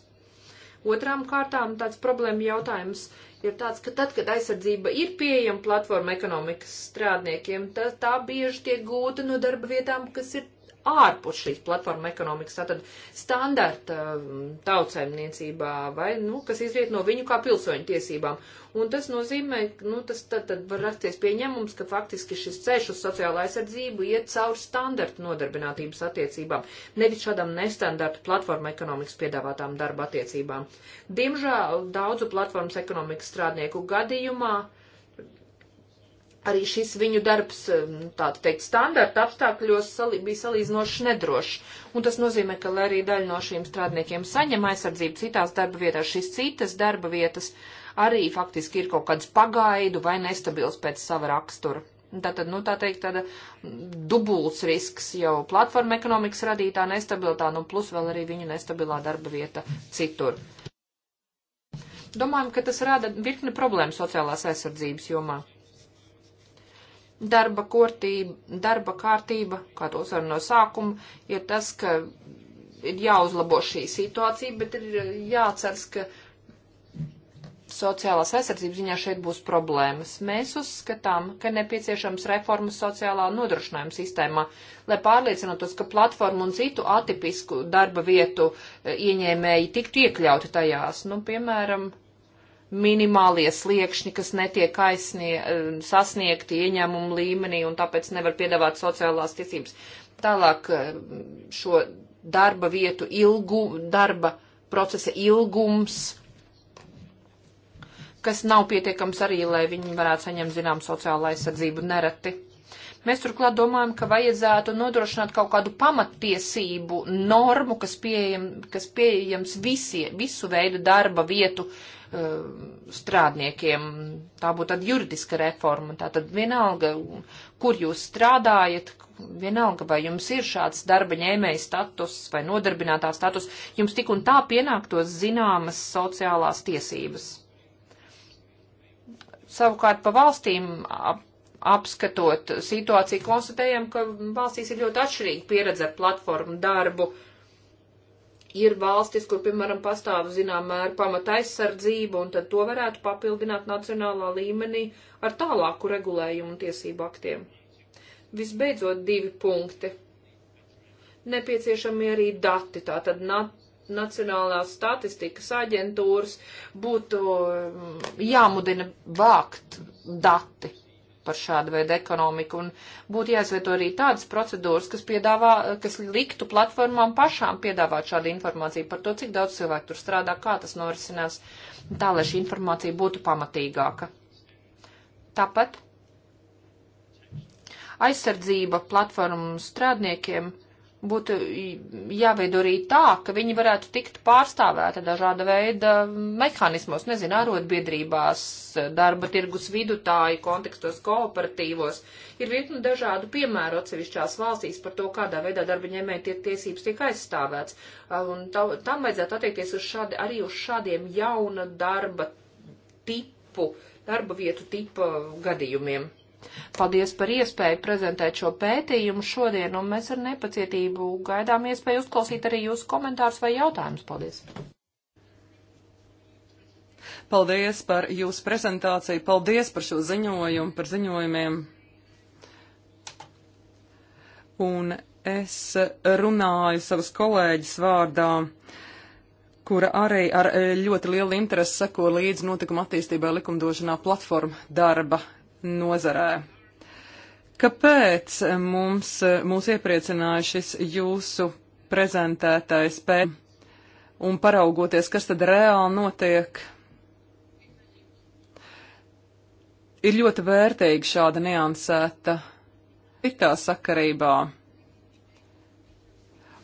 Otrām kārtām tāds problēma jautājums ir tāds, ka tad, kad aizsardzība ir pieejama platforma ekonomikas strādniekiem, tad tā bieži tiek gūta no darba vietām, kas ir ārpus šīs platforma ekonomikas, tātad standarta mm, tautsēmniecībā vai, nu, kas izriet no viņu kā pilsoņu tiesībām. Un tas nozīmē, nu, tas tad, tad var rasties pieņemums, ka faktiski šis ceļš uz sociālo aizsardzību iet caur standarta nodarbinātības attiecībām, nevis šādām nestandarta platforma ekonomikas piedāvātām darba attiecībām. Diemžēl daudzu platformas ekonomikas strādnieku gadījumā, uh, arī šis viņu darbs, eh, nu, tā teikt, standarta apstākļos salī, bija salīdzinoši nedrošs. Un tas nozīmē, ka, lai arī daļa no šiem strādniekiem saņem aizsardzību citās darba vietās, šīs citas darba vietas arī faktiski ir kaut kāds pagaidu vai nestabils pēc sava rakstura. Tātad, nu, tā teikt, tāda mm, dubults risks jau platforma ekonomikas radītā nestabilitā, nu, plus vēl arī viņu nestabilā darba vieta citur. Domājam, ka tas rada virkni problēmu sociālās aizsardzības jomā darba, kortība, darba kārtība, kā to uzsver no sākuma, ir tas, ka ir jāuzlabo šī situācija, bet ir jāatceras, ka sociālās aizsardzības ziņā šeit būs problēmas. Mēs uzskatām, ka nepieciešams reformas sociālā nodrošinājuma sistēmā, lai pārliecinātos, ka platformu un citu atipisku darba vietu e, ieņēmēji tiktu iekļauti tajās. Nu, piemēram, minimālie sliekšņi, kas netiek aizsnie, sasniegti ieņēmumu līmenī un tāpēc nevar piedāvāt sociālās tiesības. Tālāk eh, šo darba vietu ilgu, darba procesa ilgums, kas nav pietiekams arī, lai viņi varētu saņemt zinām sociālo aizsardzību nereti. Mēs turklāt domājam, ka vajadzētu nodrošināt kaut kādu pamattiesību normu, kas, pieejam, kas pieejams visie, visu veidu darba vietu uh, Eh, strādniekiem. Tā būtu tad juridiska reforma. Tā tad vienalga, kur jūs strādājat, vienalga, vai jums ir šāds darba ņēmēja status vai nodarbinātā status, jums tik un tā pienāktos zināmas sociālās tiesības. Savukārt pa valstīm ap, apskatot situāciju, konstatējam, ka valstīs ir ļoti atšķirīga pieredze ar platformu darbu. Uh, ir valstis, kur, piemēram, pastāv zinām mēra pamata aizsardzība, un tad to varētu papildināt nacionālā līmenī ar tālāku regulējumu un tiesību aktiem. Visbeidzot, divi punkti. Nepieciešami arī dati, tātad nat Nacionālās statistikas aģentūras būtu mm, jāmudina vākt dati par šādu veidu ekonomiku, un būtu jāizveido arī tādas procedūras, kas piedāvā, kas liktu platformām pašām piedāvāt šādu informāciju par to, cik daudz cilvēku tur strādā, kā tas norisinās, tā, lai šī informācija būtu pamatīgāka. Tāpat aizsardzība platformu strādniekiem būtu jāveido arī tā, ka viņi varētu tikt pārstāvēti dažāda veida mehānismos, nezinu, arotbiedrībās, darba tirgus vidutāju kontekstos, kooperatīvos. Ir virkni dažādu piemēru atsevišķās valstīs par to, kādā veidā darba ņēmēji tie tiesības tiek aizstāvēts. Un tam vajadzētu attiekties uz šādi, arī uz šādiem jauna darba tipu, darba vietu tipa gadījumiem. Paldies par iespēju prezentēt šo pētījumu šodien, un mēs ar nepacietību gaidām iespēju uzklausīt arī jūsu komentārus vai jautājumus. Paldies! Paldies par jūsu prezentāciju, paldies par šo ziņojumu, par ziņojumiem. Un es runāju savas kolēģis vārdā kura arī ar ļoti lielu interesi seko līdz notikuma attīstībai likumdošanā platforma darba nozarē. Kāpēc mums, mūs iepriecināja šis jūsu prezentētais pēc un paraugoties, kas tad reāli notiek? Ir ļoti vērtīga šāda niansēta citā sakarībā.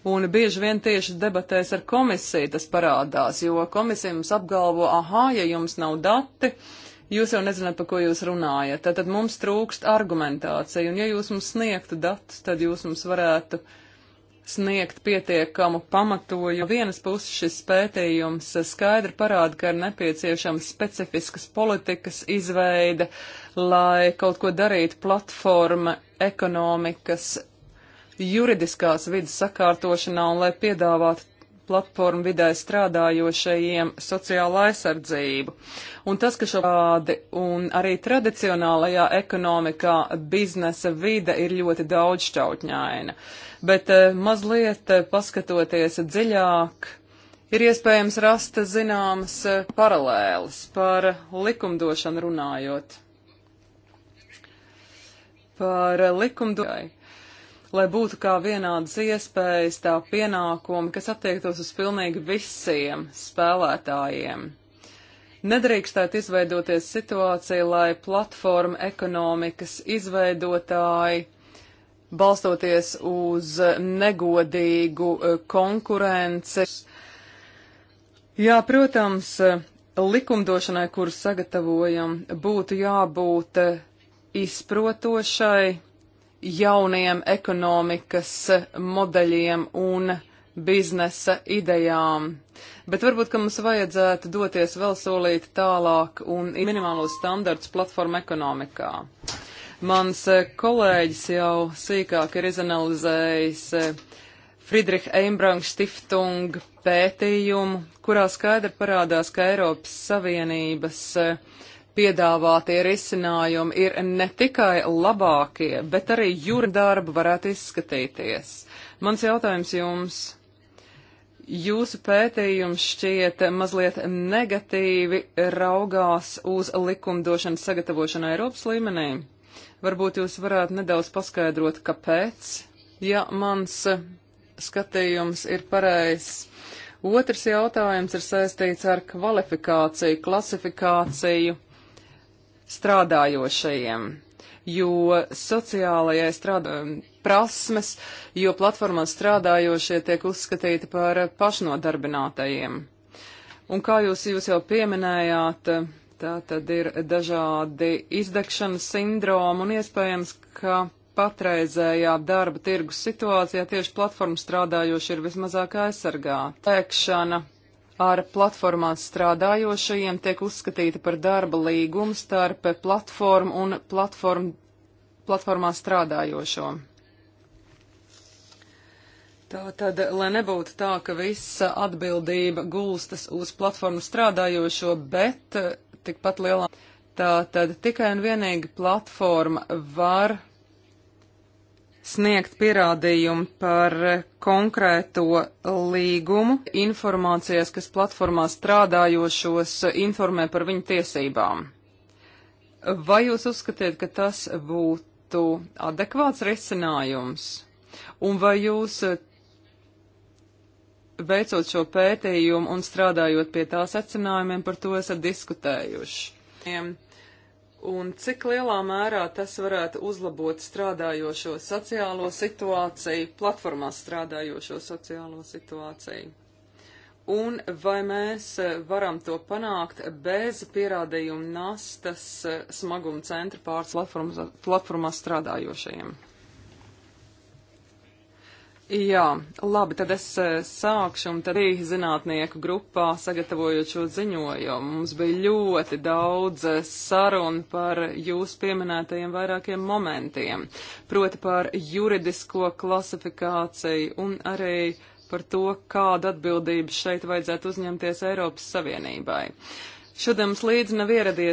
Un bieži vien tieši debatēs ar komisiju tas parādās, jo komisija mums apgalvo, aha, ja jums nav dati, uh, jūs jau nezināt, pa ko jūs runājat. Tātad mums trūkst argumentācija, un ja jūs mums sniegtu datus, tad jūs mums varētu sniegt pietiekamu pamatoju. Vienas puses šis pētījums skaidri parāda, ka ir nepieciešama specifiskas politikas izveide, lai kaut ko darītu platforma ekonomikas juridiskās vidas sakārtošanā un lai piedāvātu platformu vidē strādājošajiem sociālo aizsardzību. Un tas, ka šādi un arī tradicionālajā ekonomikā biznesa vide ir ļoti daudzšķautņaina, bet eh, mazliet eh, paskatoties dziļāk, ir iespējams rast zināmas eh, paralēles par likumdošanu runājot. Par likumdošanu lai būtu kā vienādas iespējas tā pienākumi, kas attiektos uz pilnīgi visiem spēlētājiem. Nedrīkstētu izveidoties situācija, lai platforma ekonomikas izveidotāji, balstoties uz negodīgu eh, konkurenci. Jā, protams, eh, likumdošanai, kuru sagatavojam, būtu jābūt eh, izprotošai, jauniem ekonomikas modeļiem un biznesa idejām. Bet varbūt, ka mums vajadzētu doties vēl solīt tālāk un minimālos standarts platforma ekonomikā. Mans eh, kolēģis jau sīkāk ir izanalizējis eh, Friedricha Eimbranka Stiftung pētījumu, kurā skaidri parādās, ka Eiropas Savienības uh, piedāvātie risinājumi ir ne tikai labākie, bet arī jūra darba varētu izskatīties. Mans jautājums jums. Jūsu pētījums šķiet mazliet negatīvi raugās uz likumdošanas sagatavošanu Eiropas līmenī. Varbūt jūs varētu nedaudz paskaidrot, kāpēc, ja mans skatījums ir pareizs. Otrs jautājums ir saistīts ar kvalifikāciju, klasifikāciju strādājošajiem, jo sociālajai strādā, prasmes, jo platformā strādājošie tiek uzskatīti par pašnodarbinātajiem. Un kā jūs, jūs jau pieminējāt, tā tad ir dažādi izdegšanas sindromi un iespējams, ka patreizējā darba tirgus situācijā tieši platformu strādājoši ir vismazāk aizsargāti. Pēkšana ar platformās strādājošajiem tiek uzskatīta par darba līgumu starp platformu un platform, platformā strādājošo. Tā tad, lai nebūtu tā, ka visa atbildība gulstas uz platformu strādājošo, bet eh, tikpat lielā. Tā tad tikai un vienīgi platforma var sniegt pierādījumu par konkrēto līgumu informācijas, kas platformā strādājošos informē par viņu tiesībām. Vai jūs uzskatiet, ka tas būtu adekvāts risinājums? Un vai jūs veicot šo pētījumu un strādājot pie tā secinājumiem par to esat diskutējuši? un cik lielā mērā tas varētu uzlabot strādājošo sociālo situāciju, platformās strādājošo sociālo situāciju. Un vai mēs e, varam to panākt bez pierādījuma nastas e, smaguma centra pāris platformās strādājošajiem? Jā, labi, tad es eh, sākšu, un tad bija zinātnieku grupā sagatavojot šo ziņojumu. Mums bija ļoti daudz eh, sarunu par jūs pieminētajiem vairākiem momentiem, proti par juridisko klasifikāciju un arī par to, kādu atbildību šeit vajadzētu uzņemties Eiropas Savienībai. Šodien mums līdzi nav ieradies